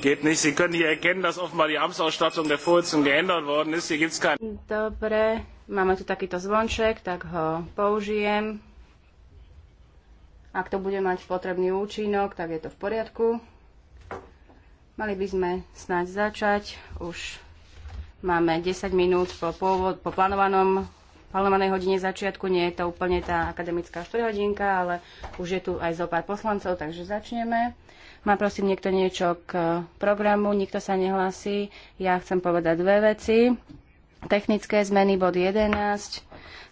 Geht nicht. Sie können hier erkennen, dass offenbar die Amtsausstattung der Vorsitzenden geändert worden ist. Hier gibt's keinen. Dobre, máme tu takýto zvonček, tak ho použijem. Ak to bude mať potrebný účinok, tak je to v poriadku. Mali by sme snáď začať. Už máme 10 minút po, pôvod, po plánovanom plánovanej hodine začiatku. Nie je to úplne tá akademická 4 hodinka, ale už je tu aj zo pár poslancov, takže začneme. Má prosím niekto niečo k programu, nikto sa nehlasí. Ja chcem povedať dve veci. Technické zmeny bod 11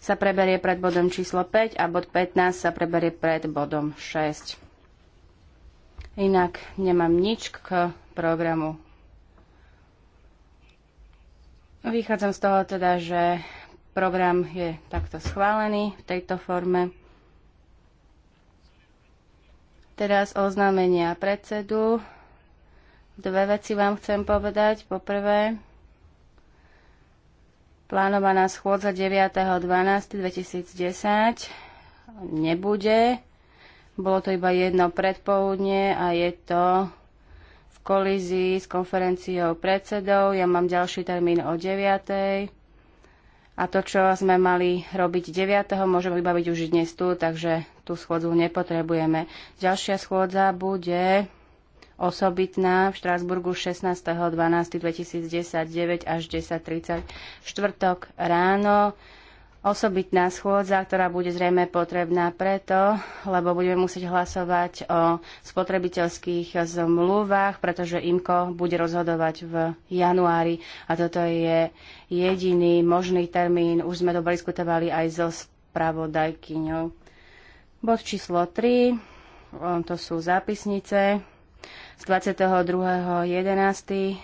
sa preberie pred bodom číslo 5 a bod 15 sa preberie pred bodom 6. Inak nemám nič k programu. Vychádzam z toho teda, že Program je takto schválený v tejto forme. Teraz oznámenia predsedu. Dve veci vám chcem povedať. Poprvé, plánovaná schôdza 9.12.2010 nebude. Bolo to iba jedno predpoludne a je to v kolízii s konferenciou predsedov. Ja mám ďalší termín o 9. A to, čo sme mali robiť 9. môžeme vybaviť už dnes tu, takže tú schôdzu nepotrebujeme. Ďalšia schôdza bude osobitná v Štrásburgu 16.12.2010 9 až 10.30 štvrtok ráno osobitná schôdza, ktorá bude zrejme potrebná preto, lebo budeme musieť hlasovať o spotrebiteľských zmluvách, pretože IMKO bude rozhodovať v januári a toto je jediný možný termín. Už sme to diskutovali aj so spravodajkyňou. Bod číslo 3, to sú zápisnice z 22.11.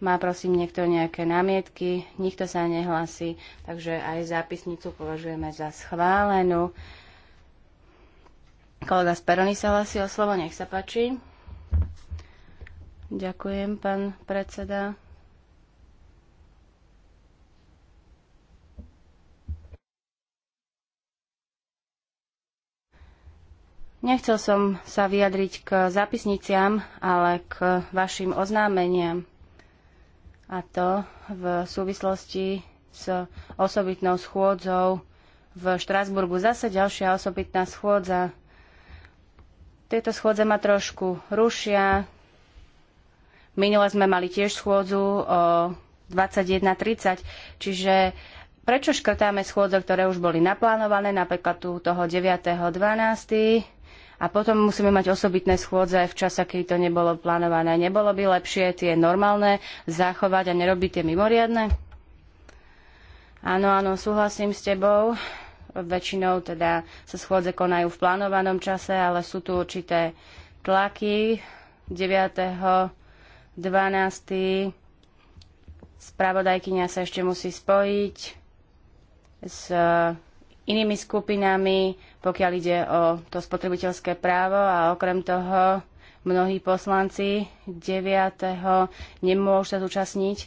Má prosím niekto nejaké námietky? Nikto sa nehlasí, takže aj zápisnicu považujeme za schválenú. Kolega Sperony sa hlasí o slovo, nech sa páči. Ďakujem, pán predseda. Nechcel som sa vyjadriť k zápisniciam, ale k vašim oznámeniam a to v súvislosti s osobitnou schôdzou v Štrásburgu. Zase ďalšia osobitná schôdza. Tieto schôdze ma trošku rušia. Minule sme mali tiež schôdzu o 21.30, čiže prečo škrtáme schôdze, ktoré už boli naplánované, napríklad tu toho 9.12. A potom musíme mať osobitné schôdze v čase, keď to nebolo plánované. Nebolo by lepšie tie normálne zachovať a nerobiť tie mimoriadne? Áno, áno, súhlasím s tebou. Väčšinou teda sa schôdze konajú v plánovanom čase, ale sú tu určité tlaky. 9. 12. Spravodajkynia sa ešte musí spojiť s inými skupinami, pokiaľ ide o to spotrebiteľské právo a okrem toho mnohí poslanci 9. nemôžu sa zúčastniť,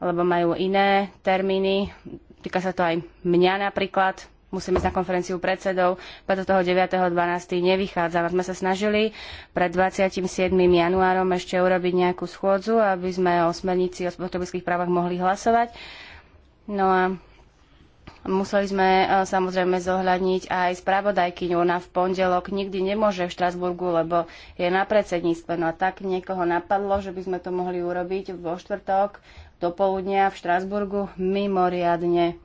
lebo majú iné termíny. Týka sa to aj mňa napríklad. Musím ísť na konferenciu predsedov, preto toho 9.12. nevychádza. Sme sa snažili pred 27. januárom ešte urobiť nejakú schôdzu, aby sme o smernici o spotrebiteľských právach mohli hlasovať. No a Museli sme e, samozrejme zohľadniť aj spravodajkyňu. Ona v pondelok nikdy nemôže v Štrasburgu, lebo je na predsedníctve. No a tak niekoho napadlo, že by sme to mohli urobiť vo štvrtok do poludnia v Štrasburgu mimoriadne.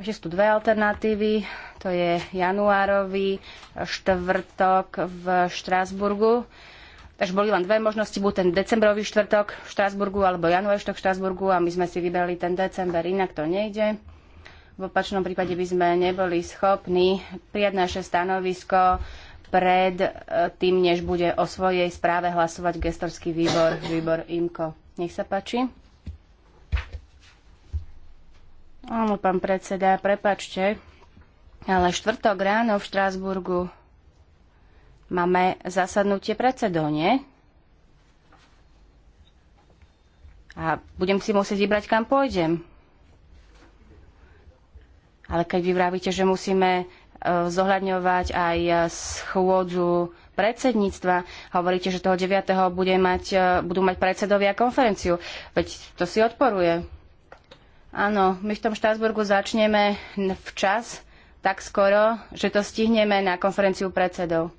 Ešte sú tu dve alternatívy. To je januárový štvrtok v Štrasburgu. Takže boli len dve možnosti, buď ten decembrový štvrtok v Štrasburgu alebo januárový štvrtok v Štrasburgu a my sme si vybrali ten december, inak to nejde. V opačnom prípade by sme neboli schopní prijať naše stanovisko pred e, tým, než bude o svojej správe hlasovať gestorský výbor, výbor IMKO. Nech sa páči. Áno, pán predseda, prepačte, ale štvrtok ráno v Štrásburgu máme zasadnutie predsedov, nie? A budem si musieť vybrať, kam pôjdem. Ale keď vy vravíte, že musíme e, zohľadňovať aj schôdzu predsedníctva. Hovoríte, že toho 9. Bude mať, e, budú mať predsedovia konferenciu. Veď to si odporuje. Áno, my v tom Štrasburgu začneme včas, tak skoro, že to stihneme na konferenciu predsedov.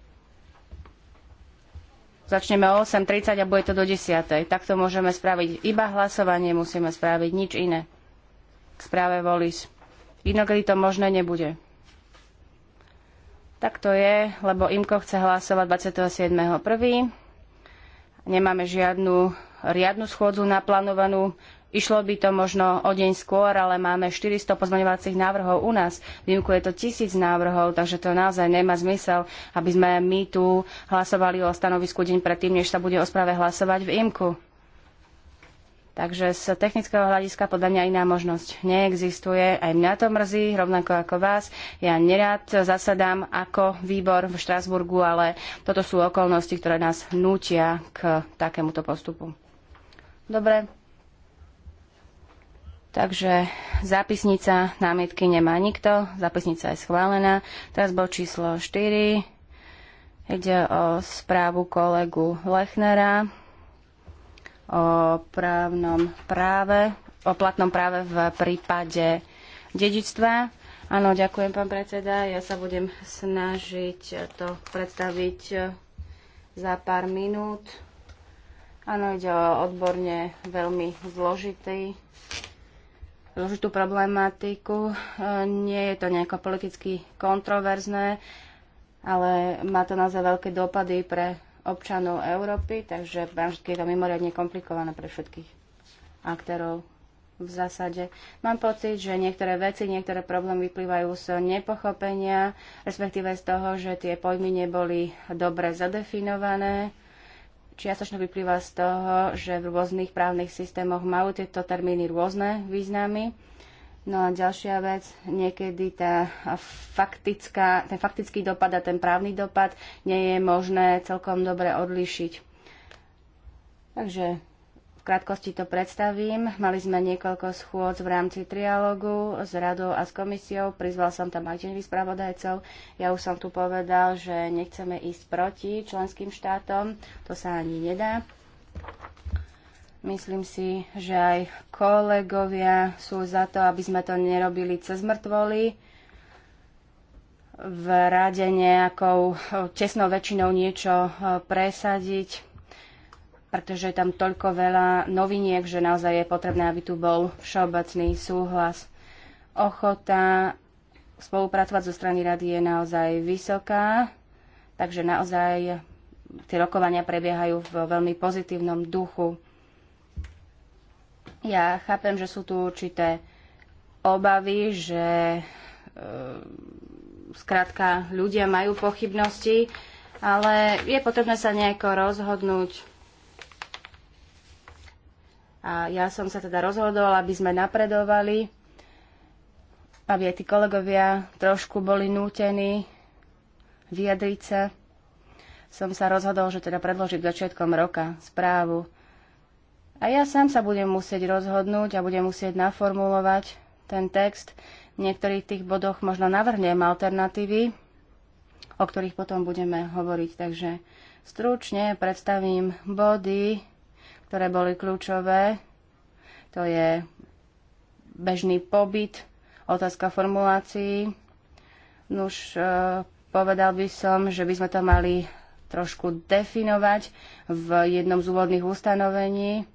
Začneme o 8.30 a bude to do 10.00. Tak to môžeme spraviť. Iba hlasovanie musíme spraviť, nič iné. K správe Volis. Inokedy to možné nebude. Tak to je, lebo IMKO chce hlasovať 27.1. Nemáme žiadnu riadnu schôdzu naplánovanú. Išlo by to možno o deň skôr, ale máme 400 pozmeňovacích návrhov u nás. Výmku je to tisíc návrhov, takže to naozaj nemá zmysel, aby sme my tu hlasovali o stanovisku deň predtým, než sa bude o správe hlasovať v IMKU. Takže z technického hľadiska podľa mňa iná možnosť neexistuje. Aj mňa to mrzí, rovnako ako vás. Ja nerad zasadám ako výbor v Štrásburgu, ale toto sú okolnosti, ktoré nás nútia k takémuto postupu. Dobre. Takže zápisnica námietky nemá nikto. Zápisnica je schválená. Teraz bol číslo 4. Ide o správu kolegu Lechnera o právnom práve, o platnom práve v prípade dedičstva. Áno, ďakujem, pán predseda. Ja sa budem snažiť to predstaviť za pár minút. Áno, ide o odborne veľmi zložitý zložitú problematiku. Nie je to nejako politicky kontroverzné, ale má to naozaj veľké dopady pre občanov Európy, takže je to mimoriadne komplikované pre všetkých aktérov v zásade. Mám pocit, že niektoré veci, niektoré problémy vyplývajú z nepochopenia, respektíve z toho, že tie pojmy neboli dobre zadefinované. Čiastočne vyplýva z toho, že v rôznych právnych systémoch majú tieto termíny rôzne významy. No a ďalšia vec, niekedy tá faktická, ten faktický dopad a ten právny dopad nie je možné celkom dobre odlišiť. Takže v krátkosti to predstavím. Mali sme niekoľko schôd v rámci trialógu s radou a s komisiou. Prizval som tam aj deňových spravodajcov. Ja už som tu povedal, že nechceme ísť proti členským štátom. To sa ani nedá. Myslím si, že aj kolegovia sú za to, aby sme to nerobili cez mŕtvoly. V rade nejakou eh, tesnou väčšinou niečo eh, presadiť, pretože je tam toľko veľa noviniek, že naozaj je potrebné, aby tu bol všeobecný súhlas. Ochota spolupracovať zo strany rady je naozaj vysoká, takže naozaj tie rokovania prebiehajú v veľmi pozitívnom duchu. Ja chápem, že sú tu určité obavy, že e, skrátka ľudia majú pochybnosti, ale je potrebné sa nejako rozhodnúť. A ja som sa teda rozhodol, aby sme napredovali, aby aj tí kolegovia trošku boli nútení vyjadriť sa. Som sa rozhodol, že teda predložím začiatkom roka správu a ja sám sa budem musieť rozhodnúť a budem musieť naformulovať ten text. V niektorých tých bodoch možno navrhnem alternatívy, o ktorých potom budeme hovoriť. Takže stručne predstavím body, ktoré boli kľúčové. To je bežný pobyt, otázka formulácií. Už e, povedal by som, že by sme to mali trošku definovať v jednom z úvodných ustanovení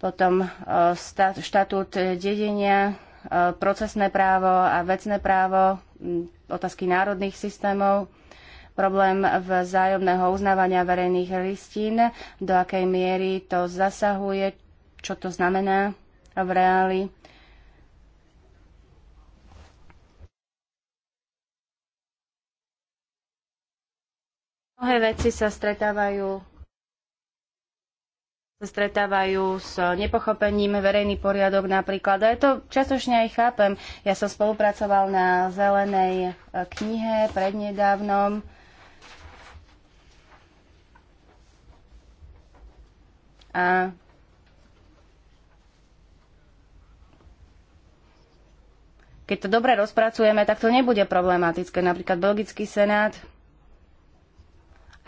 potom e, štatút dedenia, e, procesné právo a vecné právo, otázky národných systémov, problém vzájomného uznávania verejných listín, do akej miery to zasahuje, čo to znamená v reáli. Mnohé veci sa stretávajú stretávajú s nepochopením verejný poriadok napríklad. A ja to častočne aj chápem. Ja som spolupracoval na zelenej e, knihe prednedávnom. A keď to dobre rozpracujeme, tak to nebude problematické. Napríklad Belgický senát,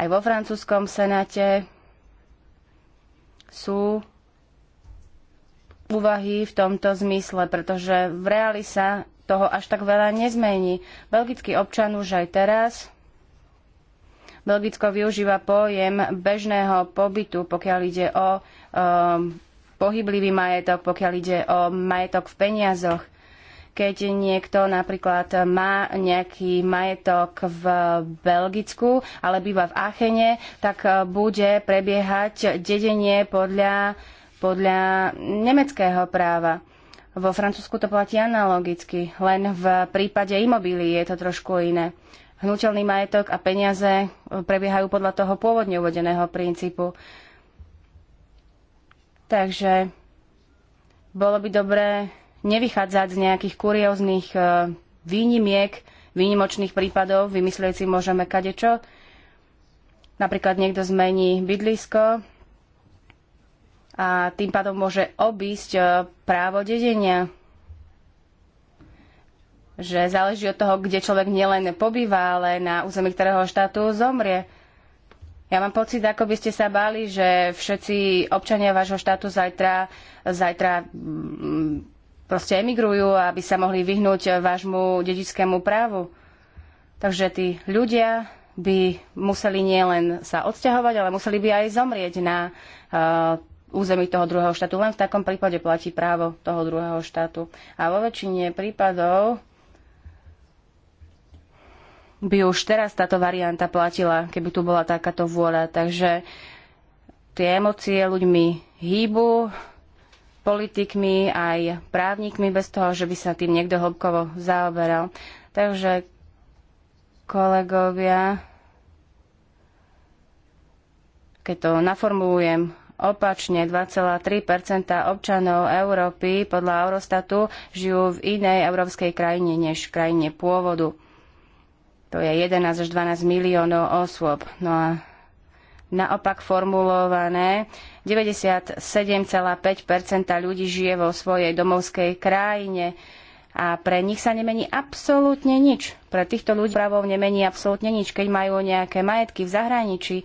aj vo francúzskom senáte sú úvahy v tomto zmysle, pretože v reáli sa toho až tak veľa nezmení. Belgický občan už aj teraz Belgicko využíva pojem bežného pobytu, pokiaľ ide o um, pohyblivý majetok, pokiaľ ide o majetok v peniazoch keď niekto napríklad má nejaký majetok v Belgicku, ale býva v Achene, tak e, bude prebiehať dedenie podľa, podľa nemeckého práva. Vo Francúzsku to platí analogicky, len v prípade imobilí je to trošku iné. Hnutelný majetok a peniaze e, prebiehajú podľa toho pôvodne uvedeného princípu. Takže bolo by dobré nevychádzať z nejakých kurióznych e, výnimiek, výnimočných prípadov, vymyslieť si môžeme kadečo. Napríklad niekto zmení bydlisko a tým pádom môže obísť e, právo dedenia že záleží od toho, kde človek nielen pobýva, ale na území ktorého štátu zomrie. Ja mám pocit, ako by ste sa báli, že všetci občania vášho štátu zajtra, zajtra mm, proste emigrujú, aby sa mohli vyhnúť vášmu dedickému právu. Takže tí ľudia by museli nielen sa odsťahovať, ale museli by aj zomrieť na uh, území toho druhého štátu. Len v takom prípade platí právo toho druhého štátu. A vo väčšine prípadov by už teraz táto varianta platila, keby tu bola takáto vôľa. Takže tie emócie ľuďmi hýbu, politikmi, aj právnikmi, bez toho, že by sa tým niekto hĺbkovo zaoberal. Takže kolegovia, keď to naformulujem opačne, 2,3 občanov Európy podľa Eurostatu žijú v inej európskej krajine než v krajine pôvodu. To je 11 až 12 miliónov osôb. No a naopak formulované. 97,5 ľudí žije vo svojej domovskej krajine a pre nich sa nemení absolútne nič. Pre týchto ľudí právov nemení absolútne nič. Keď majú nejaké majetky v zahraničí, e,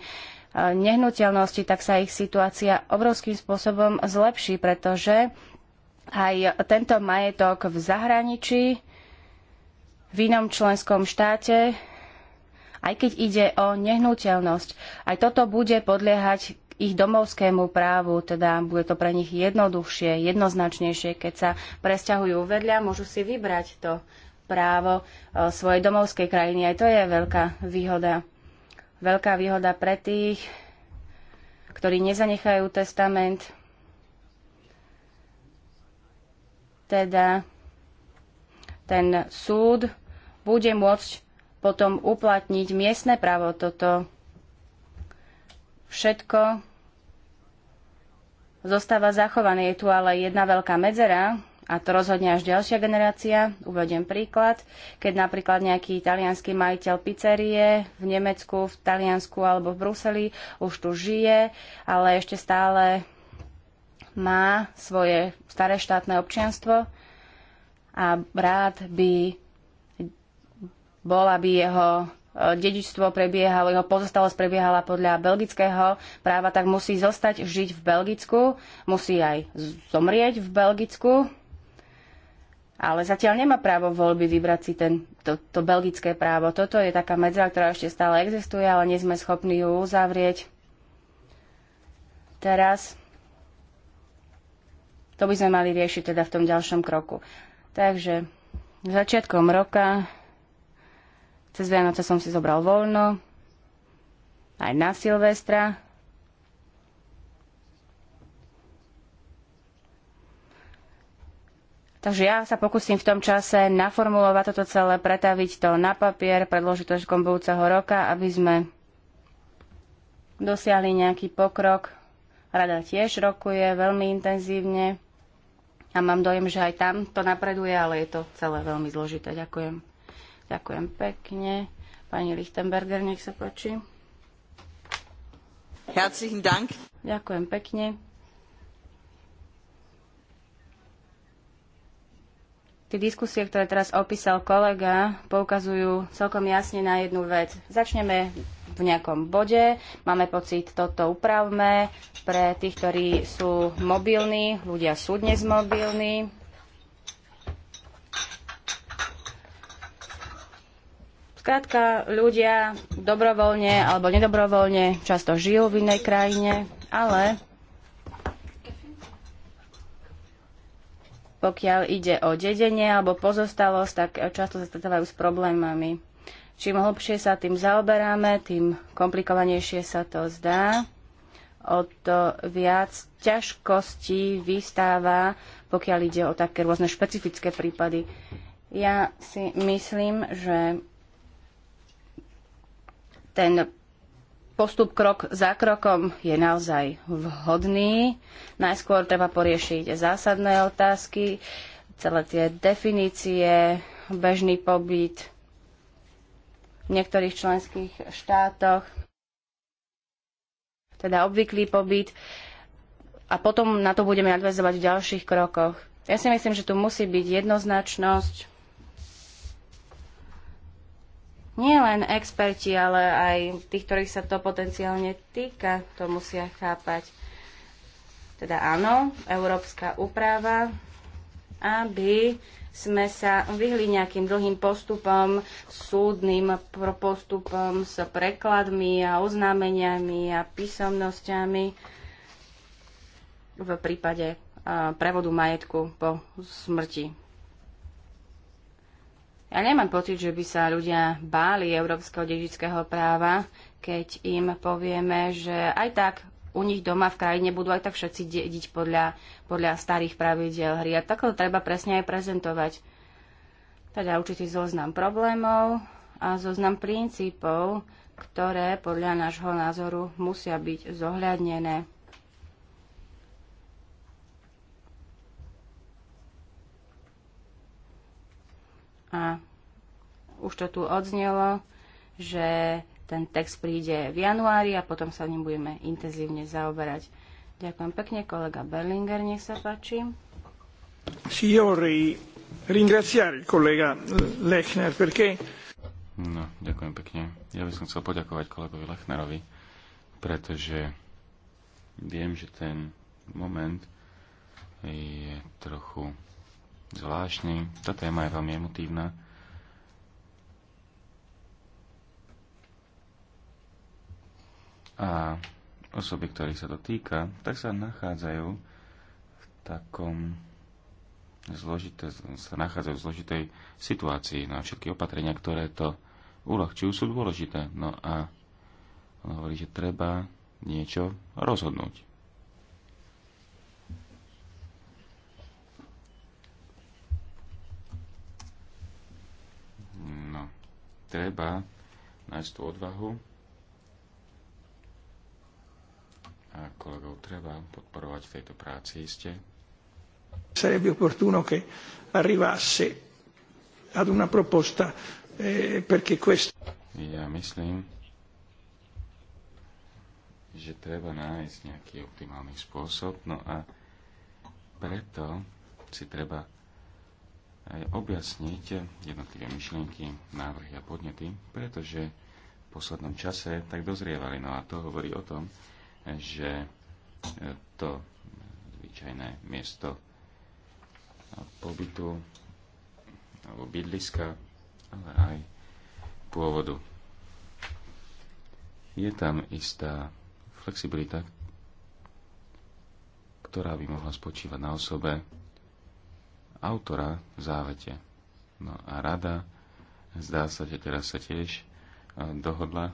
nehnuteľnosti, tak sa ich situácia obrovským spôsobom zlepší, pretože aj tento majetok v zahraničí v inom členskom štáte aj keď ide o nehnuteľnosť. Aj toto bude podliehať ich domovskému právu, teda bude to pre nich jednoduchšie, jednoznačnejšie, keď sa presťahujú vedľa, môžu si vybrať to právo e, svojej domovskej krajiny. Aj to je veľká výhoda. Veľká výhoda pre tých, ktorí nezanechajú testament, teda ten súd bude môcť potom uplatniť miestne právo toto. Všetko zostáva zachované. Je tu ale jedna veľká medzera, a to rozhodne až ďalšia generácia. Uvediem príklad. Keď napríklad nejaký italianský majiteľ pizzerie v Nemecku, v Taliansku alebo v Bruseli už tu žije, ale ešte stále má svoje staré štátne občianstvo a rád by bol, aby jeho e, dedičstvo prebiehalo, jeho pozostalosť prebiehala podľa belgického práva, tak musí zostať žiť v Belgicku, musí aj zomrieť v Belgicku, ale zatiaľ nemá právo voľby vybrať si ten, to, to belgické právo. Toto je taká medzera, ktorá ešte stále existuje, ale nie sme schopní ju uzavrieť. Teraz to by sme mali riešiť teda v tom ďalšom kroku. Takže začiatkom roka cez Vianoce som si zobral voľno, aj na Silvestra. Takže ja sa pokúsim v tom čase naformulovať toto celé, pretaviť to na papier, predložiť to ešte budúceho roka, aby sme dosiahli nejaký pokrok. Rada tiež rokuje veľmi intenzívne a mám dojem, že aj tam to napreduje, ale je to celé veľmi zložité. Ďakujem. Ďakujem pekne. Pani Lichtenberger, nech sa páči. Herzlichen Dank. Ďakujem pekne. Tie diskusie, ktoré teraz opísal kolega, poukazujú celkom jasne na jednu vec. Začneme v nejakom bode, máme pocit, toto upravme. Pre tých, ktorí sú mobilní, ľudia sú dnes mobilní, Skrátka, ľudia dobrovoľne alebo nedobrovoľne často žijú v inej krajine, ale pokiaľ ide o dedenie alebo pozostalosť, tak často sa stretávajú s problémami. Čím hlbšie sa tým zaoberáme, tým komplikovanejšie sa to zdá. O to viac ťažkostí vystáva, pokiaľ ide o také rôzne špecifické prípady. Ja si myslím, že ten postup krok za krokom je naozaj vhodný. Najskôr treba poriešiť zásadné otázky, celé tie definície, bežný pobyt v niektorých členských štátoch, teda obvyklý pobyt a potom na to budeme nadväzovať v ďalších krokoch. Ja si myslím, že tu musí byť jednoznačnosť, nie len experti, ale aj tých, ktorých sa to potenciálne týka, to musia chápať. Teda áno, európska úprava, aby sme sa vyhli nejakým dlhým postupom, súdnym postupom s prekladmi a oznámeniami a písomnosťami v prípade prevodu majetku po smrti ja nemám pocit, že by sa ľudia báli európskeho dedičského práva, keď im povieme, že aj tak u nich doma v krajine budú aj tak všetci dediť podľa, podľa starých pravidel hry. A takto treba presne aj prezentovať. Teda určitý zoznam problémov a zoznam princípov, ktoré podľa nášho názoru musia byť zohľadnené. A už to tu odznelo, že ten text príde v januári a potom sa ním budeme intenzívne zaoberať. Ďakujem pekne, kolega Berlinger, nech sa páči. Lechner perché... No, ďakujem pekne. Ja by som chcel poďakovať kolegovi Lechnerovi, pretože viem, že ten moment je trochu zvláštny. Tá téma je veľmi emotívna. A osoby, ktorých sa to týka, tak sa nachádzajú v takom zložité, sa nachádzajú v zložitej situácii. No a všetky opatrenia, ktoré to uľahčujú, sú dôležité. No a on hovorí, že treba niečo rozhodnúť. treba nájsť tú odvahu a kolegov treba podporovať v tejto práci iste. Sarebbe opportuno che arrivasse ad una proposta eh, perché questo... Ja myslím, že treba nájsť nejaký optimálny spôsob, no a preto si treba aj objasniť jednotlivé myšlienky, návrhy a podnety, pretože v poslednom čase tak dozrievali. No a to hovorí o tom, že e, to zvyčajné miesto pobytu alebo bydliska, ale aj pôvodu. Je tam istá flexibilita, ktorá by mohla spočívať na osobe, autora v závete. No a rada, zdá sa, že teraz sa tiež e, dohodla.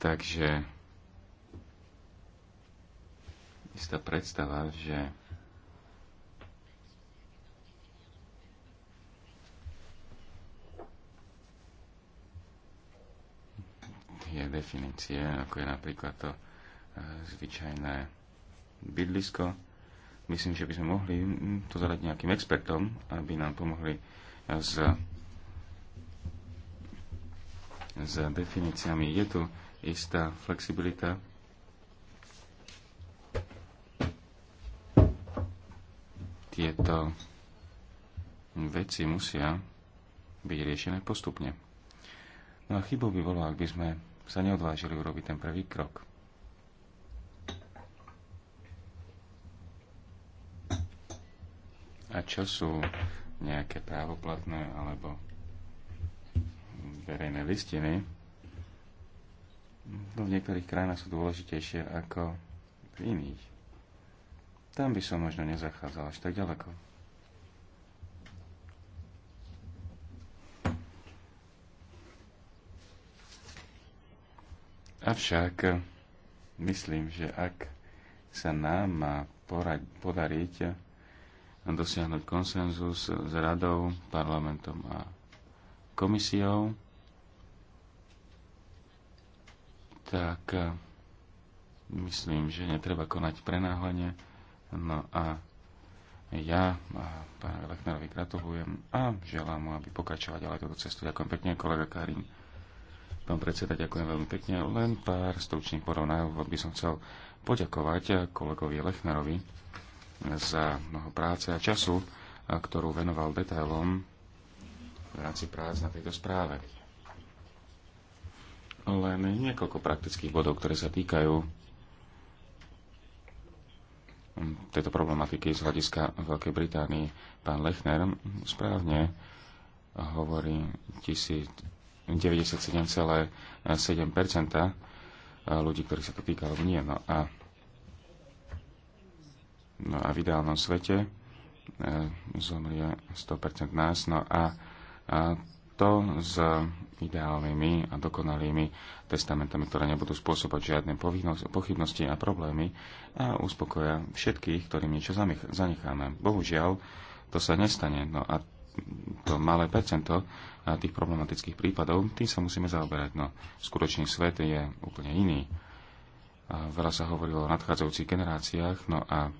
Takže istá predstava, že je definície, ako je napríklad to e, zvyčajné bydlisko, Myslím, že by sme mohli mm, to zadať nejakým expertom, aby nám pomohli s, s definíciami. Je tu istá flexibilita. Tieto veci musia byť riešené postupne. No a chybou by bolo, ak by sme sa neodvážili urobiť ten prvý krok. a čo sú nejaké právoplatné alebo verejné listiny, no v niektorých krajinách sú dôležitejšie ako v iných. Tam by som možno nezachádzal až tak ďaleko. Avšak eh, myslím, že ak sa nám má podariť dosiahnuť konsenzus s radou, parlamentom a komisiou, tak e, myslím, že netreba konať prenáhlenie. No a ja a pána Lechnerovi gratulujem a želám mu, aby pokračovať ďalej túto cestu. Ďakujem pekne, kolega Karim. Pán predseda, ďakujem veľmi pekne. Len pár stručných porovnajov by som chcel poďakovať kolegovi Lechnerovi za mnoho práce a času, ktorú venoval detailom v rámci prác na tejto správe. Len niekoľko praktických bodov, ktoré sa týkajú mm, tejto problematiky z hľadiska Veľkej Británii. Pán Lechner správne hovorí 97,7% ľudí, ktorí sa to týkalo nie. No a No a v ideálnom svete e, zomrie 100% nás. No a, a to s ideálnymi a dokonalými testamentami, ktoré nebudú spôsobať žiadne pochybnosti a problémy a uspokoja všetkých, ktorým niečo zanecháme. Bohužiaľ, to sa nestane. No a to malé percento tých problematických prípadov, tým sa musíme zaoberať. No, skutočný svet je úplne iný. A veľa sa hovorilo o nadchádzajúcich generáciách, no a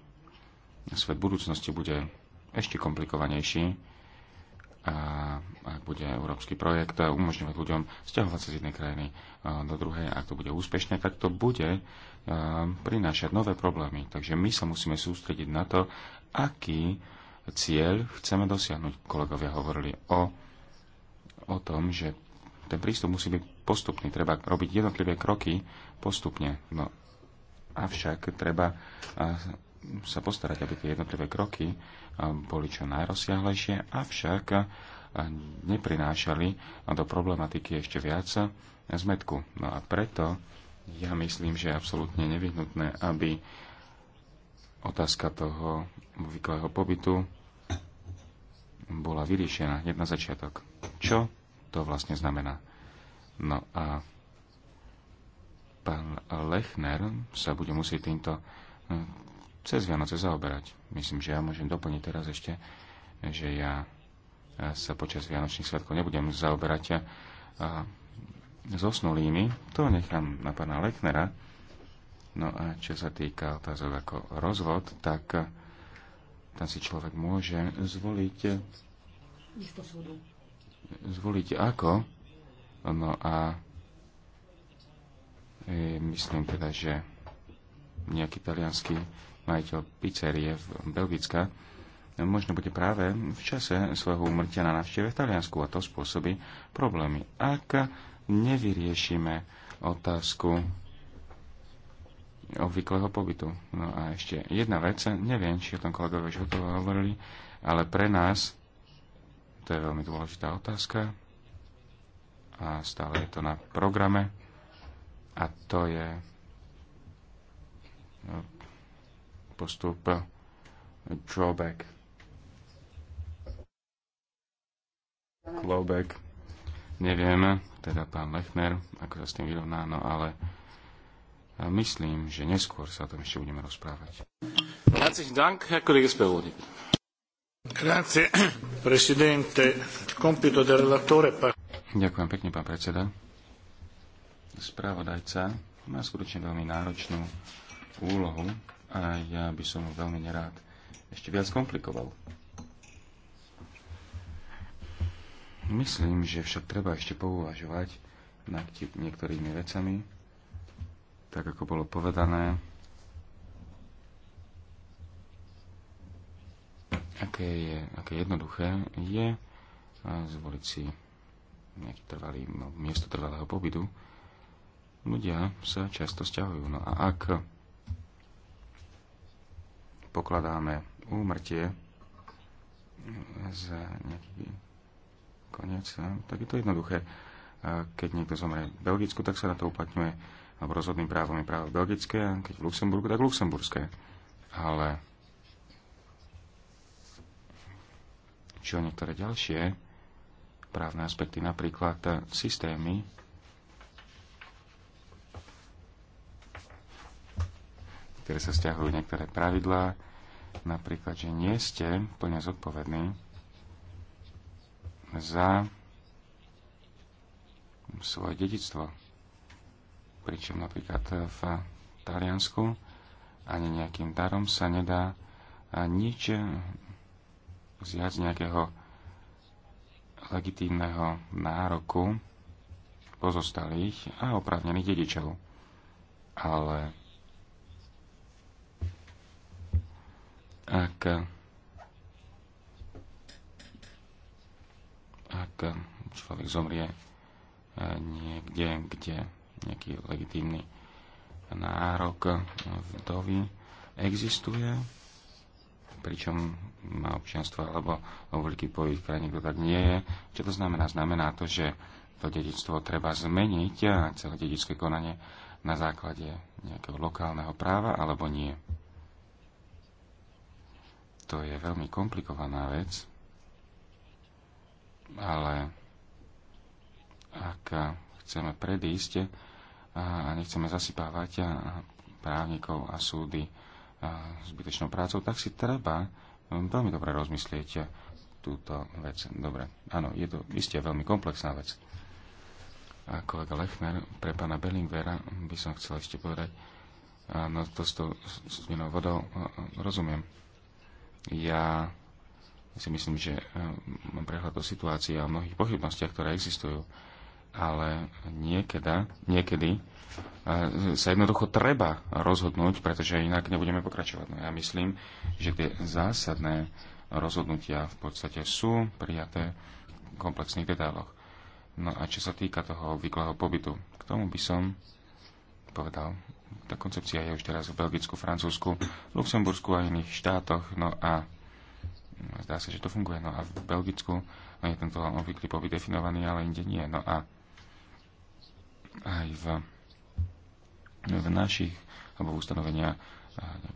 svet budúcnosti bude ešte komplikovanejší a ak bude európsky projekt umožňovať ľuďom stiahovať sa z jednej krajiny do druhej, ak to bude úspešné, tak to bude prinášať nové problémy. Takže my sa musíme sústrediť na to, aký cieľ chceme dosiahnuť. Kolegovia hovorili o, o tom, že ten prístup musí byť postupný, treba robiť jednotlivé kroky postupne. No, avšak treba sa postarať, aby tie jednotlivé kroky eh, boli čo najrozsiahlejšie, avšak eh, neprinášali do problematiky ešte viac eh, zmetku. No a preto ja myslím, že je absolútne nevyhnutné, aby otázka toho obvyklého pobytu bola vyriešená hneď na začiatok. Čo to vlastne znamená? No a pán Lechner sa bude musieť týmto cez Vianoce zaoberať. Myslím, že ja môžem doplniť teraz ešte, že ja e, sa počas Vianočných svetkov nebudem zaoberať a e, osnulými. To nechám na pána Leknera. No a čo sa týka otázok ako rozvod, tak e, tam si človek môže zvoliť zvoliť ako no a myslím teda, že nejaký talianský majiteľ pizzerie v Belgická, možno bude práve v čase svojho umrtia na návšteve v Taliansku a to spôsobí problémy. Ak nevyriešime otázku obvyklého pobytu. No a ešte jedna vec, neviem, či o tom kolegovia už hovorili, ale pre nás to je veľmi dôležitá otázka a stále je to na programe a to je postup drawback. Clawback. Nevieme, teda pán Lechner, ako sa s tým vyrovná, no ale myslím, že neskôr sa o tom ešte budeme rozprávať. Herzlichen Dank, Herr Kollege Speroni. Grazie, Presidente. Compito del relatore... Ďakujem pekne, pán predseda. Spravodajca má skutočne veľmi náročnú úlohu a ja by som ho veľmi nerád ešte viac komplikoval. Myslím, že však treba ešte pouvažovať nad niektorými vecami, tak ako bolo povedané, aké je aké jednoduché je zvoliť si nejaký trvalý, no, miesto trvalého pobytu. Ľudia sa často stiahujú. No a ak pokladáme úmrtie za nejaký koniec, tak je to jednoduché. Keď niekto zomrie v Belgicku, tak sa na to uplatňuje alebo rozhodným právom je právo belgické, a keď v Luxemburgu, tak luxemburské. Ale čo niektoré ďalšie právne aspekty, napríklad systémy, ktoré sa stiahujú niektoré pravidlá, napríklad, že nie ste plne zodpovední za svoje dedictvo. Pričom napríklad v Taliansku ani nejakým darom sa nedá nič zjať z nejakého legitímneho nároku pozostalých a oprávnených dedičov. Ale ak ak človek zomrie e, niekde, kde nejaký legitímny nárok vdovy existuje, pričom má občianstvo alebo veľký pobyt v krajine, tak nie je. Čo to znamená? Znamená to, že to dedičstvo treba zmeniť a celé dedické konanie na základe nejakého lokálneho práva alebo nie. To je veľmi komplikovaná vec, ale ak chceme predísť a nechceme zasypávať právnikov a súdy zbytečnou prácou, tak si treba veľmi dobre rozmyslieť túto vec. Dobre, áno, je to isté veľmi komplexná vec. A kolega Lechner, pre pána Bellingvera by som chcel ešte povedať, no to s tou vodou rozumiem. Ja si myslím, že eh, mám prehľad o situácii a o mnohých pochybnostiach, ktoré existujú, ale niekeda, niekedy eh, sa jednoducho treba rozhodnúť, pretože inak nebudeme pokračovať. No ja myslím, že tie zásadné rozhodnutia v podstate sú prijaté v komplexných detailoch. No a čo sa týka toho obvyklého pobytu, k tomu by som povedal tá koncepcia je už teraz v Belgicku, Francúzsku, Luxembursku a iných štátoch. No a zdá sa, že to funguje. No a v Belgicku je tento obvyklý pobyt definovaný, ale inde nie. No a aj v, v našich alebo ustanovenia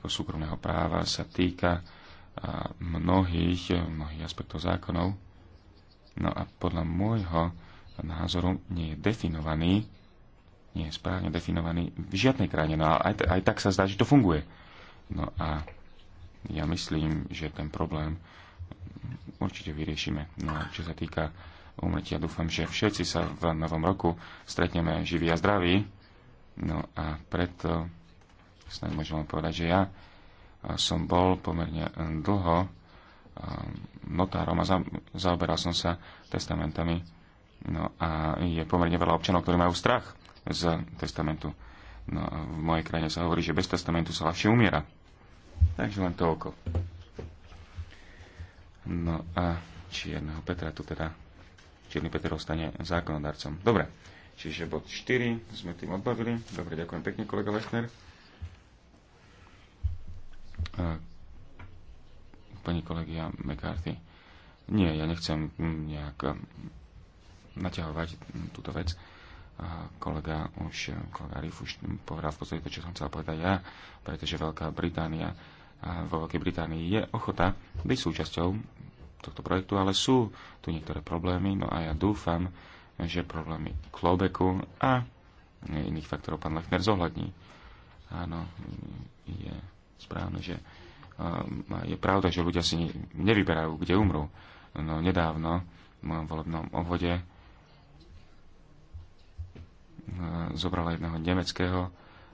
súkromného práva sa týka mnohých, mnohých aspektov zákonov. No a podľa môjho názoru nie je definovaný nie je správne definovaný v žiadnej krajine. No a aj, aj tak sa zdá, že to funguje. No a ja myslím, že ten problém určite vyriešime. No a čo sa týka umrtia, dúfam, že všetci sa v novom roku stretneme živí a zdraví. No a preto snad môžem povedať, že ja som bol pomerne e, dlho notárom a zaoberal som sa testamentami. No a je pomerne veľa občanov, ktorí majú strach z testamentu. No, v mojej krajine sa hovorí, že bez testamentu sa ľahšie umiera. Takže len toľko. No a Čierneho Petra tu teda Čierny Peter ostane zákonodarcom. Dobre, čiže bod 4 sme tým odbavili. Dobre, ďakujem pekne, kolega Lechner. Pani kolegia McCarthy. Nie, ja nechcem nejak hm, naťahovať túto vec kolega už, kolega Riff už povedal v podstate to, čo som chcel povedať ja, pretože Veľká Británia, vo Veľkej Británii je ochota byť súčasťou tohto projektu, ale sú tu niektoré problémy, no a ja dúfam, že problémy Klobeku a iných faktorov pán Lechner zohľadní. Áno, je správne, že je pravda, že ľudia si nevyberajú, kde umrú. No nedávno v mojom volebnom obvode Eh, zobrala jedného nemeckého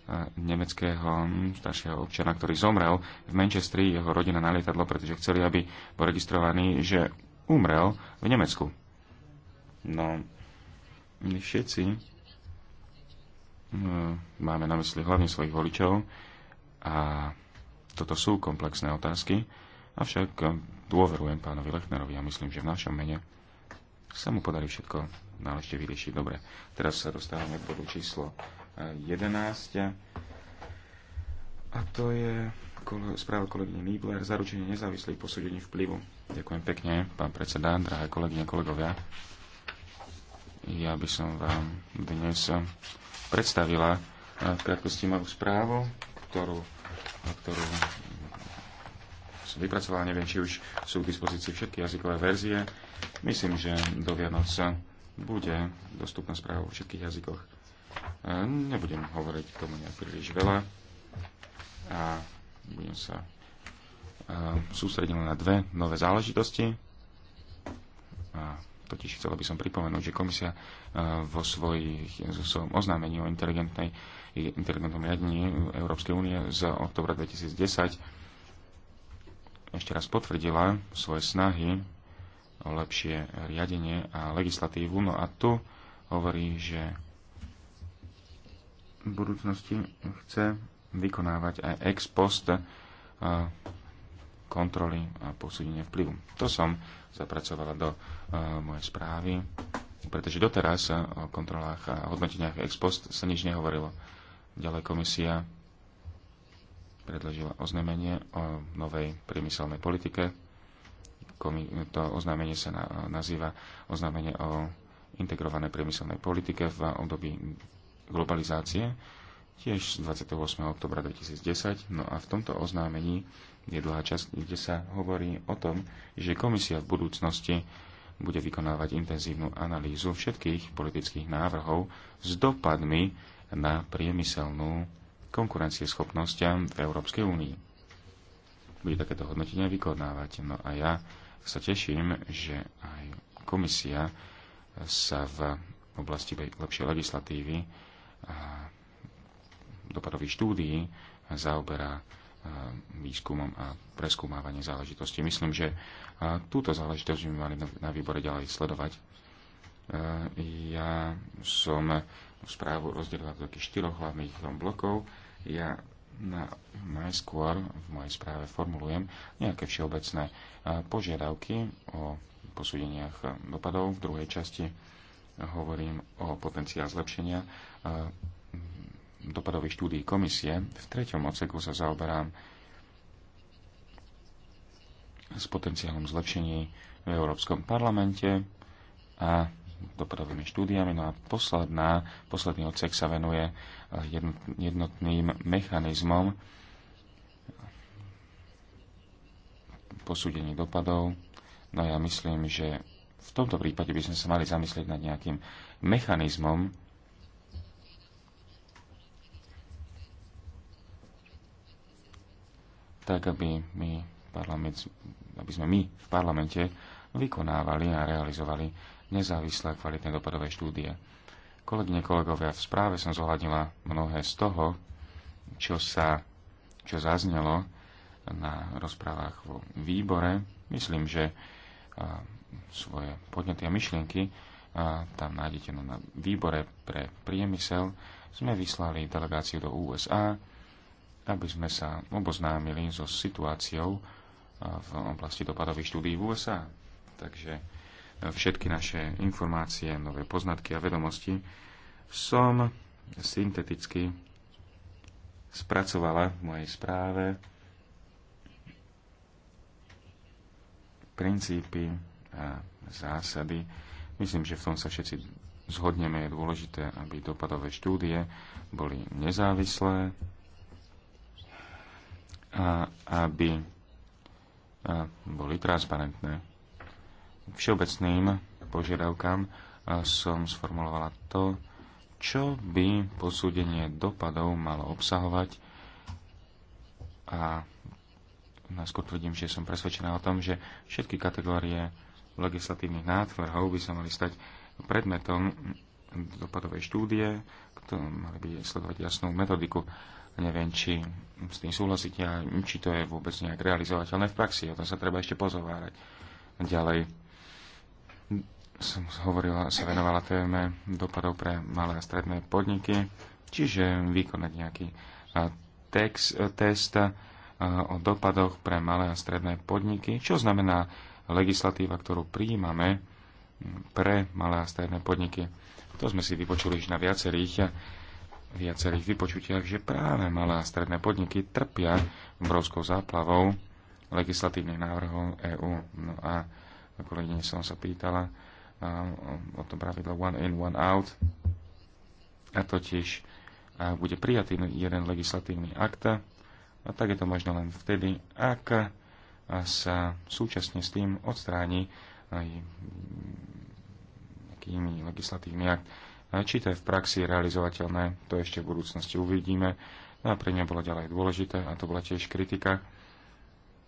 eh, nemeckého hm, staršieho občana, ktorý zomrel v Manchestri, jeho rodina na lietadlo, pretože chceli, aby bol registrovaný, že umrel v Nemecku. No, my všetci eh, máme na mysli hlavne svojich voličov a toto sú komplexné otázky, avšak dôverujem pánovi Lechnerovi a myslím, že v našom mene sa mu podarí všetko náležite vyriešiť. Dobre, teraz sa dostávame k bodu číslo 11. Eh, A to je správa kolegyne Niebler, zaručenie nezávislých posúdení vplyvu. Ďakujem pekne, pán predseda, drahé kolegyne, kolegovia. Ja by som vám dnes predstavila v eh, krátkosti moju správu, ktorú, eh, ktorú som vypracovala. Neviem, či už sú k dispozícii všetky jazykové verzie. Myslím, že do Vianoc bude dostupná správa vo všetkých jazykoch. E, nebudem hovoriť k tomu nejak príliš veľa a budem sa e, sústredil na dve nové záležitosti. A totiž chcela by som pripomenúť, že komisia e, vo svojich, vo svojom oznámení o inteligentnej, inteligentnom riadení Európskej únie z oktobra 2010 ešte raz potvrdila svoje snahy lepšie riadenie a legislatívu. No a tu hovorí, že v budúcnosti chce vykonávať aj ex post eh, kontroly a posúdenie vplyvu. To som zapracovala do eh, mojej správy, pretože doteraz o kontrolách a hodnoteniach ex post sa nič nehovorilo. Ďalej komisia predložila oznámenie o novej priemyselnej politike, to oznámenie sa nazýva oznámenie o integrovanej priemyselnej politike v období globalizácie, tiež z 28. oktobra 2010. No a v tomto oznámení je dlhá časť, kde sa hovorí o tom, že komisia v budúcnosti bude vykonávať intenzívnu analýzu všetkých politických návrhov s dopadmi na priemyselnú konkurencieschopnosť v Európskej únii. Bude takéto hodnotenie vykonávať. No a ja sa teším, že aj komisia sa v oblasti lepšej legislatívy a dopadových štúdií zaoberá výskumom a preskúmávanie záležitosti. Myslím, že túto záležitosť by mali na výbore ďalej sledovať. Ja som správu rozdelila do takých štyroch hlavných blokov. Ja na, najskôr v mojej správe formulujem nejaké všeobecné e, požiadavky o posúdeniach dopadov. V druhej časti hovorím o potenciál zlepšenia e, dopadových štúdií komisie. V treťom odseku sa zaoberám s potenciálom zlepšení v Európskom parlamente a dopadovými štúdiami. No a posledná, posledný odsek sa venuje jednotným mechanizmom posúdení dopadov. No ja myslím, že v tomto prípade by sme sa mali zamyslieť nad nejakým mechanizmom, tak aby, my parlament, aby sme my v parlamente vykonávali a realizovali nezávislé kvalitné dopadové štúdie. Kolegyne, kolegovia, v správe som zohľadnila mnohé z toho, čo sa čo zaznelo na rozprávach vo výbore. Myslím, že svoje podnety a myšlienky tam nájdete na výbore pre priemysel. Sme vyslali delegáciu do USA, aby sme sa oboznámili so situáciou v oblasti dopadových štúdí v USA. Takže všetky naše informácie, nové poznatky a vedomosti, som synteticky spracovala v mojej správe princípy a zásady. Myslím, že v tom sa všetci zhodneme. Je dôležité, aby dopadové štúdie boli nezávislé a aby boli transparentné všeobecným požiadavkám som sformulovala to, čo by posúdenie dopadov malo obsahovať a najskôr tvrdím, že som presvedčená o tom, že všetky kategórie legislatívnych nátvrhov by sa mali stať predmetom dopadovej štúdie, ktoré mali by sledovať jasnú metodiku. Neviem, či s tým súhlasíte a či to je vôbec nejak realizovateľné v praxi. O tom sa treba ešte pozovárať. Ďalej, som hovorila, sa venovala téme dopadov pre malé a stredné podniky, čiže vykonať nejaký text, e, test o dopadoch pre malé a stredné podniky, čo znamená legislatíva, ktorú prijímame pre malé a stredné podniky. To sme si vypočuli už na viacerých, viacerých vypočutiach, že práve malé a stredné podniky trpia obrovskou záplavou legislatívnych návrhov EÚ. No a kolegyne som sa pýtala, o tom pravidlo one in, one out. A totiž a bude prijatý jeden legislatívny akt, a tak je to možno len vtedy, ak sa súčasne s tým odstráni aj nejaký iný legislatívny akt. Či to je v praxi realizovateľné, to ešte v budúcnosti uvidíme. No a pre mňa bolo ďalej dôležité, a to bola tiež kritika,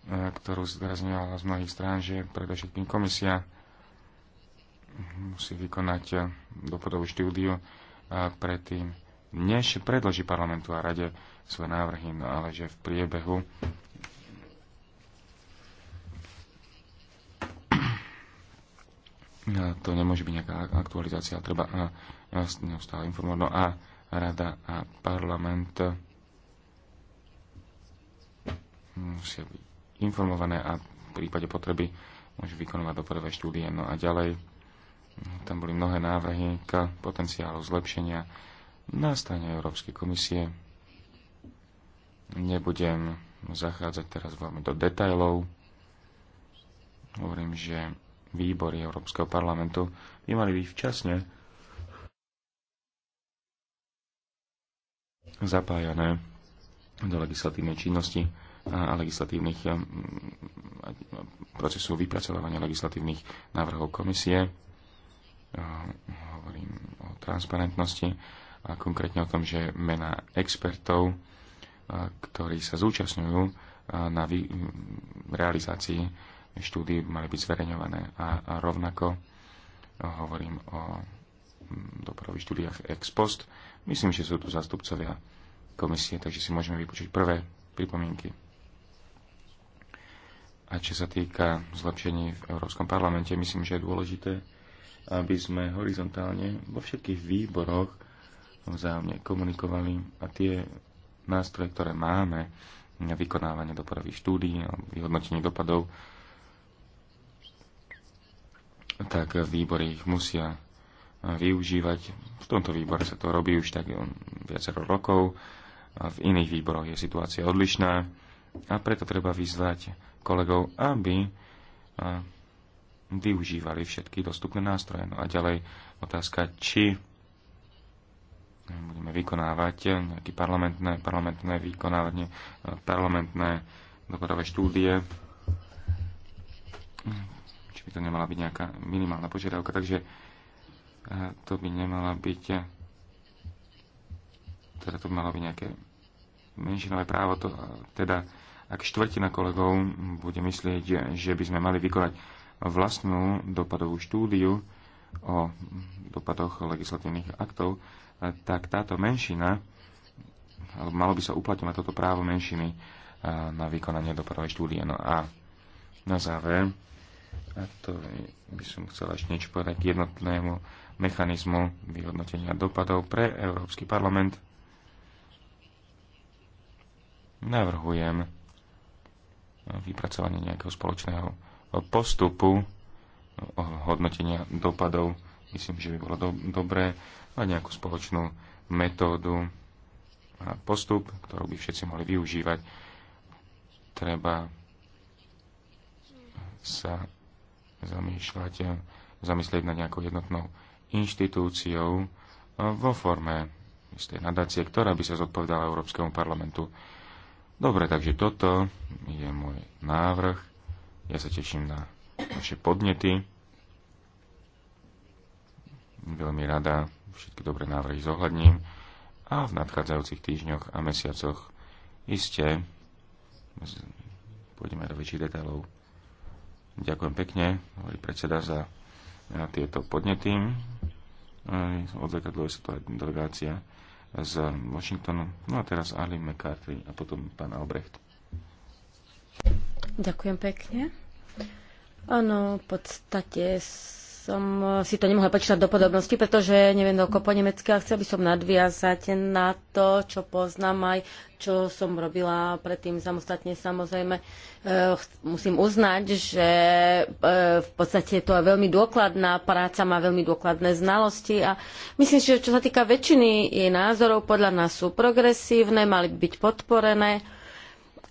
ktorú zrazňovala z mnohých strán, že predovšetkým komisia musí vykonať eh, dopadovú štúdiu eh, predtým, než predloží parlamentu a rade svoje návrhy, no ale že v priebehu to nemôže byť nejaká aktualizácia, treba eh, neustále informovať. No a rada a parlament musia byť informované a v prípade potreby môžu vykonovať doporové štúdie. No a ďalej tam boli mnohé návrhy k potenciálu zlepšenia na strane Európskej komisie. Nebudem zachádzať teraz veľmi do detajlov. Hovorím, že výbory Európskeho parlamentu by mali byť včasne zapájané do legislatívnej činnosti a legislatívnych mm, procesov vypracovania legislatívnych návrhov komisie hovorím o transparentnosti a konkrétne o tom, že mena expertov, ktorí sa zúčastňujú na realizácii štúdí, mali byť zverejňované. A, rovnako hovorím o mm, dopravy štúdiách ex post. Myslím, že sú tu zastupcovia komisie, takže si môžeme vypočuť prvé pripomienky. A čo sa týka zlepšení v Európskom parlamente, myslím, že je dôležité, aby sme horizontálne vo všetkých výboroch vzájomne komunikovali a tie nástroje, ktoré máme na vykonávanie dopadových štúdí a vyhodnotenie dopadov, tak výbory ich musia využívať. V tomto výbore sa to robí už tak viacero rokov, a v iných výboroch je situácia odlišná a preto treba vyzvať kolegov, aby využívali všetky dostupné nástroje. No a ďalej otázka, či budeme vykonávať nejaké parlamentné, parlamentné vykonávanie, parlamentné dopadové štúdie, či by to nemala byť nejaká minimálna požiadavka, takže to by nemala byť teda to by malo byť nejaké menšinové právo, to, teda ak štvrtina kolegov bude myslieť, že by sme mali vykonať vlastnú dopadovú štúdiu o dopadoch legislatívnych aktov, tak táto menšina, alebo malo by sa uplatňovať toto právo menšiny na vykonanie dopadovej štúdie. No a na záver, a to by som chcel ešte niečo povedať k jednotnému mechanizmu vyhodnotenia dopadov pre Európsky parlament. Navrhujem vypracovanie nejakého spoločného postupu hodnotenia dopadov. Myslím, že by bolo do- dobré a nejakú spoločnú metódu a postup, ktorú by všetci mohli využívať. Treba sa zamýšľať, zamyslieť na nejakou jednotnou inštitúciou vo forme istej nadácie, ktorá by sa zodpovedala Európskemu parlamentu. Dobre, takže toto je môj návrh ja sa teším na vaše podnety. Veľmi rada všetky dobré návrhy zohľadním a v nadchádzajúcich týždňoch a mesiacoch iste pôjdeme do väčších detailov. Ďakujem pekne, hovorí predseda, za e, tieto podnety. E, Odzakadľuje sa to aj delegácia z Washingtonu. No a teraz Arlene McCarthy a potom pán Albrecht. Ďakujem pekne. Áno, v podstate som si to nemohla počítať do podobnosti, pretože neviem doľko po nemecky a chcel by som nadviazať na to, čo poznám aj, čo som robila predtým samostatne. Samozrejme, eh, musím uznať, že eh, v podstate to je veľmi dôkladná práca, má veľmi dôkladné znalosti a myslím si, že čo sa týka väčšiny jej názorov, podľa nás sú progresívne, mali by byť podporené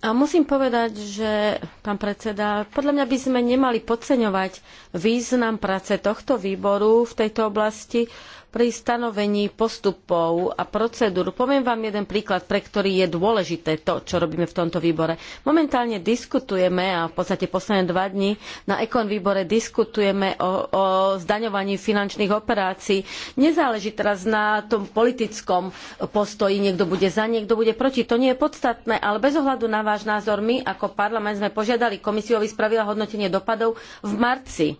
a musím povedať, že, pán predseda, podľa mňa by sme nemali podceňovať význam práce tohto výboru v tejto oblasti, pri stanovení postupov a procedúr. Poviem vám jeden príklad, pre ktorý je dôležité to, čo robíme v tomto výbore. Momentálne diskutujeme, a v podstate posledné dva dni na Ekon výbore diskutujeme o, o zdaňovaní finančných operácií. Nezáleží teraz na tom politickom postoji, niekto bude za, niekto bude proti. To nie je podstatné, ale bez ohľadu na váš názor, my ako parlament sme požiadali komisiu, aby spravila hodnotenie dopadov v marci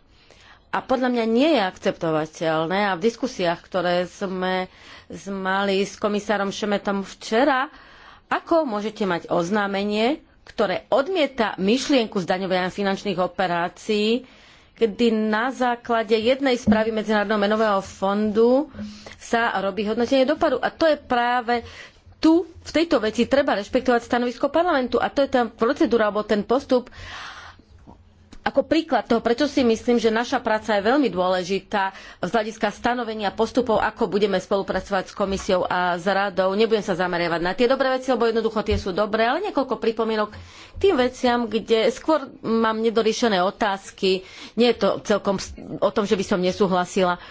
a podľa mňa nie je akceptovateľné a v diskusiách, ktoré sme mali s komisárom Šemetom včera, ako môžete mať oznámenie, ktoré odmieta myšlienku zdaňovania finančných operácií, kedy na základe jednej správy Medzinárodného menového fondu sa robí hodnotenie dopadu. A to je práve tu, v tejto veci, treba rešpektovať stanovisko parlamentu. A to je tá procedúra, alebo ten postup ako príklad toho, prečo si myslím, že naša práca je veľmi dôležitá z hľadiska stanovenia postupov, ako budeme spolupracovať s komisiou a s radou. Nebudem sa zameriavať na tie dobré veci, lebo jednoducho tie sú dobré, ale niekoľko pripomienok k tým veciam, kde skôr mám nedoriešené otázky. Nie je to celkom o tom, že by som nesúhlasila.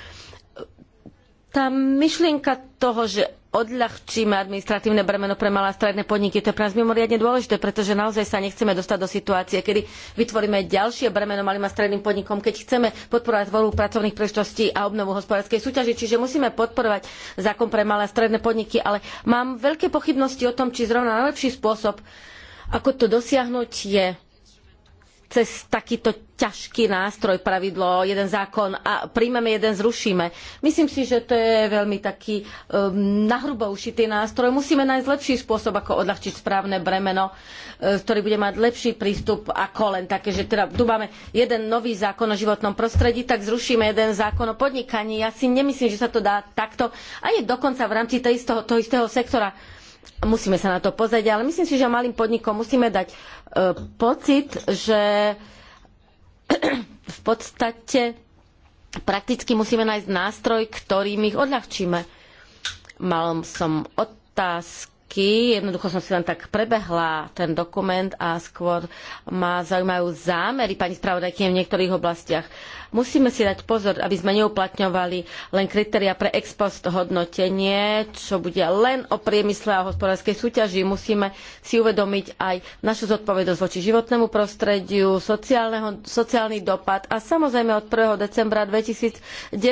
Tá myšlienka toho, že odľahčíme administratívne bremeno pre malé a stredné podniky. To je pre nás mimoriadne dôležité, pretože naozaj sa nechceme dostať do situácie, kedy vytvoríme ďalšie bremeno malým a stredným podnikom, keď chceme podporovať tvorbu pracovných príležitostí a obnovu hospodárskej súťaže. Čiže musíme podporovať zákon pre malé a stredné podniky, ale mám veľké pochybnosti o tom, či zrovna najlepší spôsob, ako to dosiahnuť, je cez takýto ťažký nástroj, pravidlo, jeden zákon a príjmeme jeden, zrušíme. Myslím si, že to je veľmi taký um, nahrubo ušitý nástroj. Musíme nájsť lepší spôsob, ako odľahčiť správne bremeno, uh, ktorý bude mať lepší prístup ako len také, že teda tu máme jeden nový zákon o životnom prostredí, tak zrušíme jeden zákon o podnikaní. Ja si nemyslím, že sa to dá takto ani dokonca v rámci toho istého sektora musíme sa na to pozrieť, ale myslím si, že malým podnikom musíme dať e, pocit, že v podstate prakticky musíme nájsť nástroj, ktorým ich odľahčíme. Mal som otázku prvky. Jednoducho som si len tak prebehla ten dokument a skôr ma zaujímajú zámery pani spravodajky v niektorých oblastiach. Musíme si dať pozor, aby sme neuplatňovali len kritéria pre ex post hodnotenie, čo bude len o priemysle a hospodárskej súťaži. Musíme si uvedomiť aj našu zodpovednosť voči životnému prostrediu, sociálny dopad a samozrejme od 1. decembra 2009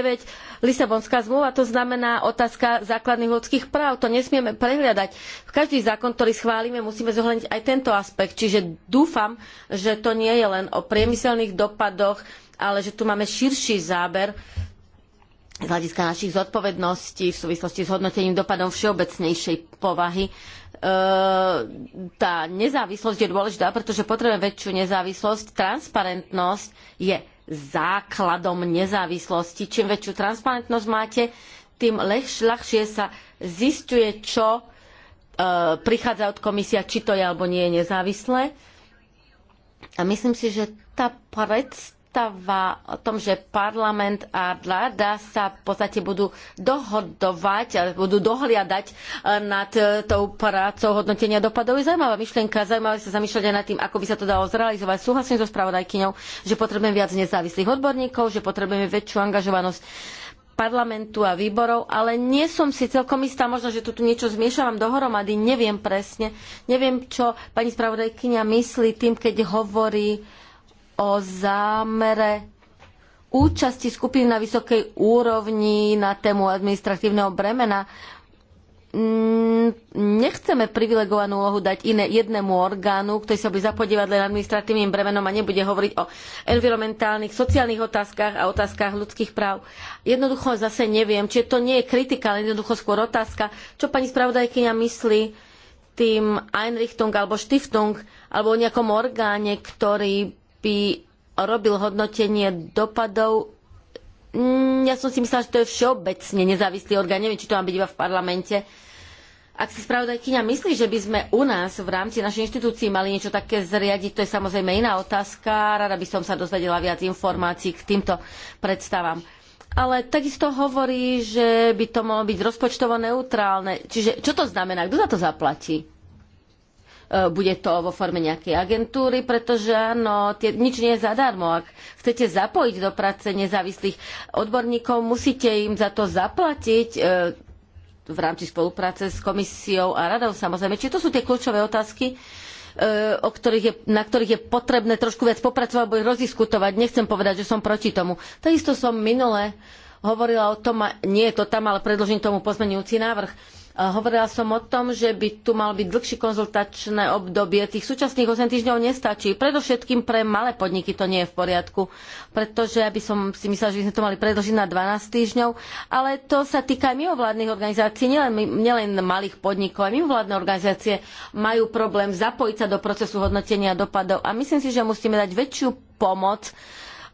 Lisabonská zmluva, to znamená otázka základných ľudských práv. To nesmieme prehliadať. V každý zákon, ktorý schválime, musíme zohľadniť aj tento aspekt. Čiže dúfam, že to nie je len o priemyselných dopadoch, ale že tu máme širší záber z hľadiska našich zodpovedností v súvislosti s hodnotením dopadom všeobecnejšej povahy. E, tá nezávislosť je dôležitá, pretože potrebujeme väčšiu nezávislosť. Transparentnosť je základom nezávislosti. Čím väčšiu transparentnosť máte, tým lehš, ľahšie sa zistuje, čo e, prichádza od komisia, či to je alebo nie je nezávislé. A myslím si, že tá predstava, ústava o tom, že parlament a vláda sa v podstate budú dohodovať, budú dohliadať e, nad e, tou prácou hodnotenia dopadov. Je zaujímavá myšlienka, zaujímavé sa zamýšľať aj nad tým, ako by sa to dalo zrealizovať. Súhlasím so spravodajkyňou, že potrebujeme viac nezávislých odborníkov, že potrebujeme väčšiu angažovanosť parlamentu a výborov, ale nie som si celkom istá, možno, že tu niečo zmiešavam dohromady, neviem presne, neviem, čo pani spravodajkyňa myslí tým, keď hovorí o zámere účasti skupín na vysokej úrovni na tému administratívneho bremena. Mm, nechceme privilegovanú úlohu dať iné jednému orgánu, ktorý sa bude zapodievať len administratívnym bremenom a nebude hovoriť o environmentálnych, sociálnych otázkach a otázkach ľudských práv. Jednoducho zase neviem, či to nie je kritika, ale jednoducho skôr otázka, čo pani spravodajkyňa myslí tým Einrichtung alebo Stiftung alebo o nejakom orgáne, ktorý by robil hodnotenie dopadov. Ja som si myslela, že to je všeobecne nezávislý orgán, neviem, či to má byť iba v parlamente. Ak si spravodajkyňa myslí, že by sme u nás v rámci našej inštitúcii mali niečo také zriadiť, to je samozrejme iná otázka. Rada by som sa dozvedela viac informácií k týmto predstavám. Ale takisto hovorí, že by to malo byť rozpočtovo neutrálne. Čiže čo to znamená? Kto za to zaplatí? E, bude to vo forme nejakej agentúry, pretože áno, tie, nič nie je zadarmo. Ak chcete zapojiť do práce nezávislých odborníkov, musíte im za to zaplatiť e, v rámci spolupráce s komisiou a radou samozrejme. Čiže to sú tie kľúčové otázky, e, o ktorých je, na ktorých je potrebné trošku viac popracovať alebo ich rozdiskutovať. Nechcem povedať, že som proti tomu. Takisto som minule hovorila o tom, a nie je to tam, ale predložím tomu pozmenujúci návrh Hovorila som o tom, že by tu mal byť dlhšie konzultačné obdobie. Tých súčasných 8 týždňov nestačí. Predovšetkým pre malé podniky to nie je v poriadku, pretože ja by som si myslela, že by sme to mali predlžiť na 12 týždňov, ale to sa týka aj mimovládnych organizácií, nielen, nielen malých podnikov. Aj mimovládne organizácie majú problém zapojiť sa do procesu hodnotenia dopadov a myslím si, že musíme dať väčšiu pomoc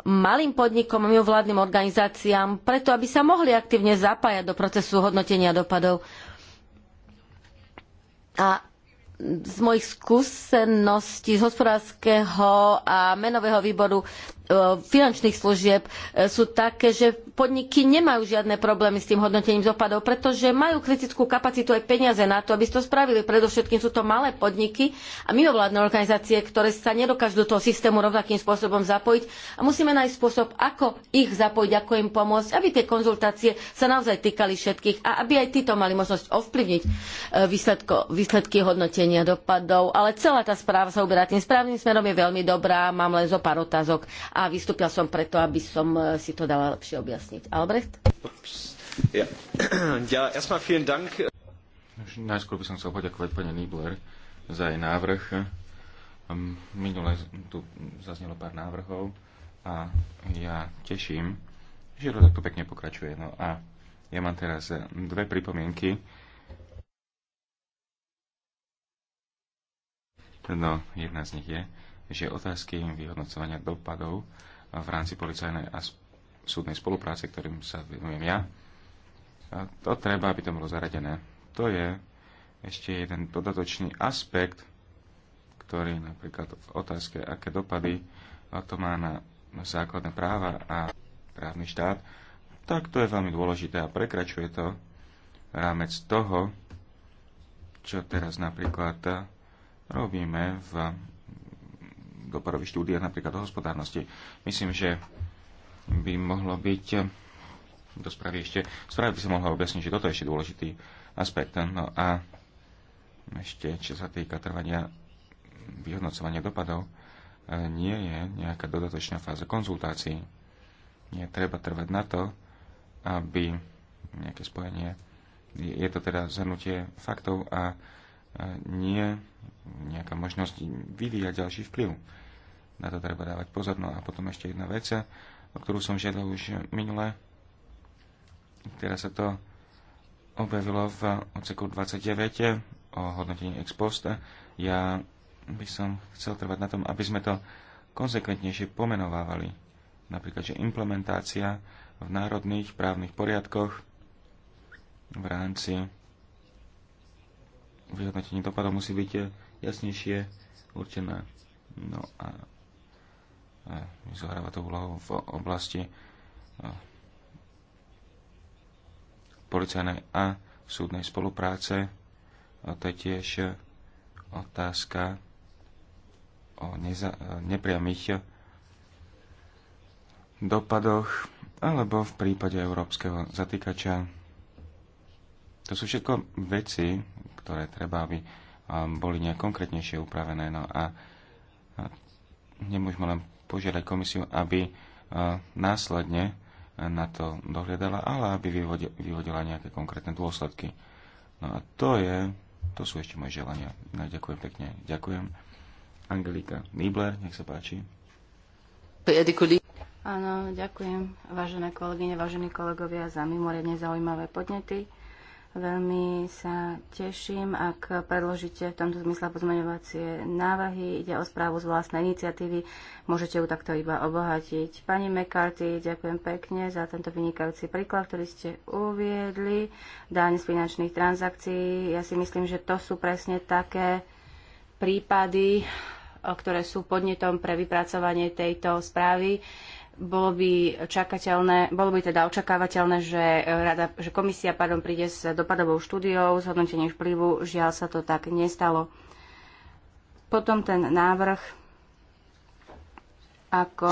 malým podnikom a mimovládnym organizáciám, preto aby sa mohli aktívne zapájať do procesu hodnotenia dopadov. A z mojich skúseností z hospodárskeho a menového výboru E, finančných služieb e, sú také, že podniky nemajú žiadne problémy s tým hodnotením dopadov, pretože majú kritickú kapacitu aj peniaze na to, aby to spravili. Predovšetkým sú to malé podniky a mimovládne organizácie, ktoré sa nedokážu do toho systému rovnakým spôsobom zapojiť a musíme nájsť spôsob, ako ich zapojiť, ako im pomôcť, aby tie konzultácie sa naozaj týkali všetkých a aby aj títo mali možnosť ovplyvniť e, výsledko, výsledky hodnotenia dopadov. Ale celá tá správa sa uberá tým správnym smerom, je veľmi dobrá, mám len zo pár otázok a vystúpil som preto, aby som eh, si to dala lepšie objasniť. Albrecht? Ja, ja som vielen Dank. Najskôr by som chcel poďakovať pani Nibler za jej návrh. Hm, minule tu zaznelo pár návrhov a ja teším, že to takto pekne pokračuje. No a ja mám teraz dve pripomienky. No, jedna z nich je, že otázky vyhodnocovania dopadov v rámci policajnej a súdnej spolupráce, ktorým sa venujem ja, to treba, aby to bolo zaradené. To je ešte jeden dodatočný aspekt, ktorý napríklad v otázke, aké dopady to má na základné práva a právny štát, tak to je veľmi dôležité a prekračuje to rámec toho, čo teraz napríklad robíme v dopadových štúdiách, napríklad o hospodárnosti. Myslím, že by mohlo byť do správy ešte, správy by sa mohla objasniť, že toto je ešte dôležitý aspekt. No a ešte, čo sa týka trvania vyhodnocovania dopadov, nie je nejaká dodatočná fáza konzultácií. Nie treba trvať na to, aby nejaké spojenie, je to teda zhrnutie faktov a nie nejaká možnosť vyvíjať ďalší vplyv. Na to treba dávať pozor. No a potom ešte jedna vec, o ktorú som žiadal už minule. Teraz sa to objavilo v odseku 29 o hodnotení ex post. Ja by som chcel trvať na tom, aby sme to konsekventnejšie pomenovávali. Napríklad, že implementácia v národných právnych poriadkoch v rámci vyhodnotenie dopadov musí byť eh, jasnejšie určené. No a, a zohráva to úlohu v oblasti eh, policajnej a súdnej spolupráce. A to je tiež otázka o neza- nepriamých dopadoch alebo v prípade európskeho zatýkača. To sú všetko veci, ktoré treba, aby um, boli nejak konkrétnejšie upravené. No a nemôžeme len požiadať komisiu, aby uh, následne na to dohľadala, ale aby vyvodila nejaké konkrétne dôsledky. No a to je, to sú ešte moje želania. No, ďakujem pekne. Ďakujem. Angelika Nibler, nech sa páči. Áno, ďakujem, vážené kolegyne, vážení kolegovia, za mimoriadne zaujímavé podnety. Veľmi sa teším, ak predložíte v tomto zmysle pozmeňovacie návrhy. Ide o správu z vlastnej iniciatívy. Môžete ju takto iba obohatiť. Pani McCarthy, ďakujem pekne za tento vynikajúci príklad, ktorý ste uviedli. Dáň z finančných transakcií. Ja si myslím, že to sú presne také prípady, ktoré sú podnetom pre vypracovanie tejto správy bolo by čakateľné, bolo by teda očakávateľné, že, e, rada, že komisia pardon, príde s dopadovou štúdiou, s hodnotením vplyvu. Žiaľ sa to tak nestalo. Potom ten návrh, ako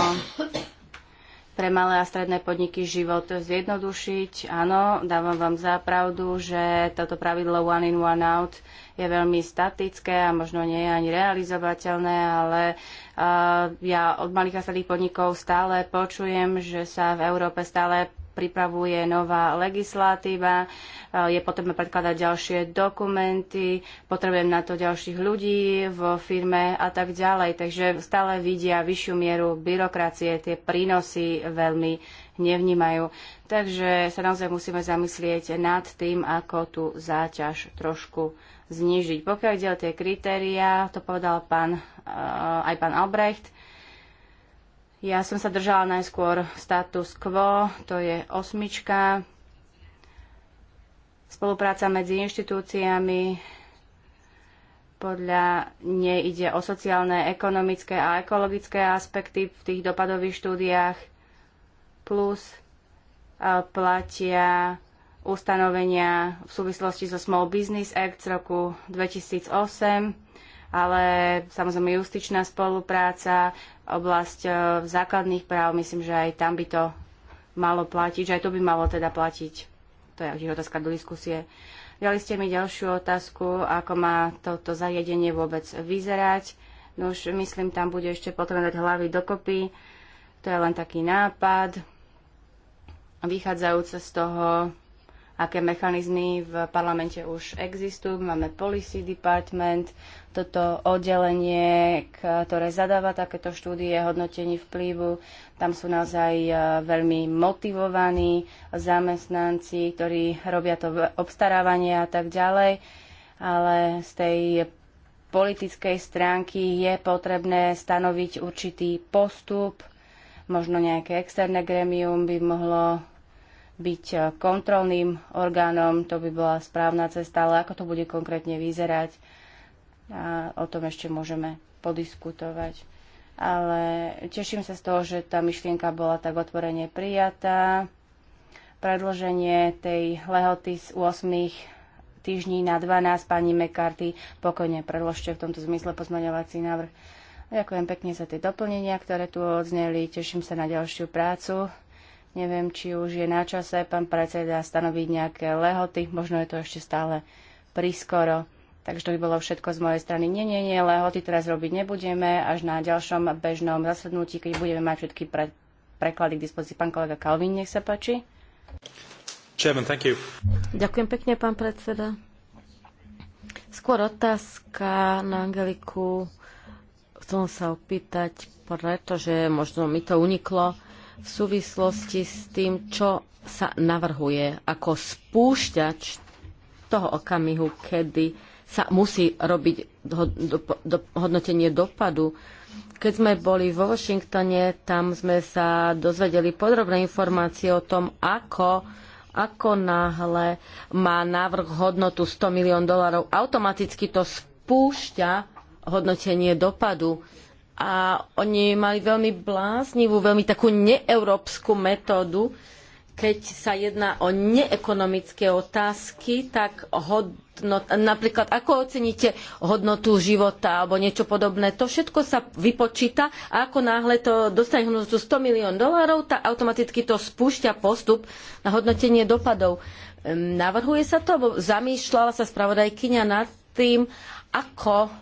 pre malé a stredné podniky život zjednodušiť. Áno, dávam vám zápravdu, že toto pravidlo one in, one out je veľmi statické a možno nie je ani realizovateľné, ale uh, ja od malých a stredných podnikov stále počujem, že sa v Európe stále pripravuje nová legislatíva, je potrebné predkladať ďalšie dokumenty, potrebujem na to ďalších ľudí vo firme a tak ďalej. Takže stále vidia vyššiu mieru byrokracie, tie prínosy veľmi nevnímajú. Takže sa naozaj musíme zamyslieť nad tým, ako tú záťaž trošku znížiť. Pokiaľ ide o tie kritériá, to povedal pán, eh, aj pán Albrecht, ja som sa držala najskôr status quo, to je osmička, spolupráca medzi inštitúciami, podľa nej ide o sociálne, ekonomické a ekologické aspekty v tých dopadových štúdiách, plus e, platia ustanovenia v súvislosti so Small Business Act z roku 2008 ale samozrejme justičná spolupráca, oblasť e, základných práv, myslím, že aj tam by to malo platiť, že aj to by malo teda platiť. To je tiež otázka do diskusie. Dali ste mi ďalšiu otázku, ako má toto zariadenie vôbec vyzerať. No už myslím, tam bude ešte potrebné dať hlavy dokopy. To je len taký nápad, vychádzajúce z toho, aké mechanizmy v parlamente už existujú. Máme policy department, toto oddelenie, ktoré zadáva takéto štúdie hodnotení vplyvu. Tam sú naozaj e, veľmi motivovaní zamestnanci, ktorí robia to obstarávanie a tak ďalej. Ale z tej politickej stránky je potrebné stanoviť určitý postup, možno nejaké externé gremium by mohlo byť eh, kontrolným orgánom, to by bola správna cesta, ale ako to bude konkrétne vyzerať, a o tom ešte môžeme podiskutovať. Ale teším sa z toho, že tá myšlienka bola tak otvorene prijatá. Predloženie tej lehoty z 8 týždní na 12 pani McCarthy pokojne predložte v tomto zmysle pozmaňovací návrh. Ďakujem pekne za tie doplnenia, ktoré tu odzneli. Teším sa na ďalšiu prácu Neviem, či už je na čase pán predseda stanoviť nejaké lehoty, možno je to ešte stále prískoro. Takže to by bolo všetko z mojej strany. Nie, nie, nie, lehoty teraz robiť nebudeme, až na ďalšom bežnom zasadnutí, keď budeme mať všetky pre, preklady k dispozícii. Pán kolega Kalvin, nech sa páči. Chairman, thank you. Ďakujem pekne, pán predseda. Skôr otázka na Angeliku. Chcem sa opýtať, pretože možno mi to uniklo v súvislosti s tým, čo sa navrhuje ako spúšťač toho okamihu, kedy sa musí robiť hodnotenie dopadu. Keď sme boli vo Washingtone, tam sme sa dozvedeli podrobné informácie o tom, ako ako náhle má návrh hodnotu 100 milión dolarov, automaticky to spúšťa hodnotenie dopadu a oni mali veľmi bláznivú, veľmi takú neeurópsku metódu. Keď sa jedná o neekonomické otázky, tak hodnot, napríklad ako oceníte hodnotu života alebo niečo podobné, to všetko sa vypočíta a ako náhle to dostane hodnotu 100 milión dolárov, tak automaticky to spúšťa postup na hodnotenie dopadov. Ehm, navrhuje sa to, alebo zamýšľala sa spravodajkyňa nad tým, ako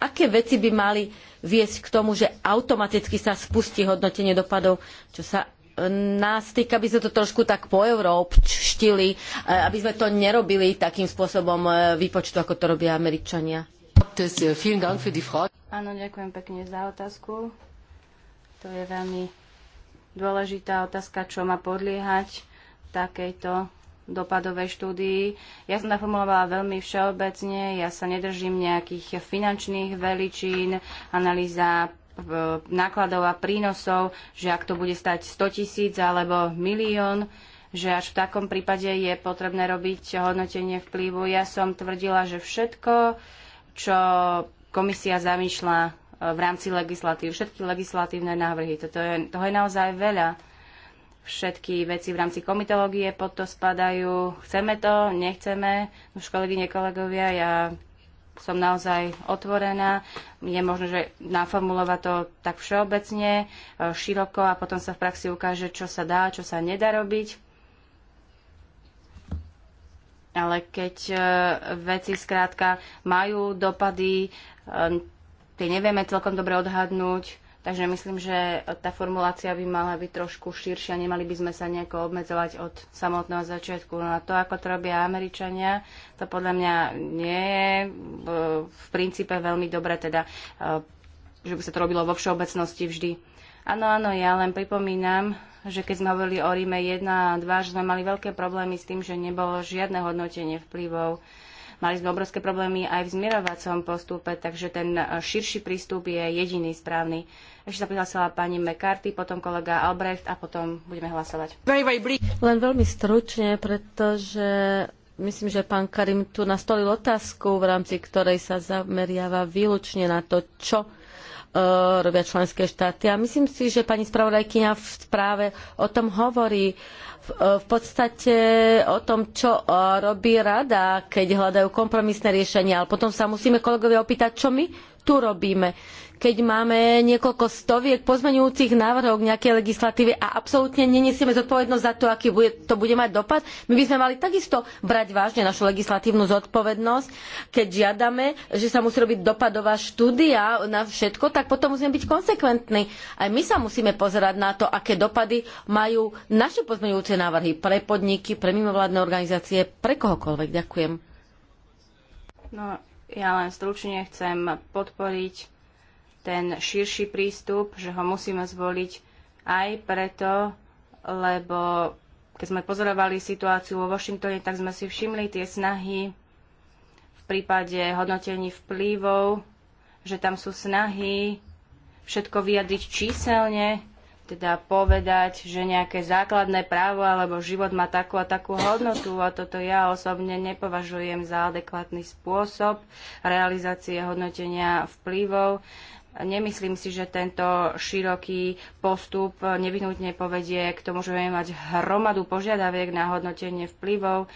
aké veci by mali viesť k tomu, že automaticky sa spustí hodnotenie dopadov, čo sa e, nás týka, aby sme to trošku tak po štili, e, aby sme to nerobili takým spôsobom e, výpočtu, ako to robia Američania. Áno, ďakujem pekne za otázku. To je veľmi dôležitá otázka, čo má podliehať takejto dopadovej štúdii. Ja som naformulovala veľmi všeobecne, ja sa nedržím nejakých finančných veličín, analýza e, nákladov a prínosov, že ak to bude stať 100 tisíc alebo milión, že až v takom prípade je potrebné robiť hodnotenie vplyvu. Ja som tvrdila, že všetko, čo komisia zamýšľa e, v rámci legislatív, všetky legislatívne návrhy, toto je, toho je naozaj veľa všetky veci v rámci komitológie pod to spadajú. Chceme to, nechceme. Už kolegyne, kolegovia, ja som naozaj otvorená. Je možno, že naformulovať to tak všeobecne, e, široko a potom sa v praxi ukáže, čo sa dá, čo sa nedá robiť. Ale keď e, veci zkrátka majú dopady, e, tie nevieme celkom dobre odhadnúť, Takže myslím, že tá formulácia by mala byť trošku širšia, nemali by sme sa nejako obmedzovať od samotného začiatku. No a to, ako to robia Američania, to podľa mňa nie je e, v princípe veľmi dobré, teda, e, že by sa to robilo vo všeobecnosti vždy. Áno, áno, ja len pripomínam, že keď sme hovorili o Ríme 1 a 2, že sme mali veľké problémy s tým, že nebolo žiadne hodnotenie vplyvov Mali sme obrovské problémy aj v zmierovacom postupe, takže ten e, širší prístup je jediný správny. Ešte sa prihlásila pani McCarthy, potom kolega Albrecht a potom budeme hlasovať. Len veľmi stručne, pretože myslím, že pán Karim tu nastolil otázku, v rámci ktorej sa zameriava výlučne na to, čo E, robia členské štáty. A myslím si, že pani spravodajkyňa v správe o tom hovorí v e, podstate o tom, čo e, robí rada, keď hľadajú kompromisné riešenia. Ale potom sa musíme kolegovia opýtať, čo my tu robíme. Keď máme niekoľko stoviek pozmeňujúcich návrhov k nejakej legislatíve a absolútne nenesieme zodpovednosť za to, aký bude, to bude mať dopad, my by sme mali takisto brať vážne našu legislatívnu zodpovednosť. Keď žiadame, že sa musí robiť dopadová štúdia na všetko, tak potom musíme byť konsekventní. Aj my sa musíme pozerať na to, aké dopady majú naše pozmeňujúce návrhy pre podniky, pre mimovládne organizácie, pre kohokoľvek. Ďakujem. No ja len stručne chcem podporiť ten širší prístup, že ho musíme zvoliť aj preto, lebo keď sme pozorovali situáciu vo Washingtone, tak sme si všimli tie snahy v prípade hodnotení vplyvov, že tam sú snahy všetko vyjadriť číselne, teda povedať, že nejaké základné právo alebo život má takú a takú hodnotu a toto ja osobne nepovažujem za adekvátny spôsob realizácie hodnotenia vplyvov. Nemyslím si, že tento široký postup nevyhnutne povedie k tomu, že budeme mať hromadu požiadaviek na hodnotenie vplyvov.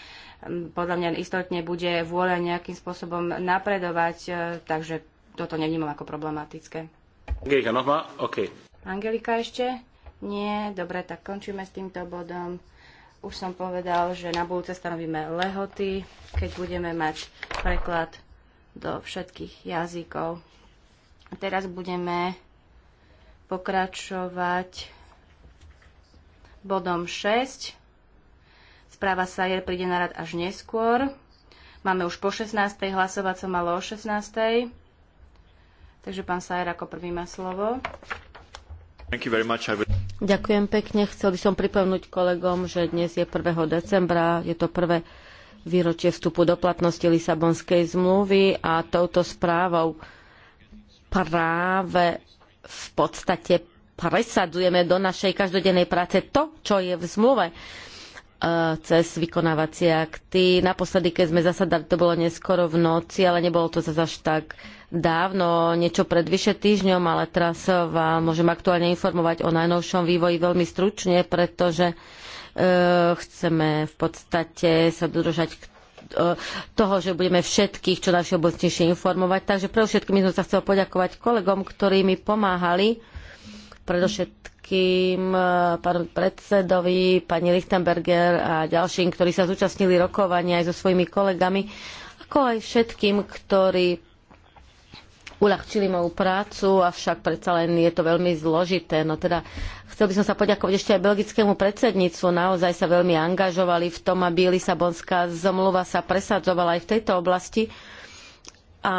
Mm, podľa mňa istotne bude vôľa nejakým spôsobom napredovať, e, takže toto nevnímam ako problematické. Okay, okay. Angelika ešte? Nie, dobre, tak končíme s týmto bodom. Už som povedal, že na budúce stanovíme lehoty, keď budeme mať preklad do všetkých jazykov. A teraz budeme pokračovať bodom 6. Správa Sajer príde na rad až neskôr. Máme už po 16. hlasovať sa malo o 16. Takže pán Sajer ako prvý má slovo. Ďakujem pekne. Chcel by som pripomenúť kolegom, že dnes je 1. decembra, je to prvé výročie vstupu do platnosti Lisabonskej zmluvy a touto správou práve v podstate presadzujeme do našej každodennej práce to, čo je v zmluve e, cez vykonávacie akty. Naposledy, keď sme zasadali, to bolo neskoro v noci, ale nebolo to zase až tak dávno, niečo pred vyše týždňom, ale teraz vám môžem aktuálne informovať o najnovšom vývoji veľmi stručne, pretože e, chceme v podstate sa dodržať k e, toho, že budeme všetkých čo najvšeobecnejšie informovať. Takže pre všetkým som sa chcel poďakovať kolegom, ktorí mi pomáhali, predovšetkým e, pánu predsedovi, pani Lichtenberger a ďalším, ktorí sa zúčastnili rokovania aj so svojimi kolegami, ako aj všetkým, ktorí uľahčili moju prácu, avšak predsa len je to veľmi zložité. No teda chcel by som sa poďakovať ešte aj belgickému predsedníctvu. Naozaj sa veľmi angažovali v tom, aby Lisabonská zmluva sa presadzovala aj v tejto oblasti a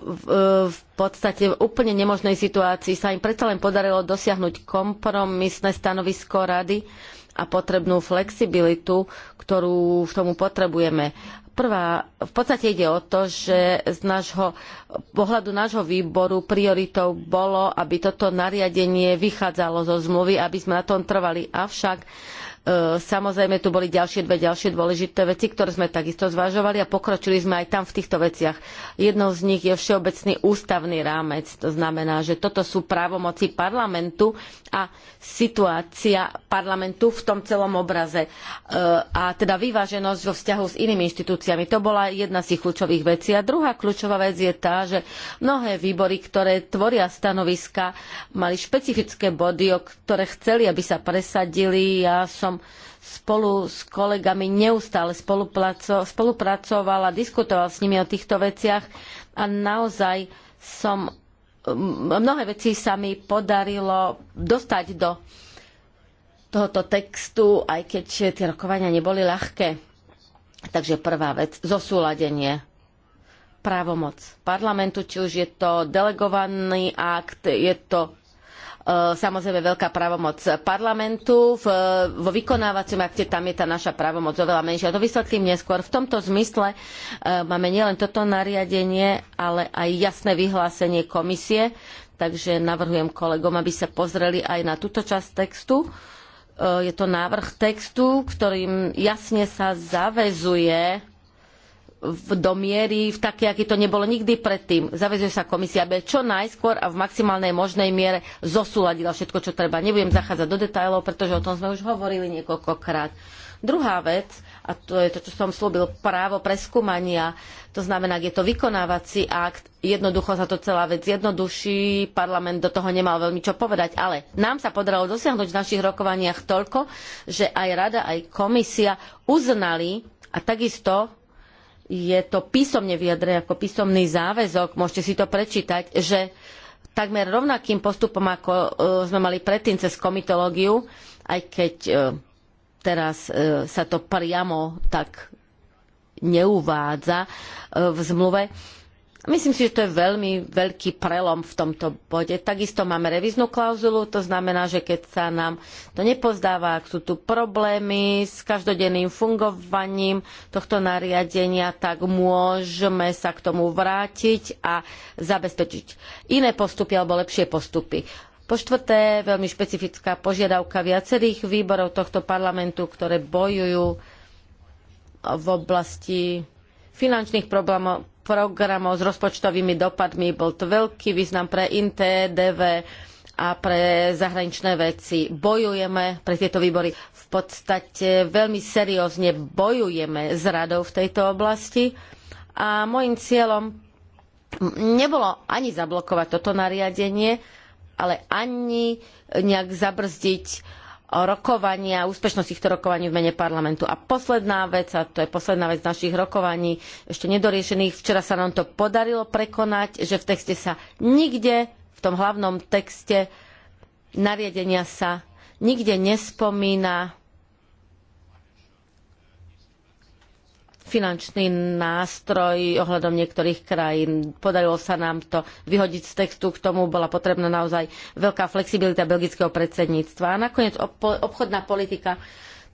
v, v podstate v úplne nemožnej situácii sa im predsa len podarilo dosiahnuť kompromisné stanovisko rady a potrebnú flexibilitu, ktorú v tomu potrebujeme prvá, v podstate ide o to, že z nášho pohľadu nášho výboru prioritou bolo, aby toto nariadenie vychádzalo zo zmluvy, aby sme na tom trvali. Avšak E, samozrejme, tu boli ďalšie dve ďalšie dôležité veci, ktoré sme takisto zvažovali a pokročili sme aj tam v týchto veciach. Jednou z nich je všeobecný ústavný rámec. To znamená, že toto sú právomoci parlamentu a situácia parlamentu v tom celom obraze. E, a teda vyváženosť vo vzťahu s inými inštitúciami. To bola jedna z tých kľúčových vecí. A druhá kľúčová vec je tá, že mnohé výbory, ktoré tvoria stanoviska, mali špecifické body, o ktoré chceli, aby sa presadili. Ja som som spolu s kolegami neustále spolupracovala, diskutoval s nimi o týchto veciach a naozaj som mnohé veci sa mi podarilo dostať do tohoto textu, aj keď tie rokovania neboli ľahké. Takže prvá vec, zosúladenie právomoc parlamentu, či už je to delegovaný akt, je to Eh, samozrejme veľká právomoc parlamentu. V, eh, vo vykonávacom akte tam je tá naša právomoc oveľa menšia. To vysvetlím neskôr. V tomto zmysle eh, máme nielen toto nariadenie, ale aj jasné vyhlásenie komisie. Takže navrhujem kolegom, aby sa pozreli aj na túto časť textu. Je to návrh textu, ktorým jasne sa zavezuje do miery v také, aký to nebolo nikdy predtým. Zavezuje sa komisia, aby čo najskôr a v maximálnej možnej miere zosúladila všetko, čo treba. Nebudem zachádzať do detailov, pretože o tom sme už hovorili niekoľkokrát. Druhá vec, a to je to, čo som slúbil, právo preskúmania, to znamená, ak je to vykonávací akt, jednoducho sa to celá vec jednoduší, parlament do toho nemal veľmi čo povedať, ale nám sa podarilo dosiahnuť v našich rokovaniach toľko, že aj rada, aj komisia uznali a takisto je to písomne vyjadrené ako písomný záväzok, môžete si to prečítať, že takmer rovnakým postupom, ako e, sme mali predtým cez komitológiu, aj keď e, teraz e, sa to priamo tak neuvádza v zmluve, Myslím si, že to je veľmi veľký prelom v tomto bode. Takisto máme revíznu klauzulu, to znamená, že keď sa nám to nepozdáva, ak sú tu problémy s každodenným fungovaním tohto nariadenia, tak môžeme sa k tomu vrátiť a zabezpečiť iné postupy alebo lepšie postupy. Po štvrté, veľmi špecifická požiadavka viacerých výborov tohto parlamentu, ktoré bojujú v oblasti finančných problémov programov s rozpočtovými dopadmi. Bol to veľký význam pre IntDV DV a pre zahraničné veci. Bojujeme pre tieto výbory. V podstate veľmi seriózne bojujeme s radou v tejto oblasti. A môjim cieľom nebolo ani zablokovať toto nariadenie, ale ani nejak zabrzdiť rokovania, úspešnosť týchto rokovaní v mene parlamentu. A posledná vec, a to je posledná vec našich rokovaní, ešte nedoriešených, včera sa nám to podarilo prekonať, že v texte sa nikde, v tom hlavnom texte nariadenia sa nikde nespomína finančný nástroj ohľadom niektorých krajín. Podarilo sa nám to vyhodiť z textu, k tomu bola potrebná naozaj veľká flexibilita belgického predsedníctva. A nakoniec obchodná politika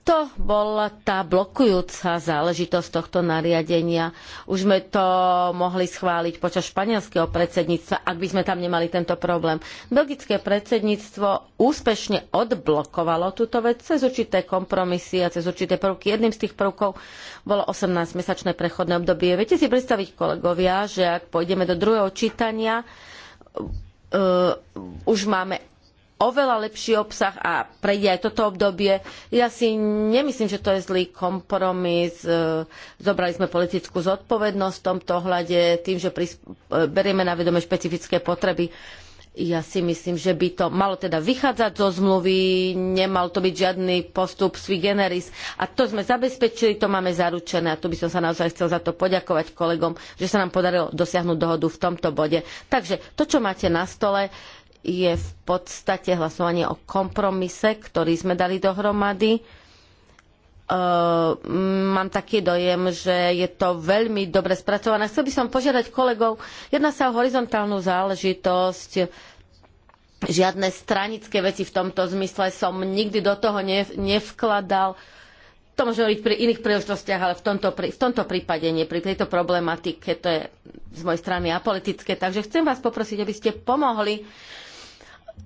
to bola tá blokujúca záležitosť tohto nariadenia. Už sme to mohli schváliť počas španielského predsedníctva, ak by sme tam nemali tento problém. Belgické predsedníctvo úspešne odblokovalo túto vec cez určité kompromisy a cez určité prvky. Jedným z tých prvkov bolo 18-mesačné prechodné obdobie. Viete si predstaviť, kolegovia, že ak pôjdeme do druhého čítania, Uh, už máme oveľa lepší obsah a prejde aj toto obdobie. Ja si nemyslím, že to je zlý kompromis. E, zobrali sme politickú zodpovednosť v tomto ohľade tým, že e, berieme na vedome špecifické potreby. Ja si myslím, že by to malo teda vychádzať zo zmluvy, nemal to byť žiadny postup sui generis. A to sme zabezpečili, to máme zaručené. A tu by som sa naozaj chcel za to poďakovať kolegom, že sa nám podarilo dosiahnuť dohodu v tomto bode. Takže to, čo máte na stole, uh, je v podstate hlasovanie o kompromise, ktorý sme dali dohromady. Uh, mám taký dojem, že je to veľmi dobre spracované. Chcel by som požiadať kolegov, jedná sa o horizontálnu záležitosť, žiadne stranické veci v tomto zmysle som nikdy do toho ne, nevkladal. To môže byť pri iných príležitostiach, ale v tomto, v tomto prípade nie, pri tejto problematike, to je z mojej strany apolitické. Takže chcem vás poprosiť, aby ste pomohli uh,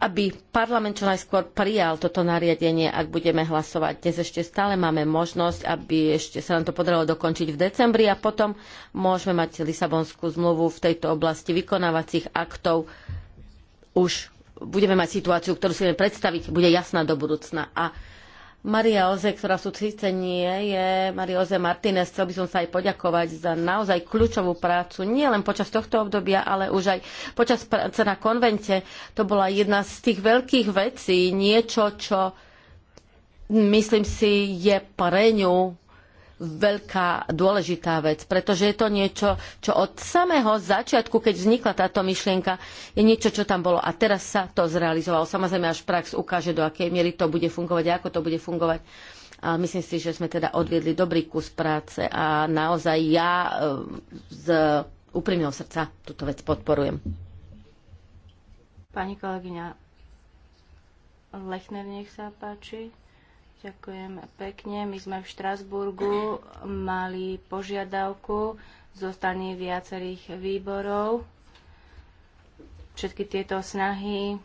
aby parlament čo najskôr prijal toto nariadenie, ak budeme hlasovať. Dnes ešte stále máme možnosť, aby ešte sa nám to podarilo dokončiť v decembri a potom môžeme mať Lisabonskú zmluvu v tejto oblasti vykonávacích aktov. Už budeme mať situáciu, ktorú si vieme predstaviť, bude jasná do budúcna. A Maria Oze, ktorá sú síce nie, je Maria Oze Martinez. Chcel by som sa aj poďakovať za naozaj kľúčovú prácu, nie len počas tohto obdobia, ale už aj počas práce na konvente. To bola jedna z tých veľkých vecí, niečo, čo myslím si je pre ňu veľká dôležitá vec, pretože je to niečo, čo od samého začiatku, keď vznikla táto myšlienka, je niečo, čo tam bolo a teraz sa to zrealizovalo. Samozrejme, až prax ukáže, do akej miery to bude fungovať a ako to bude fungovať. A myslím si, že sme teda odviedli dobrý kus práce a naozaj ja e, z úprimného srdca túto vec podporujem. Pani kolegyňa Lechner, nech sa páči. Ďakujem pekne. My sme v Štrasburgu mali požiadavku zo strany viacerých výborov. Všetky tieto snahy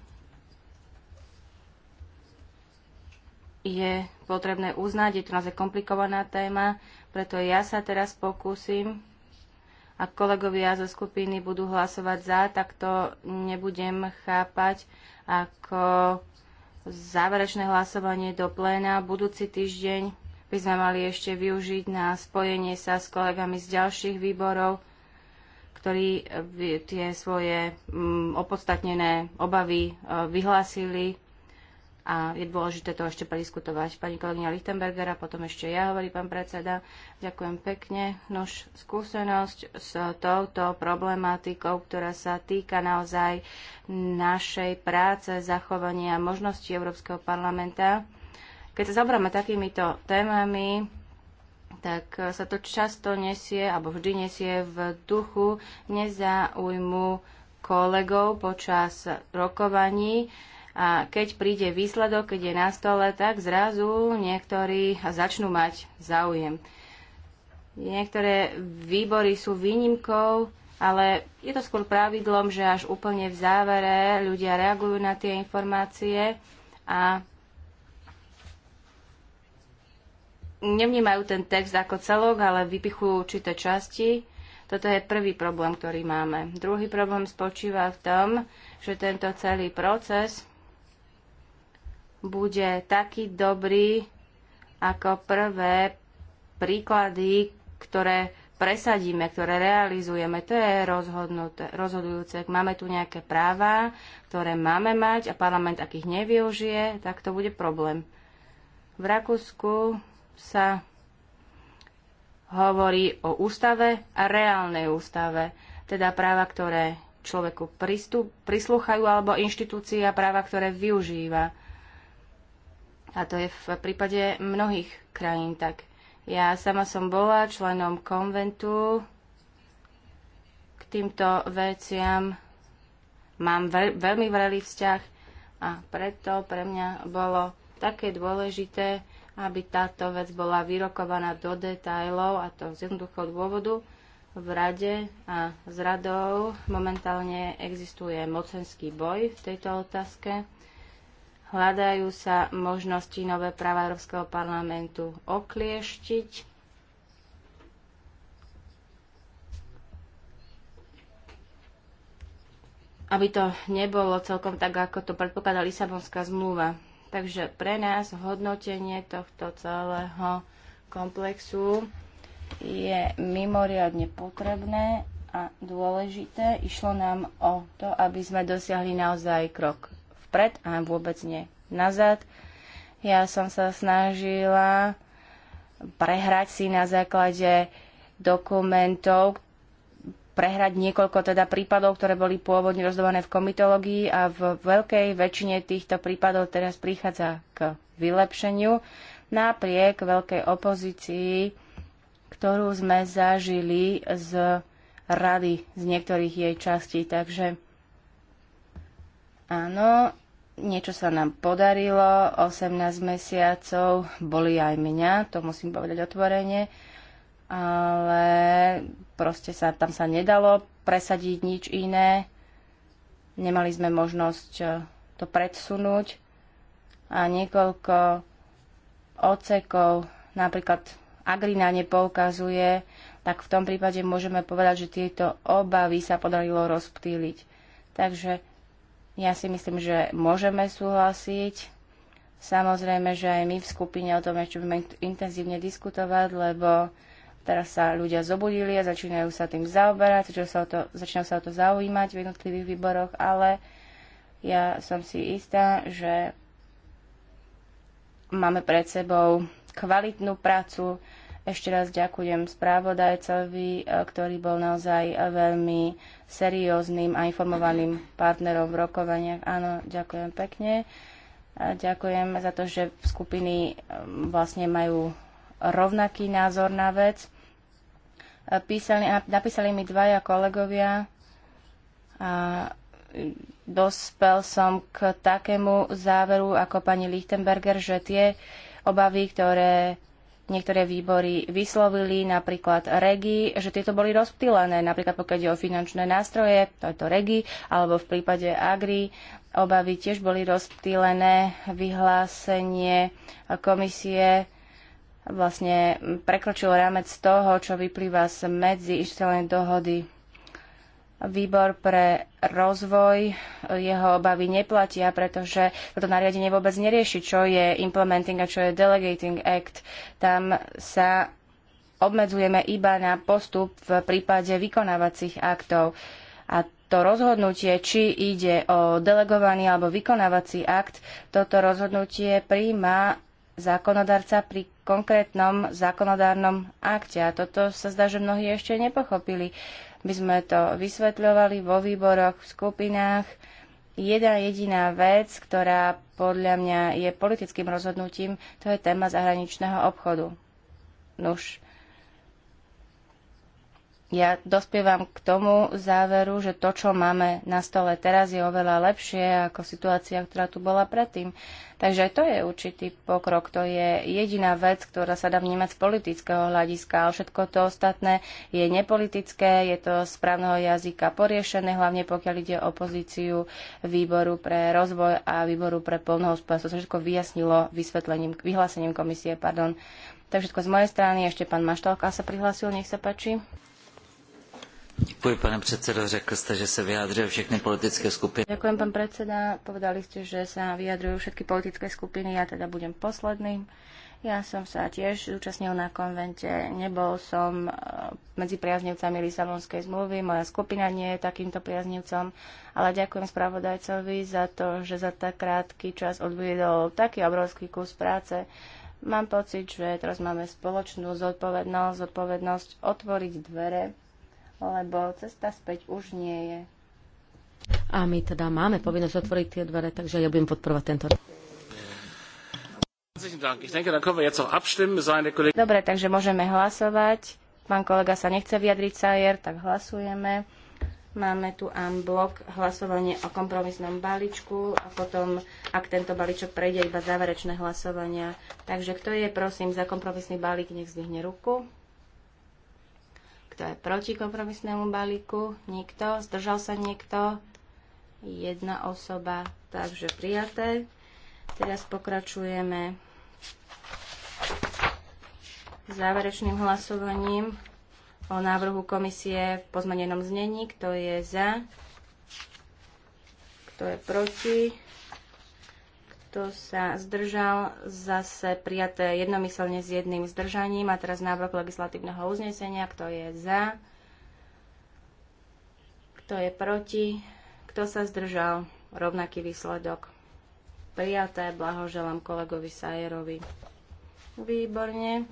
je potrebné uznať, je to naozaj komplikovaná téma, preto ja sa teraz pokúsim, ak kolegovia zo skupiny budú hlasovať za, tak to nebudem chápať ako záverečné hlasovanie do pléna. Budúci týždeň by sme mali ešte využiť na spojenie sa s kolegami z ďalších výborov, ktorí eh, tie svoje mm, opodstatnené obavy eh, vyhlásili a je dôležité to ešte prediskutovať. Pani kolegyňa Lichtenbergera, potom ešte ja, hovorí pán predseda. Ďakujem pekne. Nož skúsenosť s touto problematikou, ktorá sa týka naozaj našej práce, zachovania možností Európskeho parlamenta. Keď sa zabráme takýmito témami, tak sa to často nesie, alebo vždy nesie v duchu nezaujmu kolegov počas rokovaní a keď príde výsledok, keď je na stole, tak zrazu niektorí začnú mať záujem. Niektoré výbory sú výnimkou, ale je to skôr pravidlom, že až úplne v závere ľudia reagujú na tie informácie a nevnímajú ten text ako celok, ale vypichujú určité časti. Toto je prvý problém, ktorý máme. Druhý problém spočíva v tom, že tento celý proces bude taký dobrý ako prvé príklady, ktoré presadíme, ktoré realizujeme, to je rozhodujúce. Ak máme tu nejaké práva, ktoré máme mať a parlament akých nevyužije, tak to bude problém. V Rakúsku sa hovorí o ústave a reálnej ústave, teda práva, ktoré človeku pristup, prislúchajú alebo inštitúcia práva, ktoré využíva. A to je v prípade mnohých krajín tak. Ja sama som bola členom konventu k týmto veciam. Mám veľ, veľmi vrelý vzťah a preto pre mňa bolo také dôležité, aby táto vec bola vyrokovaná do detajlov a to z jednoduchého dôvodu. V rade a s radou momentálne existuje mocenský boj v tejto otázke Hľadajú sa možnosti nové práva Európskeho parlamentu oklieštiť. aby to nebolo celkom tak, ako to predpokladá Lisabonská zmluva. Takže pre nás hodnotenie tohto celého komplexu je mimoriadne potrebné a dôležité. Išlo nám o to, aby sme dosiahli naozaj krok vpred a vôbec nie nazad. Ja som sa snažila prehrať si na základe dokumentov, prehrať niekoľko teda prípadov, ktoré boli pôvodne rozdované v komitológii a v veľkej väčšine týchto prípadov teraz prichádza k vylepšeniu napriek veľkej opozícii, ktorú sme zažili z rady z niektorých jej častí. Takže Áno, niečo sa nám podarilo, 18 mesiacov, boli aj mňa, to musím povedať otvorene, ale proste sa, tam sa nedalo presadiť nič iné. Nemali sme možnosť e, to predsunúť a niekoľko odsekov, napríklad Agrina nepoukazuje, tak v tom prípade môžeme povedať, že tieto obavy sa podarilo rozptýliť. Takže ja si myslím, že môžeme súhlasiť. Samozrejme, že aj my v skupine o tom ešte budeme intenzívne diskutovať, lebo teraz sa ľudia zobudili a začínajú sa tým zaoberať, že sa o to, začínajú sa o to zaujímať v jednotlivých výboroch, ale ja som si istá, že máme pred sebou kvalitnú prácu, ešte raz ďakujem správodajcovi, e, ktorý bol naozaj veľmi serióznym a informovaným partnerom v rokovaniach. Áno, ďakujem pekne. A ďakujem za to, že skupiny e, vlastne majú rovnaký názor na vec. E, písali, napísali mi dvaja kolegovia a dospel som k takému záveru ako pani Lichtenberger, že tie obavy, ktoré niektoré výbory vyslovili, napríklad REGI, že tieto boli rozptýlené, napríklad pokiaľ ide o finančné nástroje, to je to REGI, alebo v prípade AGRI, obavy tiež boli rozptýlené, vyhlásenie komisie vlastne prekročilo rámec toho, čo vyplýva z medzi dohody Výbor pre rozvoj, jeho obavy neplatia, pretože toto nariadenie vôbec nerieši, čo je implementing a čo je delegating act. Tam sa obmedzujeme iba na postup v prípade vykonávacích aktov. A to rozhodnutie, či ide o delegovaný alebo vykonávací akt, toto rozhodnutie príjma zákonodarca pri konkrétnom zákonodárnom akte. A toto sa zdá, že mnohí ešte nepochopili. My sme to vysvetľovali vo výboroch, v skupinách. Jedna jediná vec, ktorá podľa mňa je politickým rozhodnutím, to je téma zahraničného obchodu. Nuž, ja dospievam k tomu záveru, že to, čo máme na stole teraz, je oveľa lepšie ako situácia, ktorá tu bola predtým. Takže aj to je určitý pokrok. To je jediná vec, ktorá sa dá vnímať z politického hľadiska, ale všetko to ostatné je nepolitické, je to správneho jazyka poriešené, hlavne pokiaľ ide o pozíciu výboru pre rozvoj a výboru pre polnohospodárstvo. To sa všetko vyjasnilo vysvetlením, vyhlásením komisie. Pardon. Takže všetko z mojej strany. Ešte pán Maštalka sa prihlásil, nech sa páči. Ďakujem, pane predsedo. Řekl ste, že sa vyjadrujú všetky politické skupiny. Ďakujem, pán predseda. Povedali ste, že sa vyjadrujú všetky politické skupiny. Ja teda budem posledným. Ja som sa tiež zúčastnil na konvente. Nebol som e, medzi priaznivcami Lisabonskej zmluvy. Moja skupina nie je takýmto priaznivcom. Ale ďakujem spravodajcovi za to, že za tak krátky čas odviedol taký obrovský kus práce. Mám pocit, že teraz máme spoločnú zodpovednosť, zodpovednosť otvoriť dvere lebo cesta späť už nie je. A my teda máme povinnosť otvoriť tie dvere, takže ja budem podporovať tento. Dobre, takže môžeme hlasovať. Pán kolega sa nechce vyjadriť, Sajer, tak hlasujeme. Máme tu blok hlasovanie o kompromisnom balíčku a potom, ak tento balíčok prejde, iba záverečné hlasovania. Takže kto je, prosím, za kompromisný balík, nech zdvihne ruku niekto je proti kompromisnému balíku? Nikto. Zdržal sa niekto? Jedna osoba. Takže prijaté. Teraz pokračujeme záverečným hlasovaním o návrhu komisie v pozmenenom znení. Kto je za? Kto je proti? Kto sa zdržal? Zase prijaté jednomyselne s jedným zdržaním. A teraz návrh legislatívneho uznesenia. Kto je za? Kto je proti? Kto sa zdržal? Rovnaký výsledok. Prijaté. Blahoželám kolegovi Sajerovi. Výborne.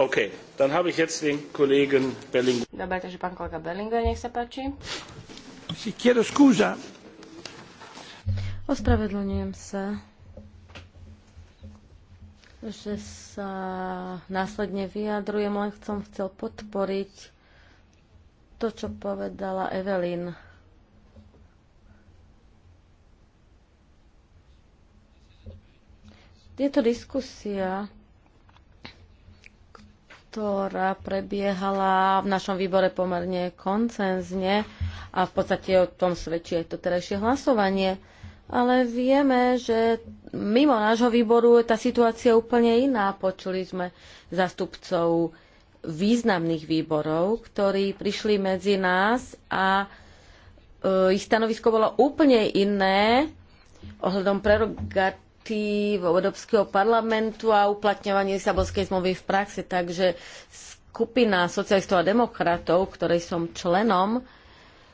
Okay, dann habe ich jetzt den Kollegen Bellinger. Dobre, takže pán kolega Bellinger, nech sa páči. Si chiedo scusa, Ospravedlňujem sa, že sa následne vyjadrujem, len som chcel podporiť to, čo povedala Evelyn. Je to diskusia, ktorá prebiehala v našom výbore pomerne koncenzne a v podstate o tom svedčí aj to terajšie hlasovanie ale vieme, že mimo nášho výboru je tá situácia úplne iná. Počuli sme zastupcov významných výborov, ktorí prišli medzi nás a e, ich stanovisko bolo úplne iné ohľadom prerogatív Európskeho parlamentu a uplatňovanie Lisabonskej zmluvy v praxe. Takže skupina socialistov a demokratov, ktorej som členom,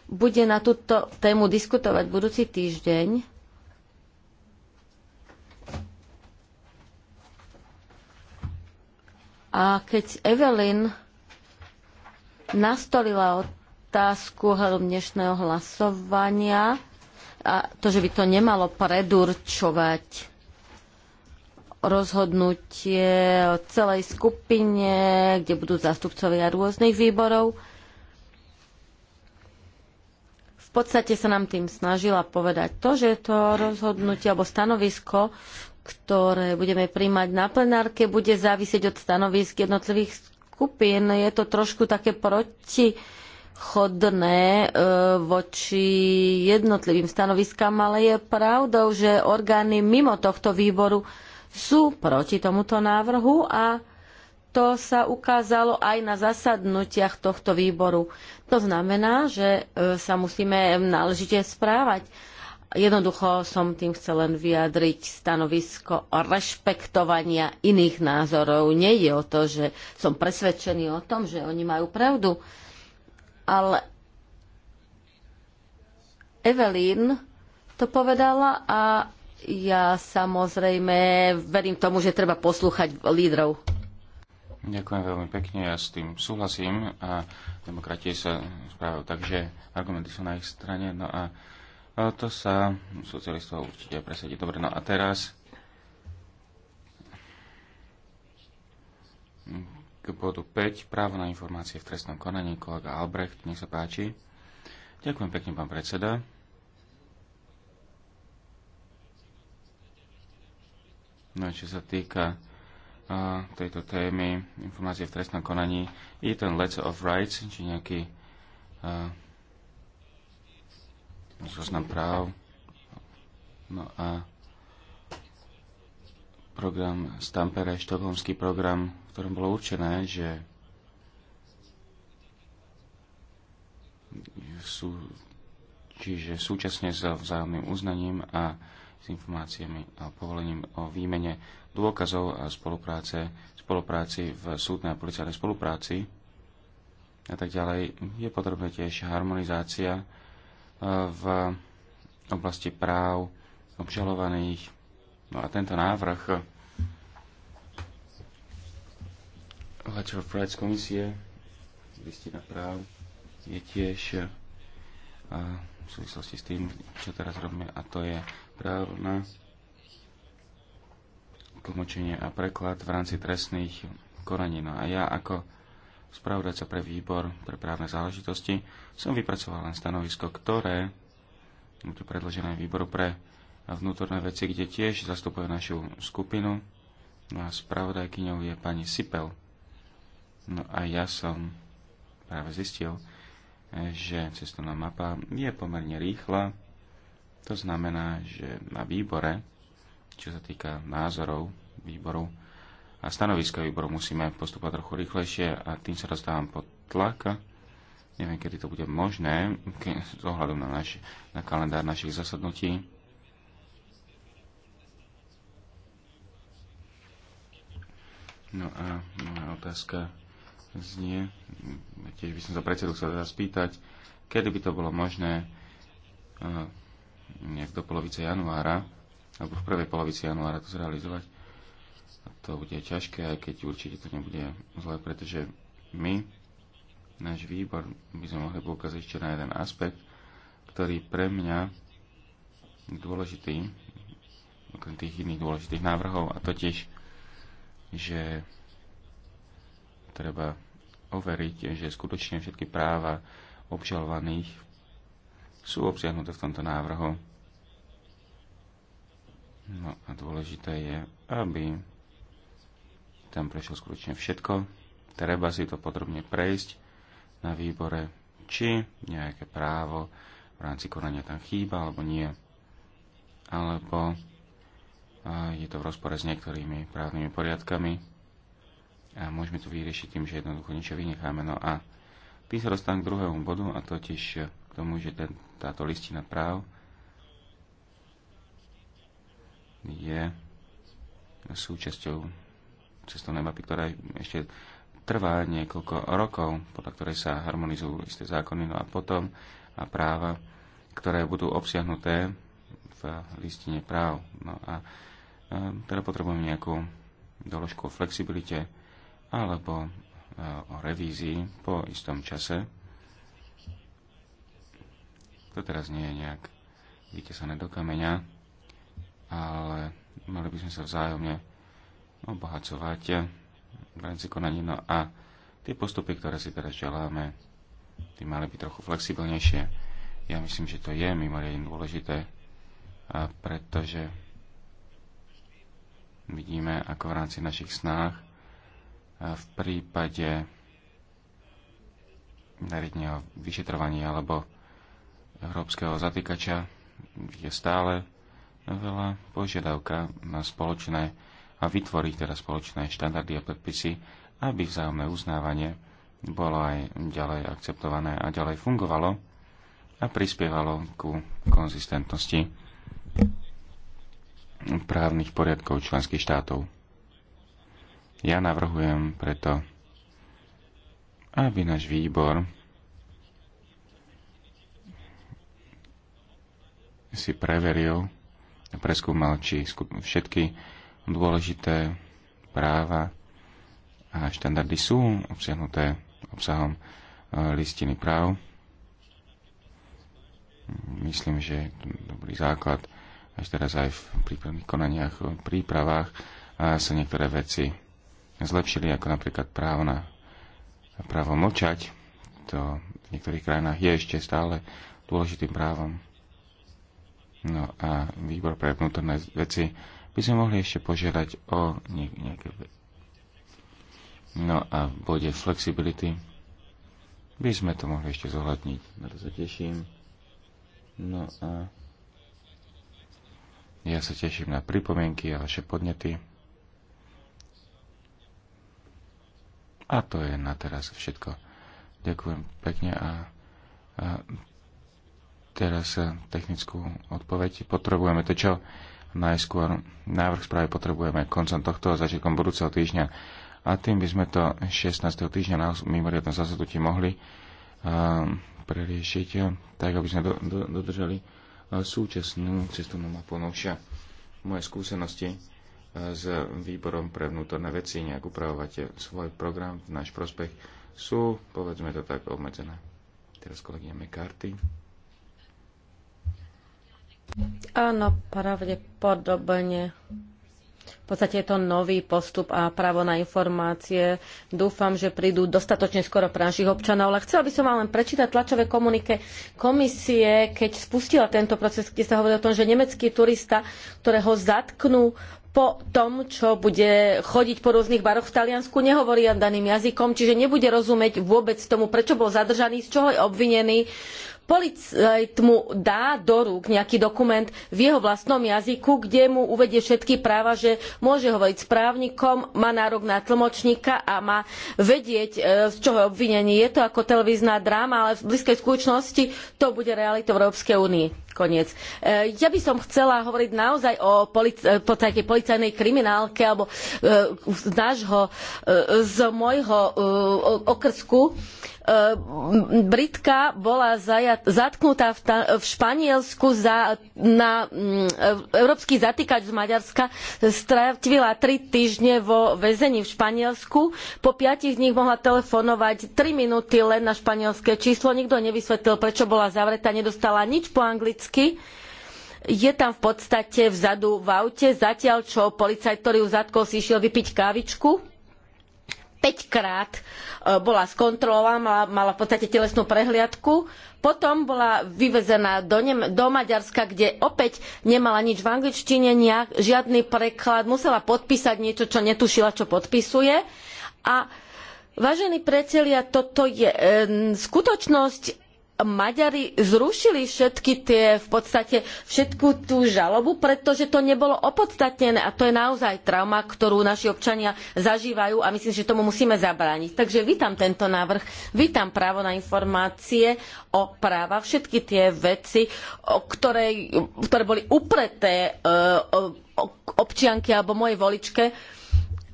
bude na túto tému diskutovať budúci týždeň A keď Evelyn nastolila otázku hľadom dnešného hlasovania, a to, že by to nemalo predurčovať rozhodnutie o celej skupine, kde budú zástupcovia rôznych výborov. V podstate sa nám tým snažila povedať to, že to rozhodnutie alebo stanovisko ktoré budeme príjmať na plenárke, bude závisieť od stanovisk jednotlivých skupín. Je to trošku také proti chodné e, voči jednotlivým stanoviskám, ale je pravdou, že orgány mimo tohto výboru sú proti tomuto návrhu a to sa ukázalo aj na zasadnutiach tohto výboru. To znamená, že e, sa musíme náležite správať Jednoducho som tým chcel len vyjadriť stanovisko o rešpektovania iných názorov. Nejde o to, že som presvedčený o tom, že oni majú pravdu, ale Evelyn to povedala a ja samozrejme verím tomu, že treba poslúchať lídrov. Ďakujem veľmi pekne, ja s tým súhlasím a demokratie sa správajú tak, že argumenty sú na ich strane. No a a to sa socialistov určite presadí. Dobre, no a teraz k bodu 5, právo na informácie v trestnom konaní, kolega Albrecht, nech sa páči. Ďakujem pekne, pán predseda. No čo sa týka a, tejto témy, informácie v trestnom konaní, je ten Let's of Rights, či nejaký a, zoznam práv. No a program Stampera štokholmský program, v ktorom bolo určené, že sú, čiže súčasne s vzájomným uznaním a s informáciami a povolením o výmene dôkazov a spolupráce, spolupráci v súdnej a policajnej spolupráci a tak ďalej, je potrebné tiež harmonizácia v oblasti práv obžalovaných. No a tento návrh Letter of Rights komisie, listina práv, je tiež e, v súvislosti s tým, čo teraz robíme, a to je právo na tlmočenie a preklad v rámci trestných koraní. No a ja ako spravodajca pre výbor pre právne záležitosti, som vypracoval len stanovisko, ktoré je predložené výboru pre vnútorné veci, kde tiež zastupuje našu skupinu. No a spravodajkyňou je pani Sipel. No a ja som práve zistil, že cestovná mapa je pomerne rýchla. To znamená, že na výbore, čo sa týka názorov výboru, a stanoviska výboru. Musíme postupovať trochu rýchlejšie a tým sa dostávam pod tlak. Neviem, kedy to bude možné, z ohľadom na, naš, na kalendár našich zasadnutí. No a moja otázka znie, tiež by som sa predsedu chcel teda spýtať, kedy by to bolo možné eh, nejak do polovice januára, alebo v prvej polovici januára to zrealizovať to bude ťažké, aj keď určite to nebude zlé, pretože my, náš výbor, by sme mohli poukázať ešte na jeden aspekt, ktorý pre mňa je dôležitý, okrem tých iných dôležitých návrhov, a totiž, že treba overiť, že skutočne všetky práva obžalovaných sú obsiahnuté v tomto návrhu. No a dôležité je, aby tam prešlo skutočne všetko. Treba si to podrobne prejsť na výbore, či nejaké právo v rámci konania tam chýba alebo nie. Alebo je to v rozpore s niektorými právnymi poriadkami a môžeme to vyriešiť tým, že jednoducho niečo vynecháme. No a tým sa dostanem k druhému bodu a totiž k tomu, že ten, táto listina práv je súčasťou cestovnej mapy, ktorá ešte trvá niekoľko rokov, podľa ktorej sa harmonizujú isté zákony, no a potom a práva, ktoré budú obsiahnuté v listine práv. No a teda potrebujeme nejakú doložku o flexibilite alebo e, o revízii po istom čase. To teraz nie je nejak vytesané do kameňa, ale mali by sme sa vzájomne obohacovať v rámci konaní. No a tie postupy, ktoré si teraz želáme, by mali byť trochu flexibilnejšie. Ja myslím, že to je mimoriadne dôležité, a pretože vidíme, ako v rámci našich snách v prípade nariadenia vyšetrovania alebo európskeho zatýkača je stále veľa požiadavka na spoločné a vytvoriť teda spoločné štandardy a predpisy, aby vzájomné uznávanie bolo aj ďalej akceptované a ďalej fungovalo a prispievalo ku konzistentnosti právnych poriadkov členských štátov. Ja navrhujem preto, aby náš výbor si preveril a preskúmal, či všetky dôležité práva a štandardy sú obsiahnuté obsahom e, listiny práv. Myslím, že je to dobrý základ až teraz aj v prípravných konaniach, v prípravách a sa niektoré veci zlepšili, ako napríklad právo na právo mlčať. To v niektorých krajinách je ešte stále dôležitým právom. No a výbor pre vnútorné veci by sme mohli ešte požiadať o nejaké... No a v bode flexibility by sme to mohli ešte zohľadniť. Na to sa teším. No a ja sa teším na pripomienky a vaše podnety. A to je na teraz všetko. Ďakujem pekne a, a teraz eh, technickú odpoveď. Potrebujeme to, čo Najskôr návrh správy potrebujeme koncom tohto a začiatkom budúceho týždňa. A tým by sme to 16. týždňa na mimoriadnom zasadnutí mohli uh, preriešiť, tak aby sme do, do, dodržali eh, súčasnú cestovnú mapu novšia. Moje skúsenosti eh, s výborom pre vnútorné veci nejak upravovať svoj program náš prospech sú, povedzme to tak, obmedzené. Teraz kolegyňa McCarthy. Áno, pravdepodobne. V podstate je to nový postup a právo na informácie. Dúfam, že prídu dostatočne skoro pre našich občanov, ale chcela by som vám len prečítať tlačové komunike komisie, keď spustila tento proces, kde sa hovorí o tom, že nemecký turista, ktorého zatknú po tom, čo bude chodiť po rôznych baroch v Taliansku, nehovorí daným jazykom, čiže nebude rozumieť vôbec tomu, prečo bol zadržaný, z čoho je obvinený policajt mu dá do rúk nejaký dokument v jeho vlastnom jazyku, kde mu uvedie všetky práva, že môže hovoriť s právnikom, má nárok na tlmočníka a má vedieť, e, z čoho je obvinenie. Je to ako televízna dráma, ale v blízkej skutočnosti to bude realitou Európskej únii koniec. E, ja by som chcela hovoriť naozaj o polic- e, podstate policajnej kriminálke alebo e, z nášho, z môjho okrsku. Britka bola zajat, zatknutá v, ta, v Španielsku za, na európsky zatýkač z Maďarska. Strávila tri týždne vo väzení v Španielsku. Po piatich dní mohla telefonovať tri minúty len na španielske číslo. Nikto nevysvetlil, prečo bola zavretá, nedostala nič po anglicky anglicky. je tam v podstate vzadu v aute, zatiaľ čo policajt, ktorý ju zatkol, si išiel vypiť kávičku. 5 krát e, bola skontrolovaná, mala, mala v podstate telesnú prehliadku. Potom bola vyvezená do, Nem- do Maďarska, kde opäť nemala nič v angličtine, nejak, žiadny preklad, musela podpísať niečo, čo netušila, čo podpisuje. A vážení priatelia, toto je e, skutočnosť, Maďari zrušili všetky tie, v podstate všetku tú žalobu, pretože to nebolo opodstatnené a to je naozaj trauma, ktorú naši občania zažívajú a myslím, že tomu musíme zabrániť. Takže vítam tento návrh, vítam právo na informácie o práva, všetky tie veci, ktoré, ktoré, boli upreté e, občianky alebo mojej voličke,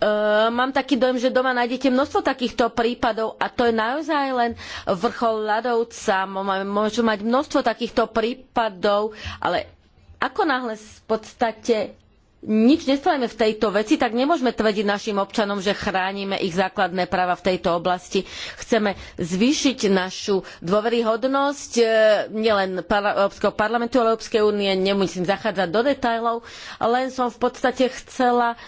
Ehm, mám taký dojem, že doma nájdete množstvo takýchto prípadov a to je naozaj len vrchol ľadovca. Môžu mať množstvo takýchto prípadov, ale ako náhle v podstate nič nespravíme v tejto veci, tak nemôžeme tvrdiť našim občanom, že chránime ich základné práva v tejto oblasti. Chceme zvýšiť našu dôveryhodnosť e, nielen Európskeho parlamentu, ale Európskej únie. Nemusím zachádzať do detailov, len som v podstate chcela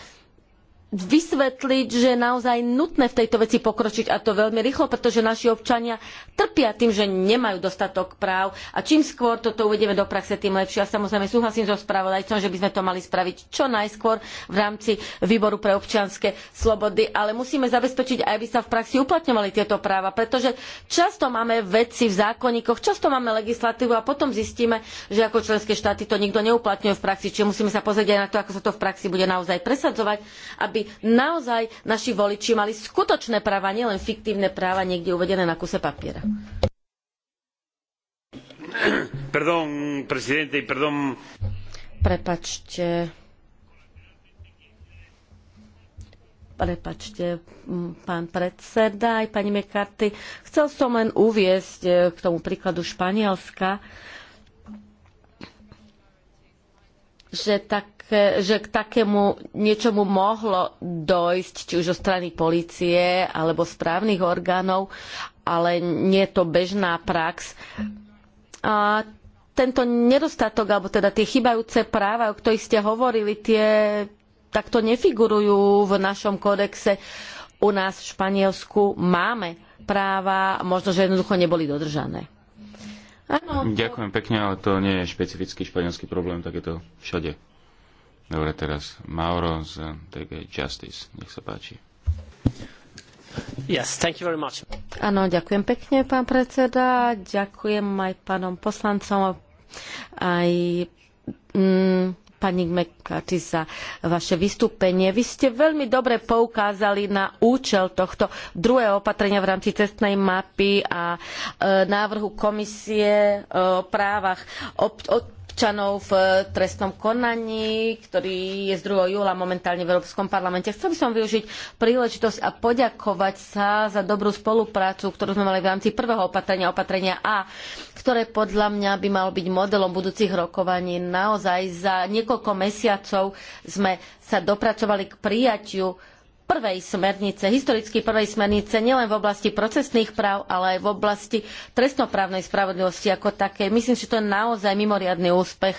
vysvetliť, že je naozaj nutné v tejto veci pokročiť a to veľmi rýchlo, pretože naši občania trpia tým, že nemajú dostatok práv a čím skôr toto uvedieme do praxe, tým lepšie. A samozrejme súhlasím so spravodajcom, že by sme to mali spraviť čo najskôr v rámci výboru pre občianske slobody, ale musíme zabezpečiť aj, aby sa v praxi uplatňovali tieto práva, pretože často máme veci v zákonníkoch, často máme legislatívu a potom zistíme, že ako členské štáty to nikto neuplatňuje v praxi, čiže musíme sa pozrieť aj na to, ako sa to v praxi bude naozaj presadzovať, aby naozaj naši voliči mali skutočné práva, nielen fiktívne práva niekde uvedené na kuse papiera. Perdón, presidente, perdón. Prepačte. Prepačte, pán predseda aj pani McCarthy. Chcel som len uviesť e, k tomu príkladu Španielska, že tak také, že k takému niečomu mohlo dojsť, či už zo strany policie alebo správnych orgánov, ale nie je to bežná prax. A tento nedostatok, alebo teda tie chybajúce práva, o ktorých ste hovorili, tie takto nefigurujú v našom kodexe. U nás v Španielsku máme práva, možno, že jednoducho neboli dodržané. Áno, Ďakujem pekne, ale to nie je špecifický španielský problém, tak je to všade. Dobre, teraz Mauro z TG Justice. Nech sa páči. Yes, thank you very much. Áno, ďakujem pekne, pán predseda. Ďakujem aj pánom poslancom, aj mm, pani McCarthy za vaše vystúpenie. Vy ste veľmi dobre poukázali na účel tohto druhého opatrenia v rámci cestnej mapy a e, návrhu komisie e, o právach ob, ob, občanov v eh, trestnom konaní, ktorý je z 2. júla momentálne v Európskom parlamente. Chcel by som využiť príležitosť a poďakovať sa za dobrú spoluprácu, ktorú sme mali v rámci prvého opatrenia, opatrenia A, ktoré podľa mňa by malo byť modelom budúcich rokovaní. Naozaj za niekoľko mesiacov sme sa dopracovali k prijatiu prvej smernice, historicky prvej smernice nielen v oblasti procesných práv, ale aj v oblasti trestnoprávnej spravodlivosti ako takej. Myslím, že to je naozaj mimoriadny úspech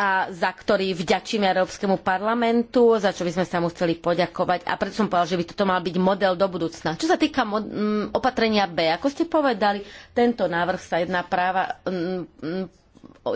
a za ktorý vďačíme Európskemu parlamentu, za čo by sme sa mu chceli poďakovať. A preto som povedal, že by toto mal byť model do budúcna. Čo sa týka opatrenia B, ako ste povedali, tento návrh sa jedná práva,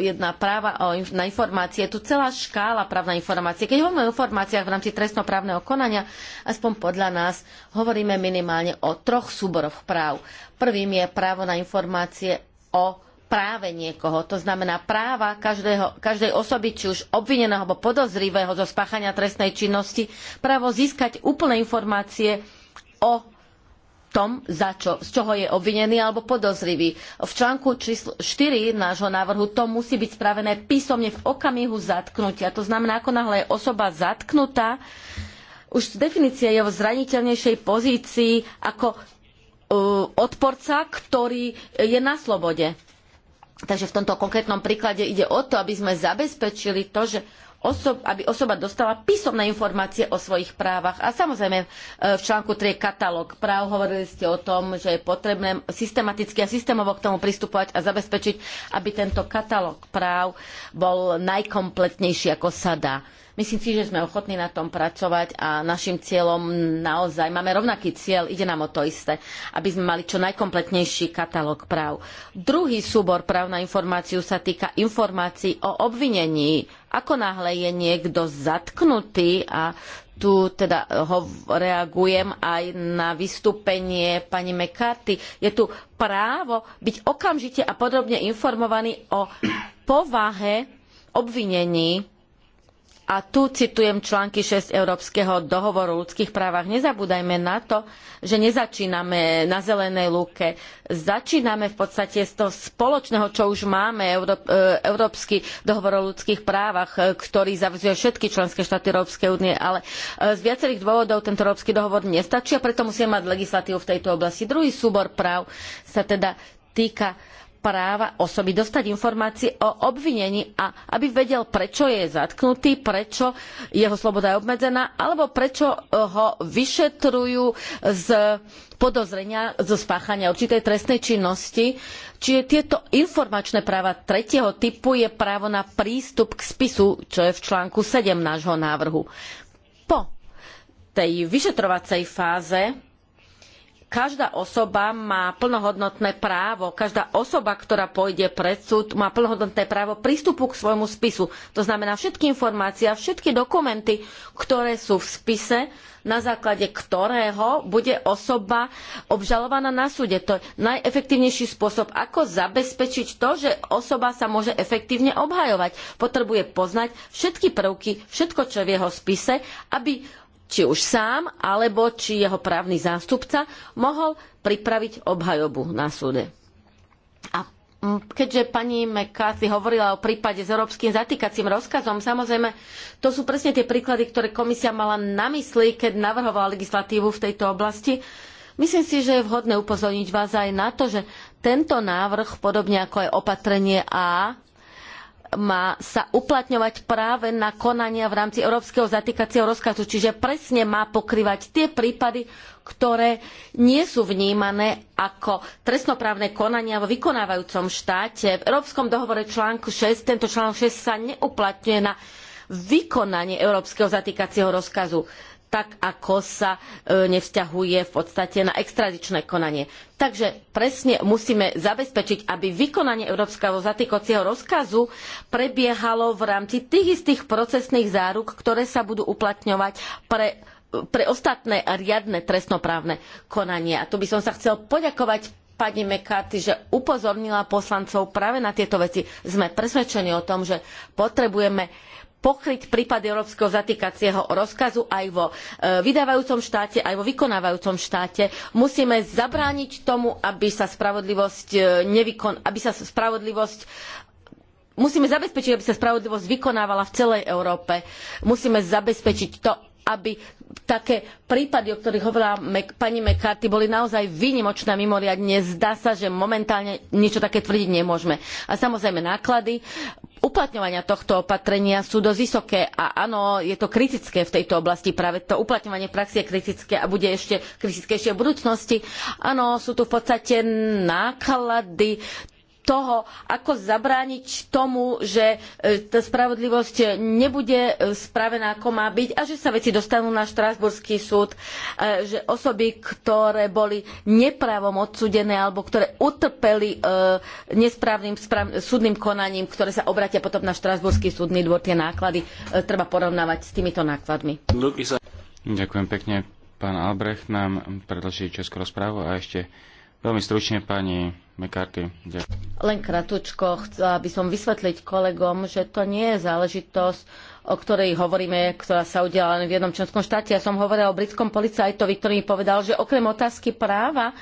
jedna práva na informácie. Je tu celá škála práv na informácie. Keď hovoríme o informáciách v rámci trestnoprávneho konania, aspoň podľa nás hovoríme minimálne o troch súboroch práv. Prvým je právo na informácie o práve niekoho. To znamená práva každého, každej osoby, či už obvineného alebo podozrivého zo spáchania trestnej činnosti, právo získať úplné informácie o tom, za čo, z čoho je obvinený alebo podozrivý. V článku 4 nášho návrhu to musí byť spravené písomne v okamihu zatknutia. To znamená, ako náhle je osoba zatknutá, už z definície je v zraniteľnejšej pozícii ako e, odporca, ktorý je na slobode. Takže v tomto konkrétnom príklade ide o to, aby sme zabezpečili to, že osob, aby osoba dostala písomné informácie o svojich právach. A samozrejme e, v článku 3 je katalóg práv. Hovorili ste o tom, že je potrebné systematicky a systémovo k tomu pristupovať a zabezpečiť, aby tento katalóg práv bol najkompletnejší, ako sa dá. Myslím si, že sme ochotní na tom pracovať a našim cieľom naozaj máme rovnaký cieľ, ide nám o to isté, aby sme mali čo najkompletnejší katalóg práv. Druhý súbor práv na informáciu sa týka informácií o obvinení. Ako náhle je niekto zatknutý a tu teda ho reagujem aj na vystúpenie pani McCarthy. Je tu právo byť okamžite a podrobne informovaný o povahe obvinení a tu citujem články 6 Európskeho dohovoru o ľudských právach. Nezabúdajme na to, že nezačíname na zelenej lúke. Začíname v podstate z toho spoločného, čo už máme, e, Európsky dohovor o ľudských právach, e, ktorý zavzuje všetky členské štáty Európskej únie, ale e, z viacerých dôvodov tento Európsky dohovor nestačí a preto musíme mať legislatívu v tejto oblasti. Druhý súbor práv sa teda týka práva osoby dostať informácie o obvinení a aby vedel, prečo je zatknutý, prečo jeho sloboda je obmedzená, alebo prečo e, ho vyšetrujú z podozrenia zo spáchania určitej trestnej činnosti. Čiže tieto informačné práva tretieho typu je právo na prístup k spisu, čo je v článku 7 nášho návrhu. Po tej vyšetrovacej fáze každá osoba má plnohodnotné právo, každá osoba, ktorá pôjde pred súd, má plnohodnotné právo prístupu k svojmu spisu. To znamená všetky informácie a všetky dokumenty, ktoré sú v spise, na základe ktorého bude osoba obžalovaná na súde. To je najefektívnejší spôsob, ako zabezpečiť to, že osoba sa môže efektívne obhajovať. Potrebuje poznať všetky prvky, všetko, čo je v jeho spise, aby či už sám, alebo či jeho právny zástupca mohol pripraviť obhajobu na súde. A keďže pani McCarthy hovorila o prípade s európskym zatýkacím rozkazom, samozrejme, to sú presne tie príklady, ktoré komisia mala na mysli, keď navrhovala legislatívu v tejto oblasti. Myslím si, že je vhodné upozorniť vás aj na to, že tento návrh, podobne ako aj opatrenie A, má sa uplatňovať práve na konania v rámci európskeho zatýkacieho rozkazu, čiže presne má pokrývať tie prípady, ktoré nie sú vnímané ako trestnoprávne konania vo vykonávajúcom štáte. V Európskom dohovore článku 6 tento článok 6 sa neuplatňuje na vykonanie európskeho zatýkacieho rozkazu tak ako sa e, nevzťahuje v podstate na extradičné konanie. Takže presne musíme zabezpečiť, aby vykonanie európskeho zatýkacieho rozkazu prebiehalo v rámci tých istých procesných záruk, ktoré sa budú uplatňovať pre pre ostatné riadne trestnoprávne konanie. A tu by som sa chcel poďakovať pani McCarthy, že upozornila poslancov práve na tieto veci. Sme presvedčení o tom, že potrebujeme pokryť prípad európskeho zatýkacieho rozkazu aj vo e, vydávajúcom štáte, aj vo vykonávajúcom štáte. Musíme zabrániť tomu, aby sa spravodlivosť, e, nevykon, aby sa spravodlivosť Musíme zabezpečiť, aby sa spravodlivosť vykonávala v celej Európe. Musíme zabezpečiť to, aby také prípady, o ktorých hovorila pani McCarthy, boli naozaj výnimočné a mimoriadne. Zdá sa, že momentálne niečo také tvrdiť nemôžeme. A samozrejme náklady uplatňovania tohto opatrenia sú dosť vysoké a áno, je to kritické v tejto oblasti. Práve to uplatňovanie praxie je kritické a bude ešte kritickejšie v budúcnosti. Áno, sú tu v podstate náklady toho, ako zabrániť tomu, že e, tá spravodlivosť nebude e, spravená, ako má byť a že sa veci dostanú na Štrásburský súd, e, že osoby, ktoré boli nepravom odsudené alebo ktoré utrpeli nesprávnym súdnym konaním, ktoré sa obratia potom na Štrásburský súdny dvor, tie náklady treba porovnávať s týmito nákladmi. Ďakujem pekne. Pán Albrecht nám predloží českú rozprávu a ešte Veľmi stručne, pani McCarthy. Ďakujem. Len kratučko, chcela by som vysvetliť kolegom, že to nie je záležitosť, o ktorej hovoríme, ktorá sa udiala len v jednom členskom štáte. Ja som hovorila o britskom policajtovi, ktorý mi povedal, že okrem otázky práva, e,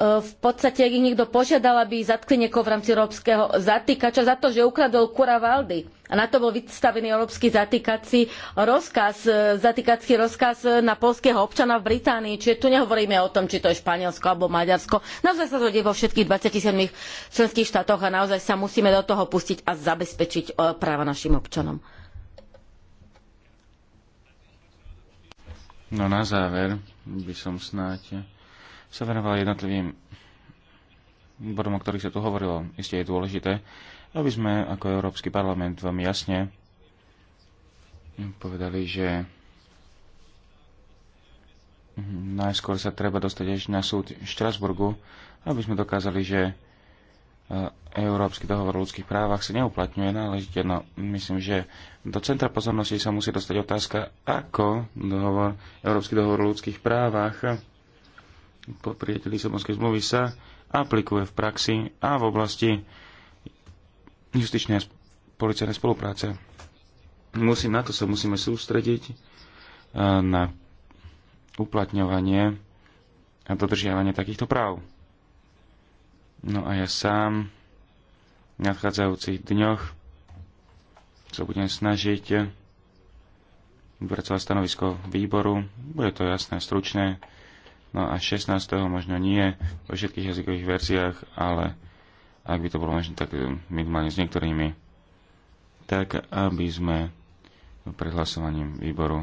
v podstate, ak ich niekto požiadal, aby zatkli niekoho v rámci európskeho zatýkača za to, že ukradol kura Valdy a na to bol vystavený európsky zatýkací rozkaz, e, zatýkací rozkaz na polského občana v Británii. Čiže tu nehovoríme o tom, či to je Španielsko alebo Maďarsko. Naozaj sa to deje vo všetkých 27 členských štátoch a naozaj sa musíme do toho pustiť a zabezpečiť e, práva našim občanom. No na záver by som snáď sa venoval jednotlivým bodom, o ktorých sa tu hovorilo. Isté je dôležité, aby sme ako Európsky parlament veľmi jasne povedali, že najskôr sa treba dostať až na súd v Štrasburgu, aby sme dokázali, že e, Európsky dohovor o ľudských právach sa neuplatňuje náležite. No, myslím, že do centra pozornosti sa musí dostať otázka, ako dohovor, Európsky dohovor o ľudských právach po prijatí Lisabonskej zmluvy sa aplikuje v praxi a v oblasti justičnej a policajnej spolupráce. Musím, na to sa musíme sústrediť, e, na uplatňovanie a dodržiavanie takýchto práv. No a ja sám v nadchádzajúcich dňoch sa budem snažiť vypracovať stanovisko výboru. Bude to jasné, stručné. No a 16. možno nie vo všetkých jazykových verziách, ale ak by to bolo možné, tak e, minimálne s niektorými, tak aby sme pred hlasovaním výboru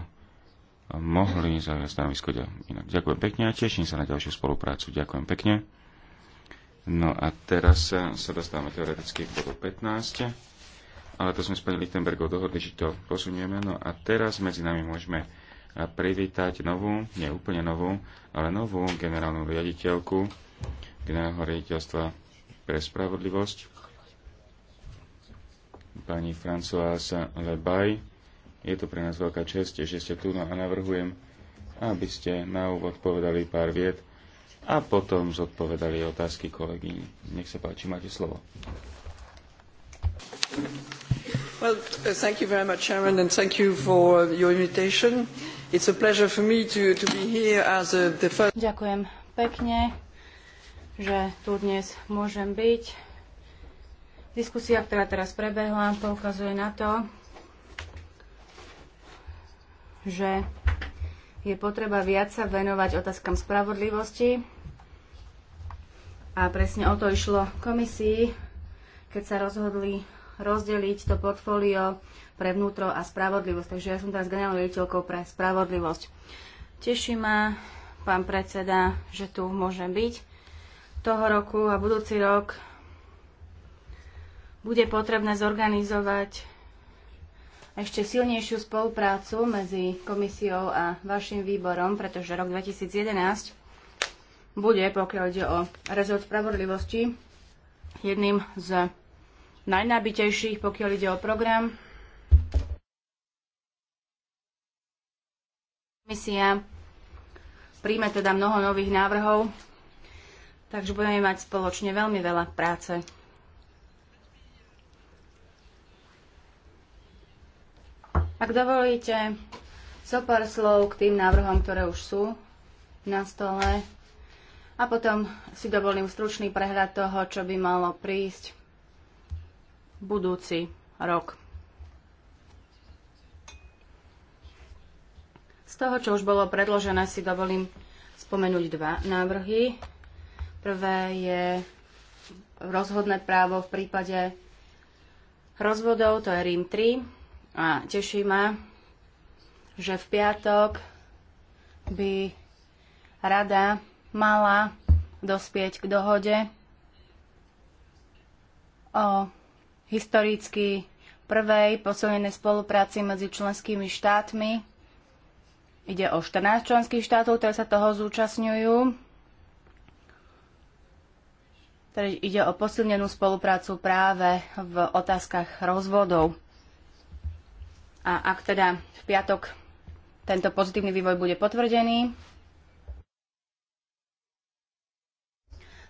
mohli zaujať stanovisko inak. Ďakujem pekne a teším sa na ďalšiu spoluprácu. Ďakujem pekne. No a teraz sa dostávame teoreticky k bodu 15, ale to sme s pani Lichtenbergov dohodli, že to posunieme. No a teraz medzi nami môžeme e, privítať novú, nie úplne novú, ale novú generálnu riaditeľku generálneho riaditeľstva pre spravodlivosť. Pani Françoise Lebaj, je to pre nás veľká čest, že ste tu no a navrhujem, aby ste na úvod povedali pár vied a potom zodpovedali otázky kolegyň. Nech sa páči, máte slovo. Well, thank you very much, Chairman, and thank you for your invitation. It's a pleasure for me to, to be here as a, the first... Ďakujem pekne že tu dnes môžem byť. Diskusia, ktorá teraz prebehla, poukazuje na to, že je potreba viac sa venovať otázkam spravodlivosti. A presne o to išlo komisii, keď sa rozhodli rozdeliť to portfólio pre vnútro a spravodlivosť. Takže ja som teraz generálnou riaditeľkou pre spravodlivosť. Teší ma, pán predseda, že tu môžem byť toho roku a budúci rok bude potrebné zorganizovať ešte silnejšiu spoluprácu medzi komisiou a vašim výborom, pretože rok 2011 bude, pokiaľ ide o rezort spravodlivosti, jedným z najnabitejších, pokiaľ ide o program. Komisia príjme teda mnoho nových návrhov Takže budeme mať spoločne veľmi veľa práce. Ak dovolíte, zo so pár slov k tým návrhom, ktoré už sú na stole. A potom si dovolím stručný prehľad toho, čo by malo prísť budúci rok. Z toho, čo už bolo predložené, si dovolím spomenúť dva návrhy. Prvé je rozhodné právo v prípade rozvodov, to je Rím 3. A teší ma, že v piatok by rada mala dospieť k dohode o historicky prvej posilnenej spolupráci medzi členskými štátmi. Ide o 14 členských štátov, ktoré sa toho zúčastňujú teda ide o posilnenú spoluprácu práve v otázkach rozvodov. A ak teda v piatok tento pozitívny vývoj bude potvrdený,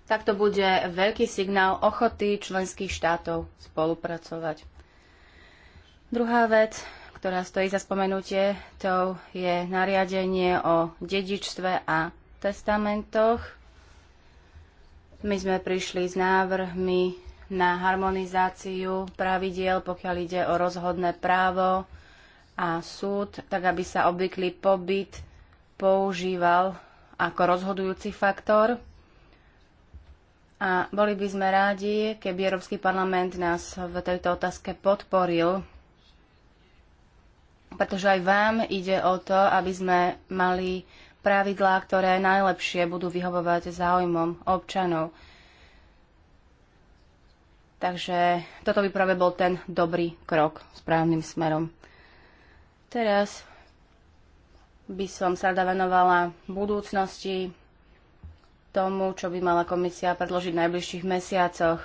tak to bude veľký signál ochoty členských štátov spolupracovať. Druhá vec, ktorá stojí za spomenutie, to je nariadenie o dedičstve a testamentoch. My sme prišli s návrhmi na harmonizáciu pravidiel, pokiaľ ide o rozhodné právo a súd, tak aby sa obvyklý pobyt používal ako rozhodujúci faktor. A boli by sme rádi, keby Európsky parlament nás v tejto otázke podporil, pretože aj vám ide o to, aby sme mali pravidlá, ktoré najlepšie budú vyhovovať záujmom občanov. Takže toto by práve bol ten dobrý krok správnym smerom. Teraz by som sa venovala budúcnosti tomu, čo by mala komisia predložiť v najbližších mesiacoch.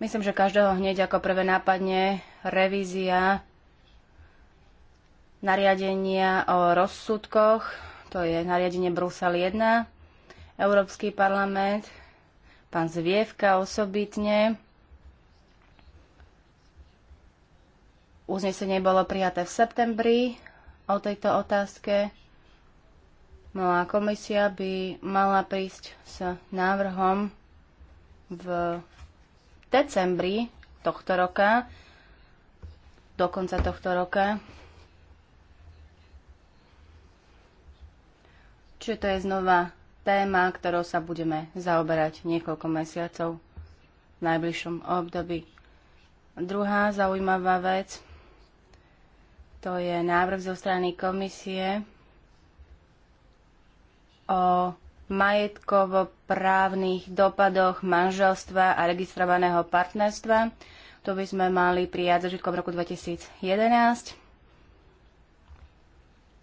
Myslím, že každého hneď ako prvé nápadne revízia nariadenia o rozsudkoch to je nariadenie Brusel 1, Európsky parlament, pán Zvievka osobitne. Uznesenie bolo prijaté v septembri o tejto otázke. No a komisia by mala prísť s návrhom v decembri tohto roka, do konca tohto roka. Čiže to je znova téma, ktorou sa budeme zaoberať niekoľko mesiacov v najbližšom období. Druhá zaujímavá vec, to je návrh zo strany komisie o majetkovo-právnych dopadoch manželstva a registrovaného partnerstva. To by sme mali prijať zažitkom roku 2011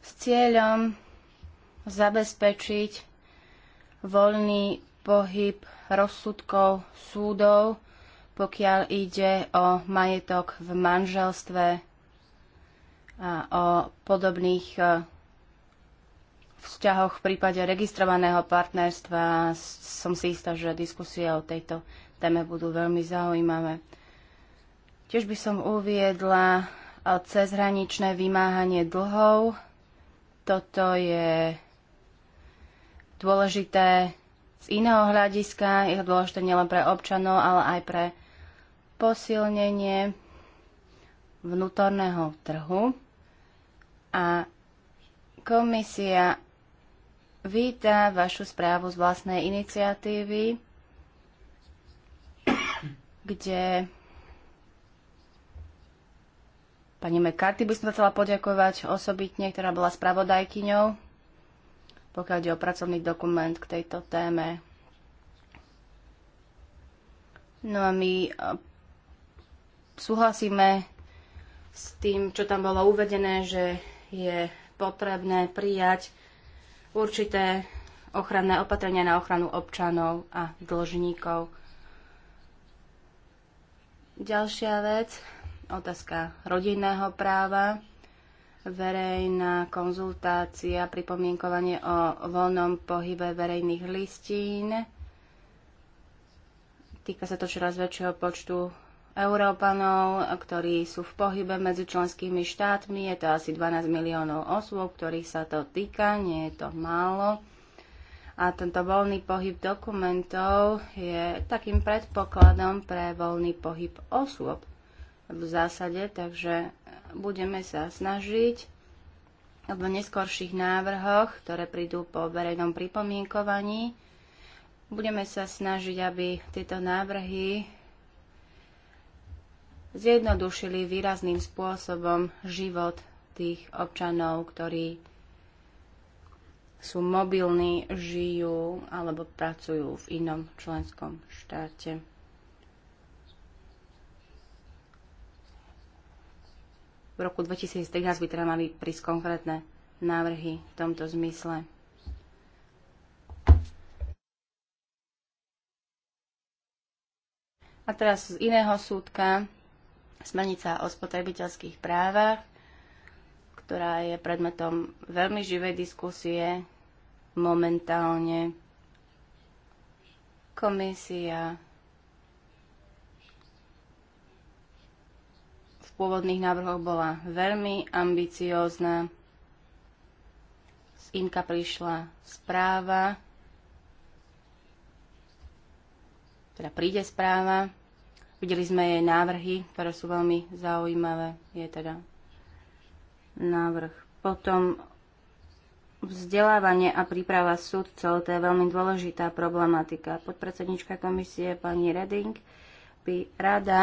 s cieľom zabezpečiť voľný pohyb rozsudkov súdov, pokiaľ ide o majetok v manželstve a o podobných e, vzťahoch v prípade registrovaného partnerstva. Som si istá, že diskusie o tejto téme budú veľmi zaujímavé. Tiež by som uviedla e, cezhraničné vymáhanie dlhov. Toto je dôležité z iného hľadiska, je to dôležité nielen pre občanov, ale aj pre posilnenie vnútorného trhu. A komisia víta vašu správu z vlastnej iniciatívy, kde pani McCarthy by som chcela poďakovať osobitne, ktorá bola spravodajkyňou pokiaľ ide o pracovný dokument k tejto téme. No a my e, súhlasíme s tým, čo tam bolo uvedené, že je potrebné prijať určité ochranné opatrenia na ochranu občanov a dlžníkov. Ďalšia vec, otázka rodinného práva verejná konzultácia, pripomienkovanie o voľnom pohybe verejných listín. Týka sa to čoraz väčšieho počtu Európanov, ktorí sú v pohybe medzi členskými štátmi. Je to asi 12 miliónov osôb, ktorých sa to týka, nie je to málo. A tento voľný pohyb dokumentov je takým predpokladom pre voľný pohyb osôb v zásade, takže budeme sa snažiť v neskorších návrhoch, ktoré prídu po verejnom pripomienkovaní, budeme sa snažiť, aby tieto návrhy zjednodušili výrazným spôsobom život tých občanov, ktorí sú mobilní, žijú alebo pracujú v inom členskom štáte. V roku 2013 by teda mali prísť konkrétne návrhy v tomto zmysle. A teraz z iného súdka, smernica o spotrebiteľských právach, ktorá je predmetom veľmi živej diskusie momentálne. Komisia pôvodných návrhoch bola veľmi ambiciózna. Z Inka prišla správa, teda príde správa. Videli sme jej návrhy, ktoré sú veľmi zaujímavé. Je teda návrh. Potom vzdelávanie a príprava sudcov, to je veľmi dôležitá problematika. Podpredsednička komisie pani Reding by rada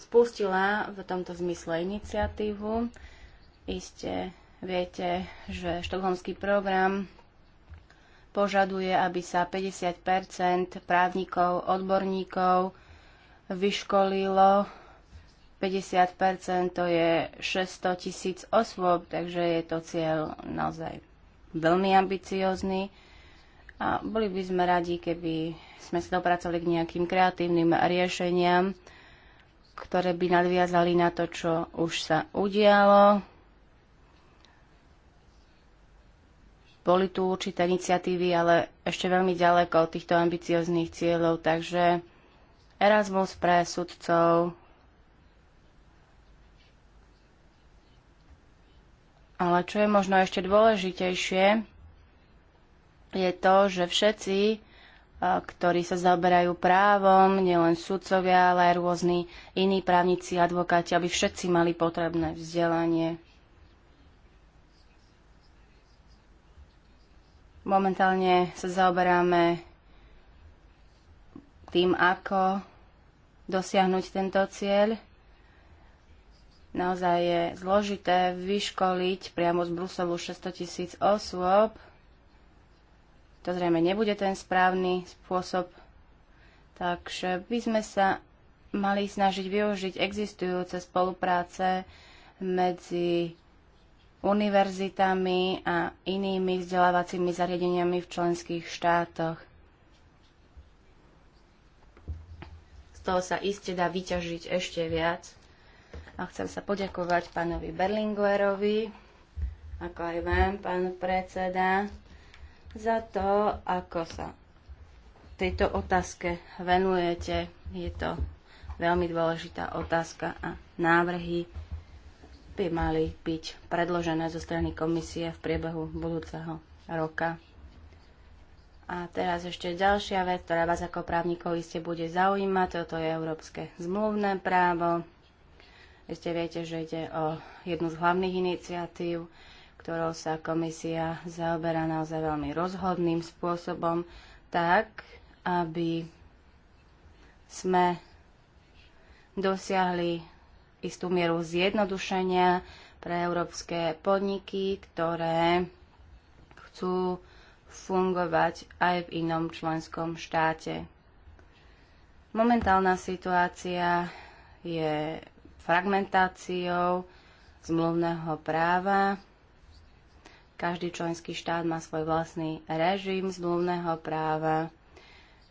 spustila v tomto zmysle iniciatívu. Iste viete, že štokholmský program požaduje, aby sa 50 právnikov, odborníkov vyškolilo. 50 to je 600 tisíc osôb, takže je to cieľ naozaj veľmi ambiciózny. A boli by sme radi, keby sme sa dopracovali k nejakým kreatívnym riešeniam, ktoré by nadviazali na to, čo už sa udialo. Boli tu určité iniciatívy, ale ešte veľmi ďaleko od týchto ambicioznych cieľov, takže Erasmus pre sudcov, Ale čo je možno ešte dôležitejšie, je to, že všetci E, ktorí sa zaoberajú právom, nielen sudcovia, ale aj rôzni iní právnici, advokáti, aby všetci mali potrebné vzdelanie. Momentálne sa zaoberáme tým, ako dosiahnuť tento cieľ. Naozaj je zložité vyškoliť priamo z Bruselu 600 tisíc osôb – to zrejme nebude ten správny spôsob, takže by sme sa mali snažiť využiť existujúce spolupráce medzi univerzitami a inými vzdelávacími zariadeniami v členských štátoch. Z toho sa iste dá vyťažiť ešte viac. A chcem sa poďakovať pánovi Berlinguerovi, ako aj vám, pán predseda, za to, ako sa tejto otázke venujete. Je to veľmi dôležitá otázka a návrhy by mali byť predložené zo strany komisie v priebehu budúceho roka. A teraz ešte ďalšia vec, ktorá vás ako právnikov iste bude zaujímať, toto je európske zmluvné právo. Ešte viete, že ide o jednu z hlavných iniciatív ktorou sa komisia zaoberá naozaj veľmi rozhodným spôsobom, tak, aby sme dosiahli istú mieru zjednodušenia pre európske podniky, ktoré chcú fungovať aj v inom členskom štáte. Momentálna situácia je fragmentáciou zmluvného práva každý členský štát má svoj vlastný režim zmluvného práva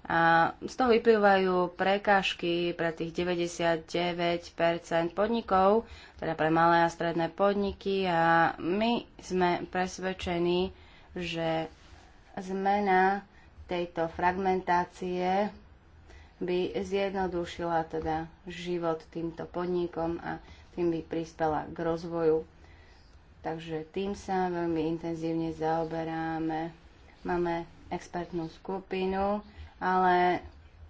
a z toho vyplývajú prekážky pre tých 99% podnikov, teda pre malé a stredné podniky a my sme presvedčení, že zmena tejto fragmentácie by zjednodušila teda život týmto podnikom a tým by prispela k rozvoju Takže tým sa veľmi intenzívne zaoberáme. Máme expertnú skupinu, ale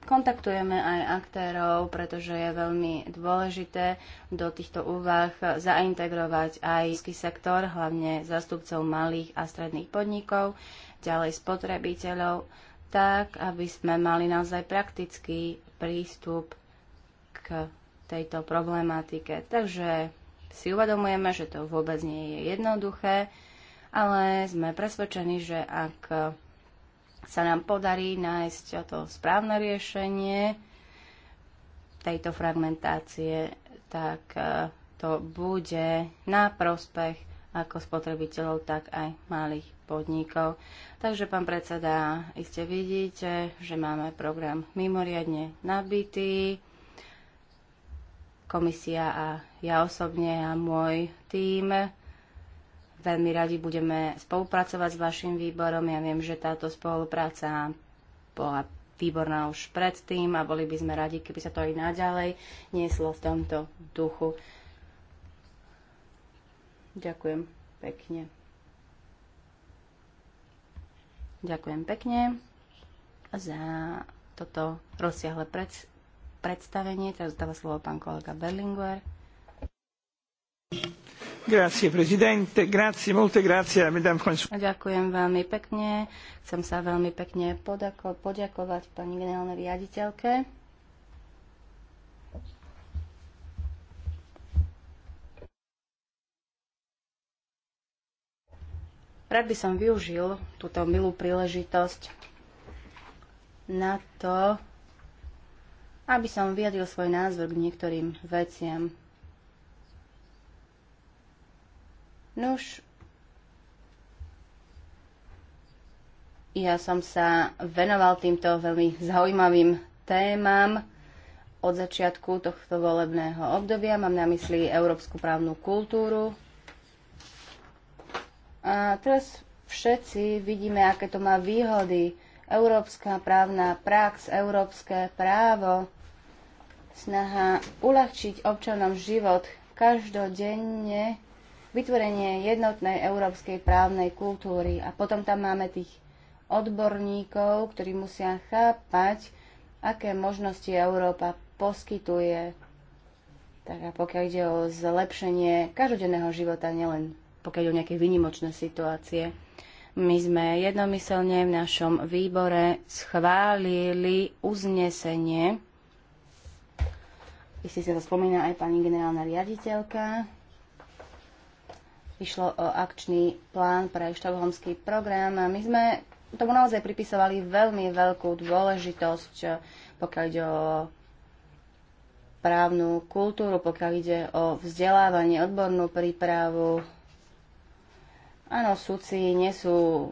kontaktujeme aj aktérov, pretože je veľmi dôležité do týchto úvah zaintegrovať aj sektor, hlavne zastupcov malých a stredných podnikov, ďalej spotrebiteľov, tak aby sme mali naozaj praktický prístup k tejto problematike. Takže si uvedomujeme, že to vôbec nie je jednoduché, ale sme presvedčení, že ak sa nám podarí nájsť to správne riešenie tejto fragmentácie, tak e, to bude na prospech ako spotrebiteľov, tak aj malých podnikov. Takže, pán predseda, iste vidíte, že máme program mimoriadne nabitý komisia a ja osobne a môj tím. Veľmi radi budeme spolupracovať s vašim výborom. Ja viem, že táto spolupráca bola výborná už predtým a boli by sme radi, keby sa to aj naďalej nieslo v tomto duchu. Ďakujem pekne. Ďakujem pekne za toto rozsiahle predstavenie. Teraz dáva slovo pán kolega Berlinguer. Grazie, Grazie, molte grazie, madame François. Ďakujem veľmi pekne. Chcem sa veľmi pekne podako- poďakovať pani generálnej riaditeľke. Rád by som využil túto milú príležitosť na to, aby som vyjadril svoj názor k niektorým veciam. Nuž, ja som sa venoval týmto veľmi zaujímavým témam od začiatku tohto volebného obdobia. Mám na mysli európsku právnu kultúru. A teraz všetci vidíme, aké to má výhody. Európska právna prax, európske právo snaha uľahčiť občanom život každodenne, vytvorenie jednotnej európskej právnej kultúry. A potom tam máme tých odborníkov, ktorí musia chápať, aké možnosti Európa poskytuje. Tak a pokiaľ ide o zlepšenie každodenného života, nielen pokiaľ ide o nejaké vynimočné situácie. My sme jednomyselne v našom výbore schválili uznesenie, Isté sa to spomína aj pani generálna riaditeľka. Išlo o akčný plán pre štokholmský program a my sme tomu naozaj pripisovali veľmi veľkú dôležitosť, pokiaľ ide o právnu kultúru, pokiaľ ide o vzdelávanie, odbornú prípravu. Áno, sudci nie sú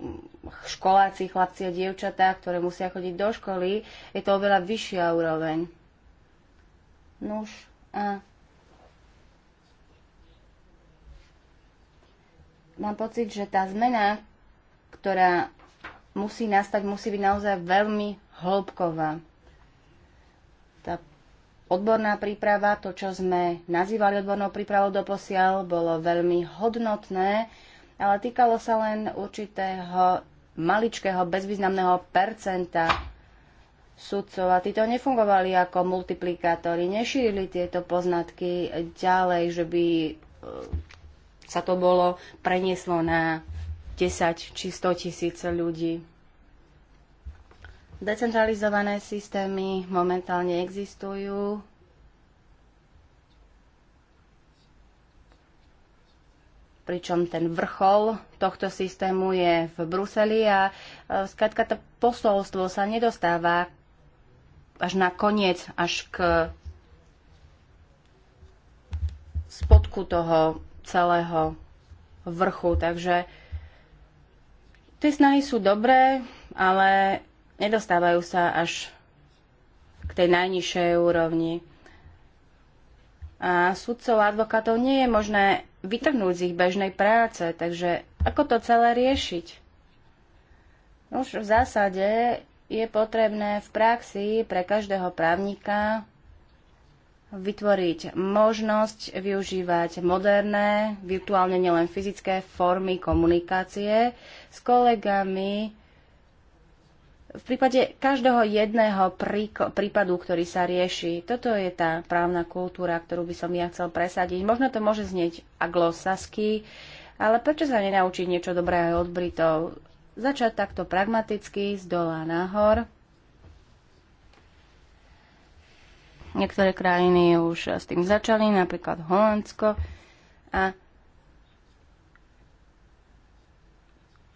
školáci, chlapci a dievčatá, ktoré musia chodiť do školy. Je to oveľa vyššia úroveň. Nuž a mám pocit, že tá zmena, ktorá musí nastať, musí byť naozaj veľmi hĺbková. Tá odborná príprava, to, čo sme nazývali odbornou prípravou posiaľ, bolo veľmi hodnotné, ale týkalo sa len určitého maličkého, bezvýznamného percenta sudcov a títo nefungovali ako multiplikátori, nešírili tieto poznatky ďalej, že by e, sa to bolo prenieslo na 10 či 100 tisíc ľudí. Decentralizované systémy momentálne existujú. pričom ten vrchol tohto systému je v Bruseli a e, skratka to posolstvo sa nedostáva až na koniec, až k spodku toho celého vrchu. Takže tie snahy sú dobré, ale nedostávajú sa až k tej najnižšej úrovni. A sudcov a advokátov nie je možné vytrhnúť z ich bežnej práce, takže ako to celé riešiť? No už v zásade je potrebné v praxi pre každého právnika vytvoriť možnosť využívať moderné, virtuálne nielen fyzické formy komunikácie s kolegami v prípade každého jedného prípadu, ktorý sa rieši. Toto je tá právna kultúra, ktorú by som ja chcel presadiť. Možno to môže znieť aglosasky, ale prečo sa nenaučiť niečo dobré aj od Britov? začať takto pragmaticky z dola nahor. Niektoré krajiny už s tým začali, napríklad Holandsko. A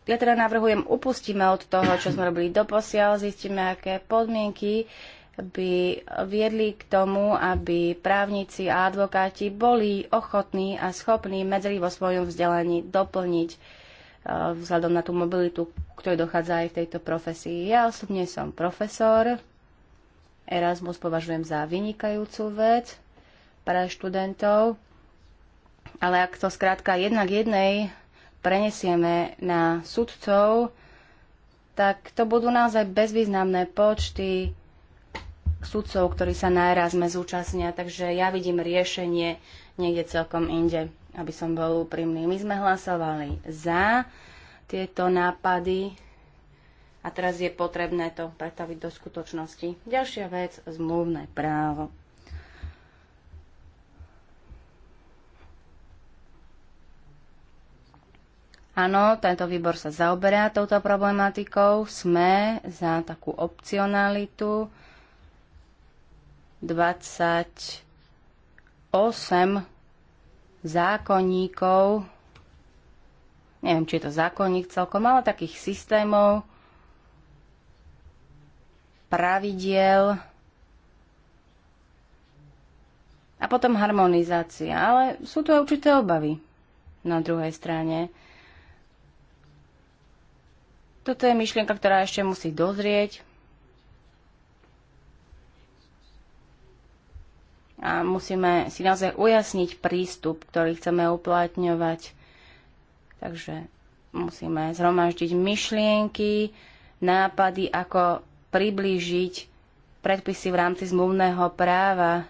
ja teda navrhujem, upustíme od toho, čo sme robili doposiaľ, zistíme, aké podmienky by viedli k tomu, aby právnici a advokáti boli ochotní a schopní medzi vo svojom vzdelaní doplniť Eh, vzhľadom na tú mobilitu, ktorej dochádza aj v tejto profesii. Ja osobne som profesor. Erasmus považujem za vynikajúcu vec pre študentov. Ale ak to skrátka jednak jednej prenesieme na sudcov, tak to budú naozaj bezvýznamné počty sudcov, ktorí sa na Erasme zúčastnia. Takže ja vidím riešenie niekde celkom inde aby som bol úprimný. My sme hlasovali za tieto nápady a teraz je potrebné to pretaviť do skutočnosti. Ďalšia vec, zmluvné právo. Áno, tento výbor sa zaoberá touto problematikou. Sme za takú opcionalitu 28 zákonníkov, neviem, či je to zákonník celkom, ale takých systémov, pravidiel a potom harmonizácia. Ale sú tu aj určité obavy na druhej strane. Toto je myšlienka, ktorá ešte musí dozrieť, a musíme si naozaj ujasniť prístup, ktorý chceme uplatňovať. Takže musíme zhromaždiť myšlienky, nápady, ako priblížiť predpisy v rámci zmluvného práva,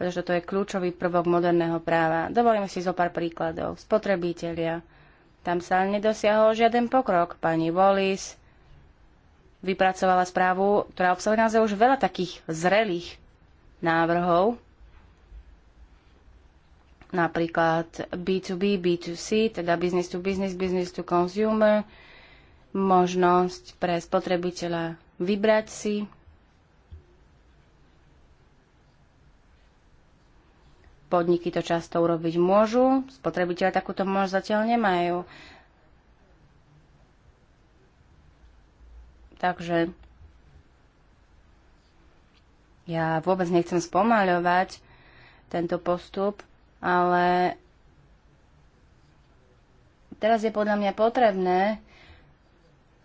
pretože to je kľúčový prvok moderného práva. Dovolím si zo pár príkladov. Spotrebitelia. Tam sa nedosiahol žiaden pokrok. Pani Wallis vypracovala správu, ktorá obsahuje naozaj už veľa takých zrelých návrhov, napríklad B2B, B2C, teda business to business, business to consumer, možnosť pre spotrebiteľa vybrať si Podniky to často urobiť môžu, spotrebiteľe takúto možnosť zatiaľ nemajú. Takže ja vôbec nechcem spomaľovať tento postup, ale teraz je podľa mňa potrebné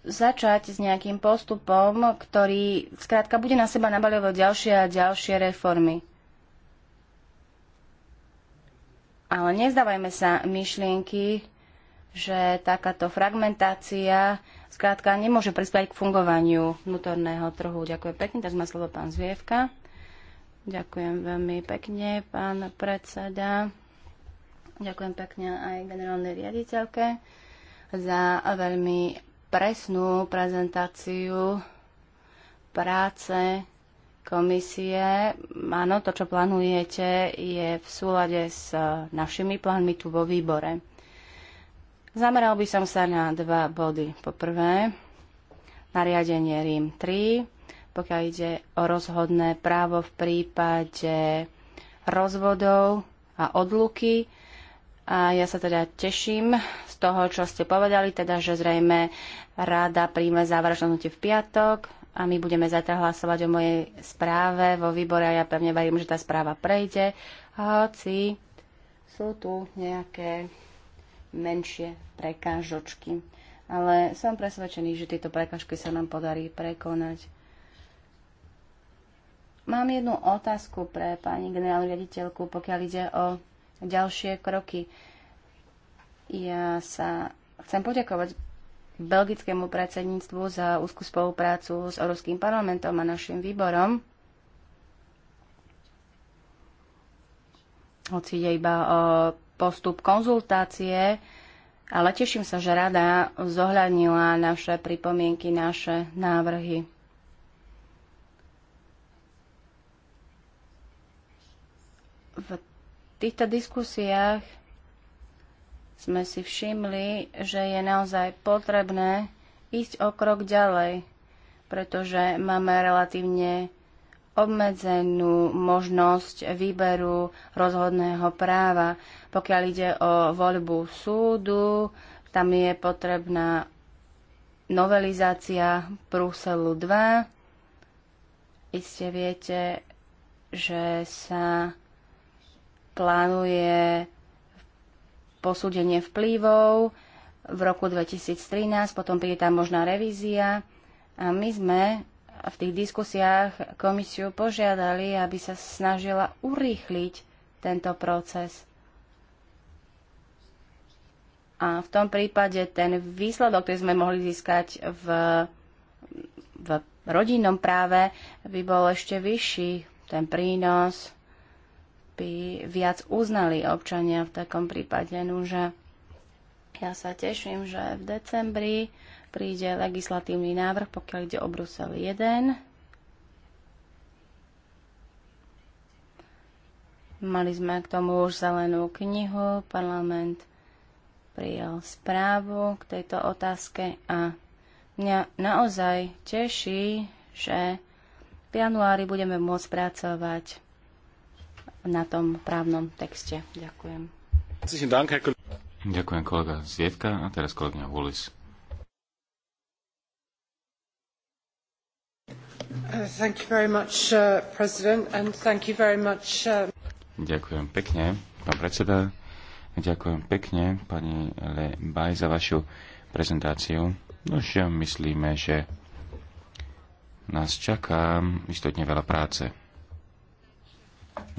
začať s nejakým postupom, ktorý skrátka bude na seba nabaľovať ďalšie a ďalšie reformy. Ale nezdávajme sa myšlienky, že takáto fragmentácia zkrátka nemôže prispieť k fungovaniu vnútorného trhu. Ďakujem pekne, tak má slovo pán Zvievka. Ďakujem veľmi pekne, pán predseda. Ďakujem pekne aj generálnej riaditeľke za veľmi presnú prezentáciu práce komisie. Áno, to, čo plánujete, je v súlade s našimi plánmi tu vo výbore. Zameral by som sa na dva body. Po prvé, nariadenie RIM 3, pokiaľ ide o rozhodné právo v prípade rozvodov a odluky. A ja sa teda teším z toho, čo ste povedali, teda, že zrejme rada príjme záverečné v piatok a my budeme zajtra hlasovať o mojej správe vo výbore a ja pevne verím, že tá správa prejde. Hoci sú tu nejaké menšie prekážočky. Ale som presvedčený, že tieto prekážky sa nám podarí prekonať. Mám jednu otázku pre pani generálnu riaditeľku, pokiaľ ide o ďalšie kroky. Ja sa chcem poďakovať belgickému predsedníctvu za úzkú spoluprácu s Európskym parlamentom a našim výborom. Hoci je iba o postup konzultácie, ale teším sa, že rada zohľadnila naše pripomienky, naše návrhy. V týchto diskusiách sme si všimli, že je naozaj potrebné ísť o krok ďalej, pretože máme relatívne obmedzenú možnosť výberu rozhodného práva. Pokiaľ ide o voľbu súdu, tam je potrebná novelizácia Bruselu 2. Iste viete, že sa plánuje posúdenie vplyvov v roku 2013, potom príde tam možná revízia a my sme v tých diskusiách komisiu požiadali, aby sa snažila urýchliť tento proces. A v tom prípade ten výsledok, ktorý sme mohli získať v, v rodinnom práve, by bol ešte vyšší. Ten prínos by viac uznali občania v takom prípade. Nože ja sa teším, že v decembri príde legislatívny návrh, pokiaľ ide o Brusel 1. Mali sme k tomu už zelenú knihu, parlament prijal správu k tejto otázke a mňa naozaj teší, že v januári budeme môcť pracovať na tom právnom texte. Ďakujem. Ďakujem kolega Zviedka a teraz kolega Hulis. Uh, uh, Ďakujem pekne, pán predseda. Ďakujem pekne, pani Le Baj, za vašu prezentáciu. Nož myslíme, že nás čaká istotne veľa práce.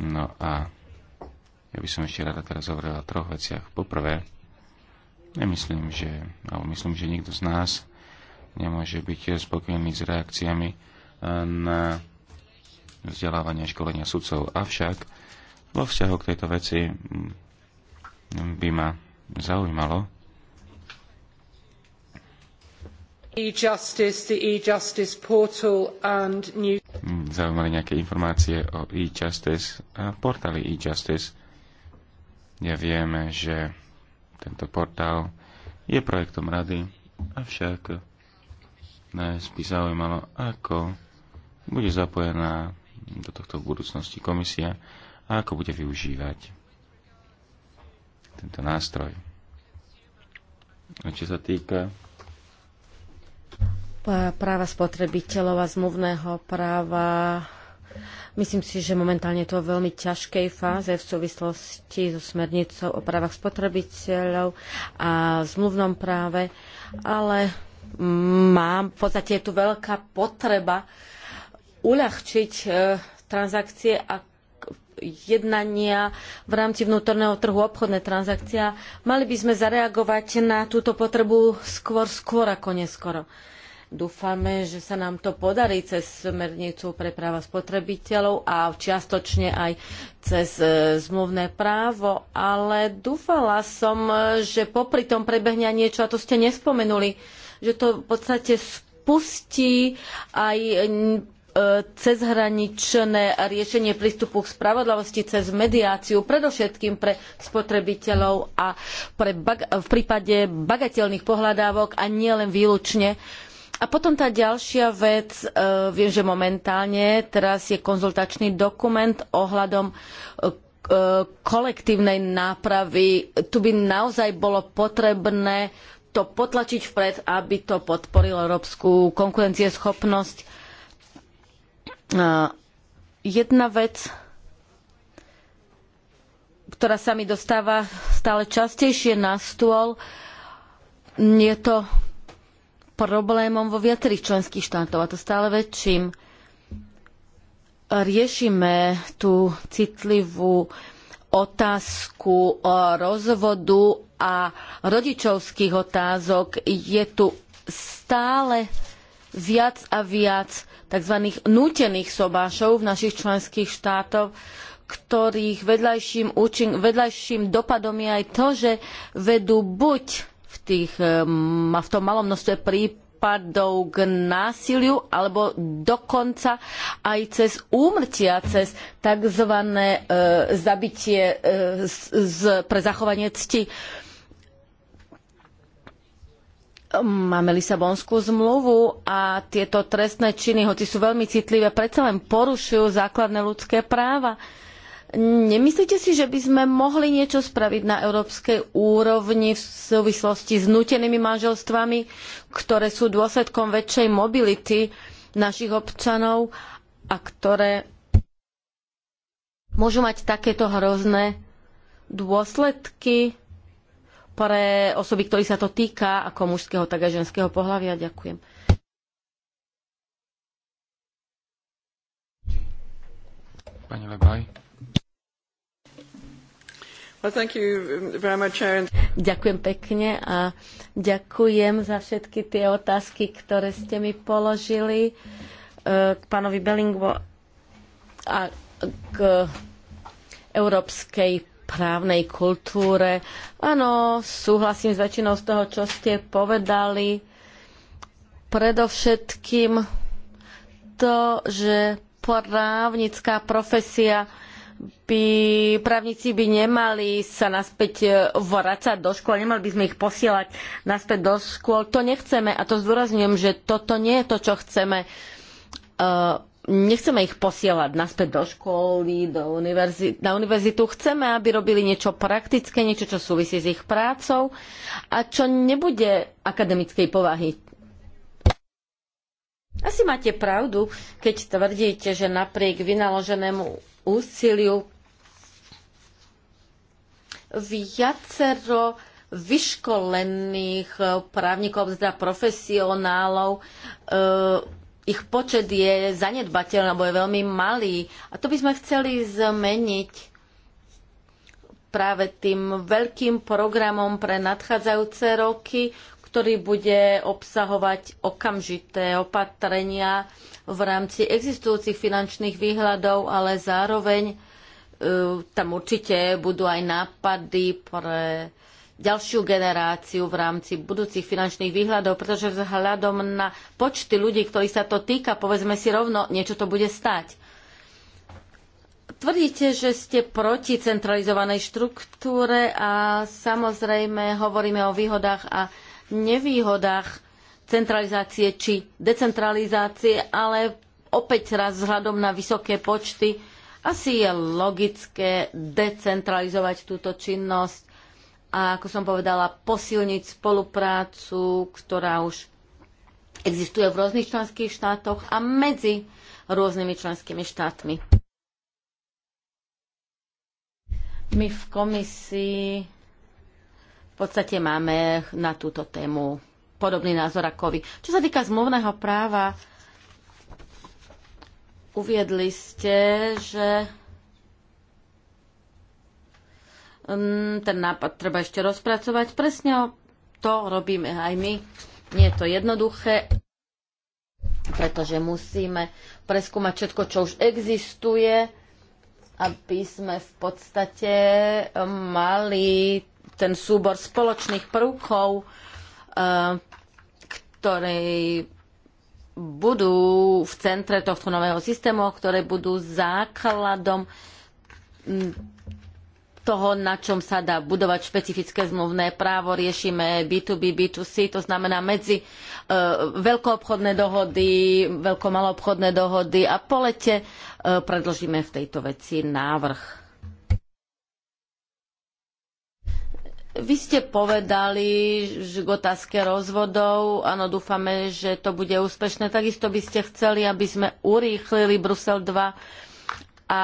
No a ja by som ešte rada teraz hovorila o troch veciach. Poprvé, nemyslím, že, alebo myslím, že nikto z nás nemôže byť spokojný s reakciami na vzdelávanie a školenia sudcov. Avšak vo vzťahu k tejto veci by ma zaujímalo, Zaujímali nejaké informácie o e-justice a portáli e-justice. Ja vieme, že tento portál je projektom rady, avšak nás by zaujímalo, ako bude zapojená do tohto v budúcnosti komisia a ako bude využívať tento nástroj. A čo sa týka práva spotrebiteľov a zmluvného práva, Myslím si, že momentálne to je v veľmi ťažkej fáze v súvislosti so smernicou o právach spotrebiteľov a zmluvnom práve, ale mm, mám, v podstate je tu veľká potreba uľahčiť e, transakcie a jednania v rámci vnútorného trhu obchodné transakcia, mali by sme zareagovať na túto potrebu skôr, skôr ako neskoro. Dúfame, že sa nám to podarí cez smernicu pre práva spotrebiteľov a čiastočne aj cez e, zmluvné právo, ale dúfala som, e, že popri tom prebehne niečo, a to ste nespomenuli, že to v podstate spustí aj cezhraničné riešenie prístupu k spravodlivosti cez mediáciu, predovšetkým pre spotrebiteľov a pre v prípade bagatelných pohľadávok a nielen výlučne. A potom tá ďalšia vec, e, viem, že momentálne teraz je konzultačný dokument ohľadom e, e, kolektívnej nápravy. Tu by naozaj bolo potrebné to potlačiť vpred, aby to podporilo európsku konkurencieschopnosť Eh, jedna vec, ktorá sa mi dostáva stále častejšie na stôl, je to problémom vo viacerých členských štátov, a to stále väčším. Riešime tú citlivú otázku rozvodu a rodičovských otázok. Je tu stále viac a viac tzv. nútených sobášov v našich členských štátoch, ktorých vedľajším, účin, vedľajším dopadom je aj to, že vedú buď v, tých, v tom malom množstve prípadov k násiliu, alebo dokonca aj cez úmrtia, cez tzv. E, zabitie e, pre zachovanie cti. Máme Lisabonskú zmluvu a tieto trestné činy, hoci sú veľmi citlivé, predsa len porušujú základné ľudské práva. Nemyslíte si, že by sme mohli niečo spraviť na európskej úrovni v súvislosti s nutenými manželstvami, ktoré sú dôsledkom väčšej mobility našich občanov a ktoré môžu mať takéto hrozné dôsledky pre osoby, ktorých sa to týka, ako mužského, tak aj ženského pohľavia. Ďakujem. Pani Lebaj. Well, much, ďakujem pekne a ďakujem za všetky tie otázky, ktoré ste mi položili eh, k pánovi Bellingwo a k Európskej právnej kultúre. Áno, súhlasím s väčšinou z toho, čo ste povedali. Predovšetkým to, že právnická profesia by právnici by nemali sa naspäť e, vracať do škôl, nemali by sme ich posielať naspäť do škôl. To nechceme a to zdôrazňujem, že toto nie je to, čo chceme. Uh, nechceme ich posielať naspäť do školy, do univerzit, na univerzitu. Chceme, aby robili niečo praktické, niečo, čo súvisí s ich prácou a čo nebude akademickej povahy. Asi máte pravdu, keď tvrdíte, že napriek vynaloženému úsiliu viacero vyškolených právnikov, teda profesionálov, e, ich počet je zanedbateľný alebo je veľmi malý. A to by sme chceli zmeniť práve tým veľkým programom pre nadchádzajúce roky, ktorý bude obsahovať okamžité opatrenia v rámci existujúcich finančných výhľadov, ale zároveň e, tam určite budú aj nápady pre ďalšiu generáciu v rámci budúcich finančných výhľadov, pretože vzhľadom na počty ľudí, ktorí sa to týka, povedzme si rovno, niečo to bude stať. Tvrdíte, že ste proti centralizovanej štruktúre a samozrejme hovoríme o výhodách a nevýhodách centralizácie či decentralizácie, ale opäť raz vzhľadom na vysoké počty asi je logické decentralizovať túto činnosť a ako som povedala, posilniť spoluprácu, ktorá už existuje v rôznych členských štátoch a medzi rôznymi členskými štátmi. My v komisii v podstate máme na túto tému podobný názor ako vy. Čo sa týka zmluvného práva, uviedli ste, že Hm, ten nápad treba ešte rozpracovať. Presne to robíme aj my. Nie je to jednoduché, pretože musíme preskúmať všetko, čo už existuje, aby sme v podstate eh, mali ten súbor spoločných prvkov, eh, ktoré budú v centre tohto nového systému, ktoré budú základom hm, toho, na čom sa dá budovať špecifické zmluvné právo. Riešime B2B, B2C, to znamená medzi e, veľkoobchodné dohody, veľkomaloobchodné dohody a po lete e, predložíme v tejto veci návrh. Vy ste povedali že k otázke rozvodov, áno, dúfame, že to bude úspešné. Takisto by ste chceli, aby sme urýchlili Brusel 2 a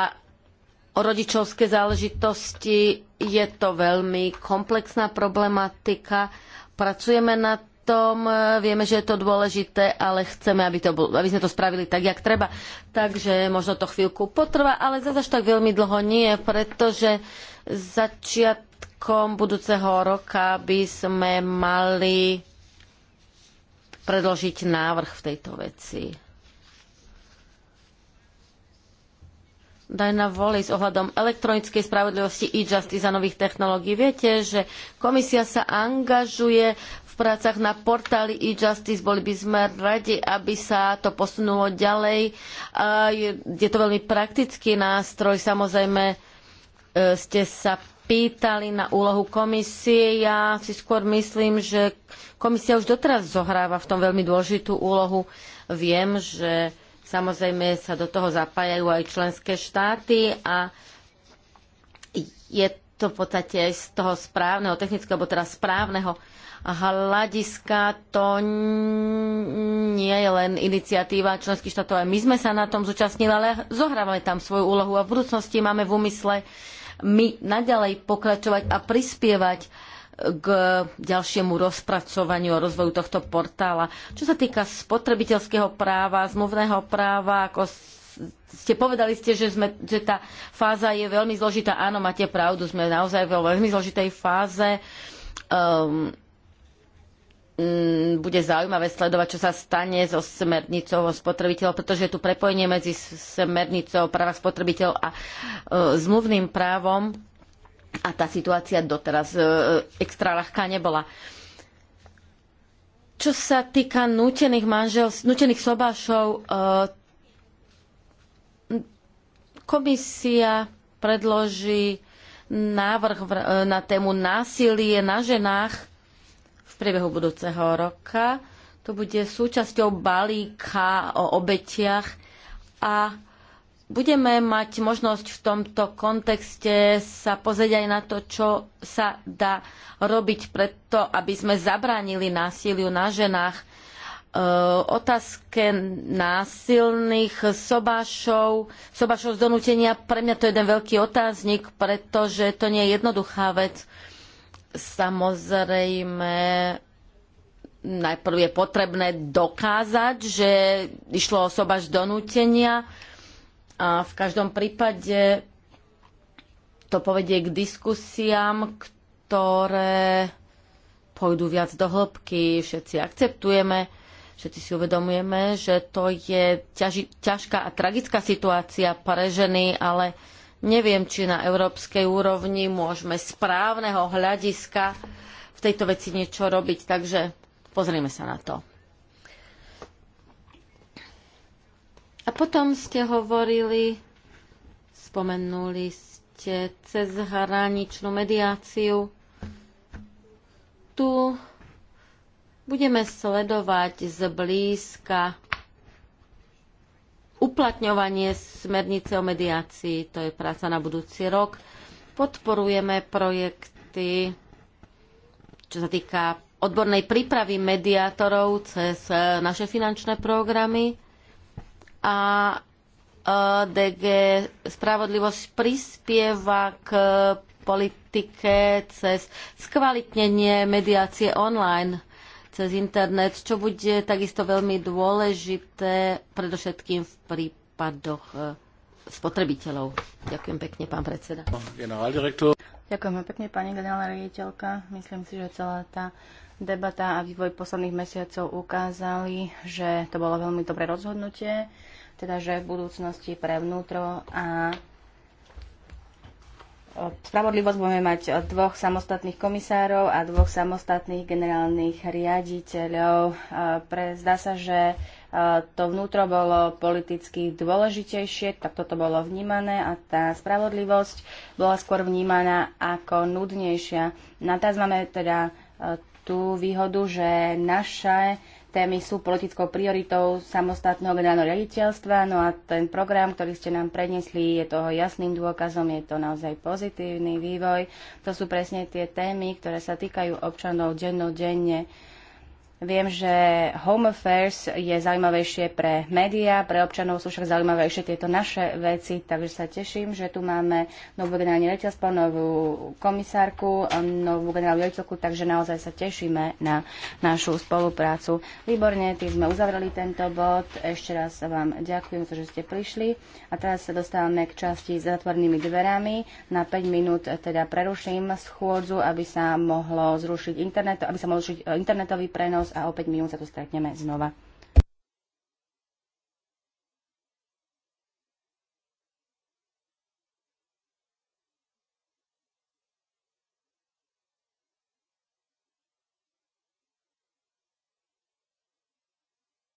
rodičovské záležitosti. Je to veľmi komplexná problematika. Pracujeme na tom, vieme, že je to dôležité, ale chceme, aby, to bol, aby sme to spravili tak, jak treba. Takže možno to chvíľku potrvá, ale zase tak veľmi dlho nie, pretože začiatkom budúceho roka by sme mali predložiť návrh v tejto veci. Dajna Voli s ohľadom elektronickej spravodlivosti e-justice a nových technológií. Viete, že komisia sa angažuje v prácach na portáli e-justice. Boli by sme radi, aby sa to posunulo ďalej. Je to veľmi praktický nástroj. Samozrejme, e, ste sa pýtali na úlohu komisie. Ja si skôr myslím, že komisia už doteraz zohráva v tom veľmi dôležitú úlohu. Viem, že Samozrejme sa do toho zapájajú aj členské štáty a je to v podstate aj z toho správneho, technického, alebo teda správneho hľadiska to nie je len iniciatíva členských štátov. Aj my sme sa na tom zúčastnili, ale zohrávame tam svoju úlohu a v budúcnosti máme v úmysle my naďalej pokračovať a prispievať k ďalšiemu rozpracovaniu a rozvoju tohto portála. Čo sa týka spotrebiteľského práva, zmluvného práva, ako ste povedali ste, že, sme, že tá fáza je veľmi zložitá. Áno, máte pravdu, sme naozaj vo veľmi zložitej fáze. Um, bude zaujímavé sledovať, čo sa stane so smernicou o spotrebiteľov, pretože je tu prepojenie medzi smernicou práva spotrebiteľov a e, zmluvným právom a tá situácia doteraz e, e, extra ľahká nebola. Čo sa týka nutených manžel, nutených sobášov, e, komisia predloží návrh na tému násilie na ženách v priebehu budúceho roka. To bude súčasťou balíka o obetiach a budeme mať možnosť v tomto kontexte sa pozrieť aj na to, čo sa dá robiť preto, aby sme zabránili násiliu na ženách. E, otázke násilných sobášov, sobášov z donútenia, pre mňa to je jeden veľký otáznik, pretože to nie je jednoduchá vec. Samozrejme, najprv je potrebné dokázať, že išlo o z donútenia, a v každom prípade to povedie k diskusiám, ktoré pôjdu viac do hĺbky, všetci akceptujeme, všetci si uvedomujeme, že to je ťaži, ťažká a tragická situácia pre ženy, ale neviem, či na európskej úrovni môžeme správneho hľadiska v tejto veci niečo robiť, takže pozrieme sa na to. A potom ste hovorili, spomenuli ste cez hraničnú mediáciu. Tu budeme sledovať zblízka uplatňovanie smernice o mediácii, to je práca na budúci rok. Podporujeme projekty, čo sa týka odbornej prípravy mediátorov cez naše finančné programy a e, DG Spravodlivosť prispieva k politike cez skvalitnenie mediácie online cez internet, čo bude takisto veľmi dôležité, predovšetkým v prípadoch e, spotrebiteľov. Ďakujem pekne, pán predseda. Ďakujeme pekne, pani generálna riaditeľka. Myslím si, že celá tá debata a vývoj posledných mesiacov ukázali, že to bolo veľmi dobré rozhodnutie teda že v budúcnosti pre vnútro a e, spravodlivosť budeme mať e, dvoch samostatných komisárov a dvoch samostatných generálnych riaditeľov. E, pre, zdá sa, že to vnútro bolo politicky dôležitejšie, tak toto bolo vnímané a tá spravodlivosť bola skôr vnímaná ako nudnejšia. Na teraz máme teda tú výhodu, že naše témy sú politickou prioritou samostatného generálneho riaditeľstva, no a ten program, ktorý ste nám prednesli, je toho jasným dôkazom, je to naozaj pozitívny vývoj. To sú presne tie témy, ktoré sa týkajú občanov dennodenne. denne Viem, že Home Affairs je zaujímavejšie pre médiá, pre občanov sú však zaujímavejšie tieto naše veci, takže sa teším, že tu máme novú generálnu riaditeľstvo, novú komisárku, novú generálnu riaditeľku, takže naozaj sa tešíme na našu spoluprácu. Výborne, tým sme uzavreli tento bod. Ešte raz vám ďakujem, že ste prišli. A teraz sa dostávame k časti s zatvornými dverami. Na 5 minút teda preruším schôdzu, aby sa mohlo zrušiť internet, aby sa mohol zrušiť internetový prenos a o 5 minút sa tu stretneme znova.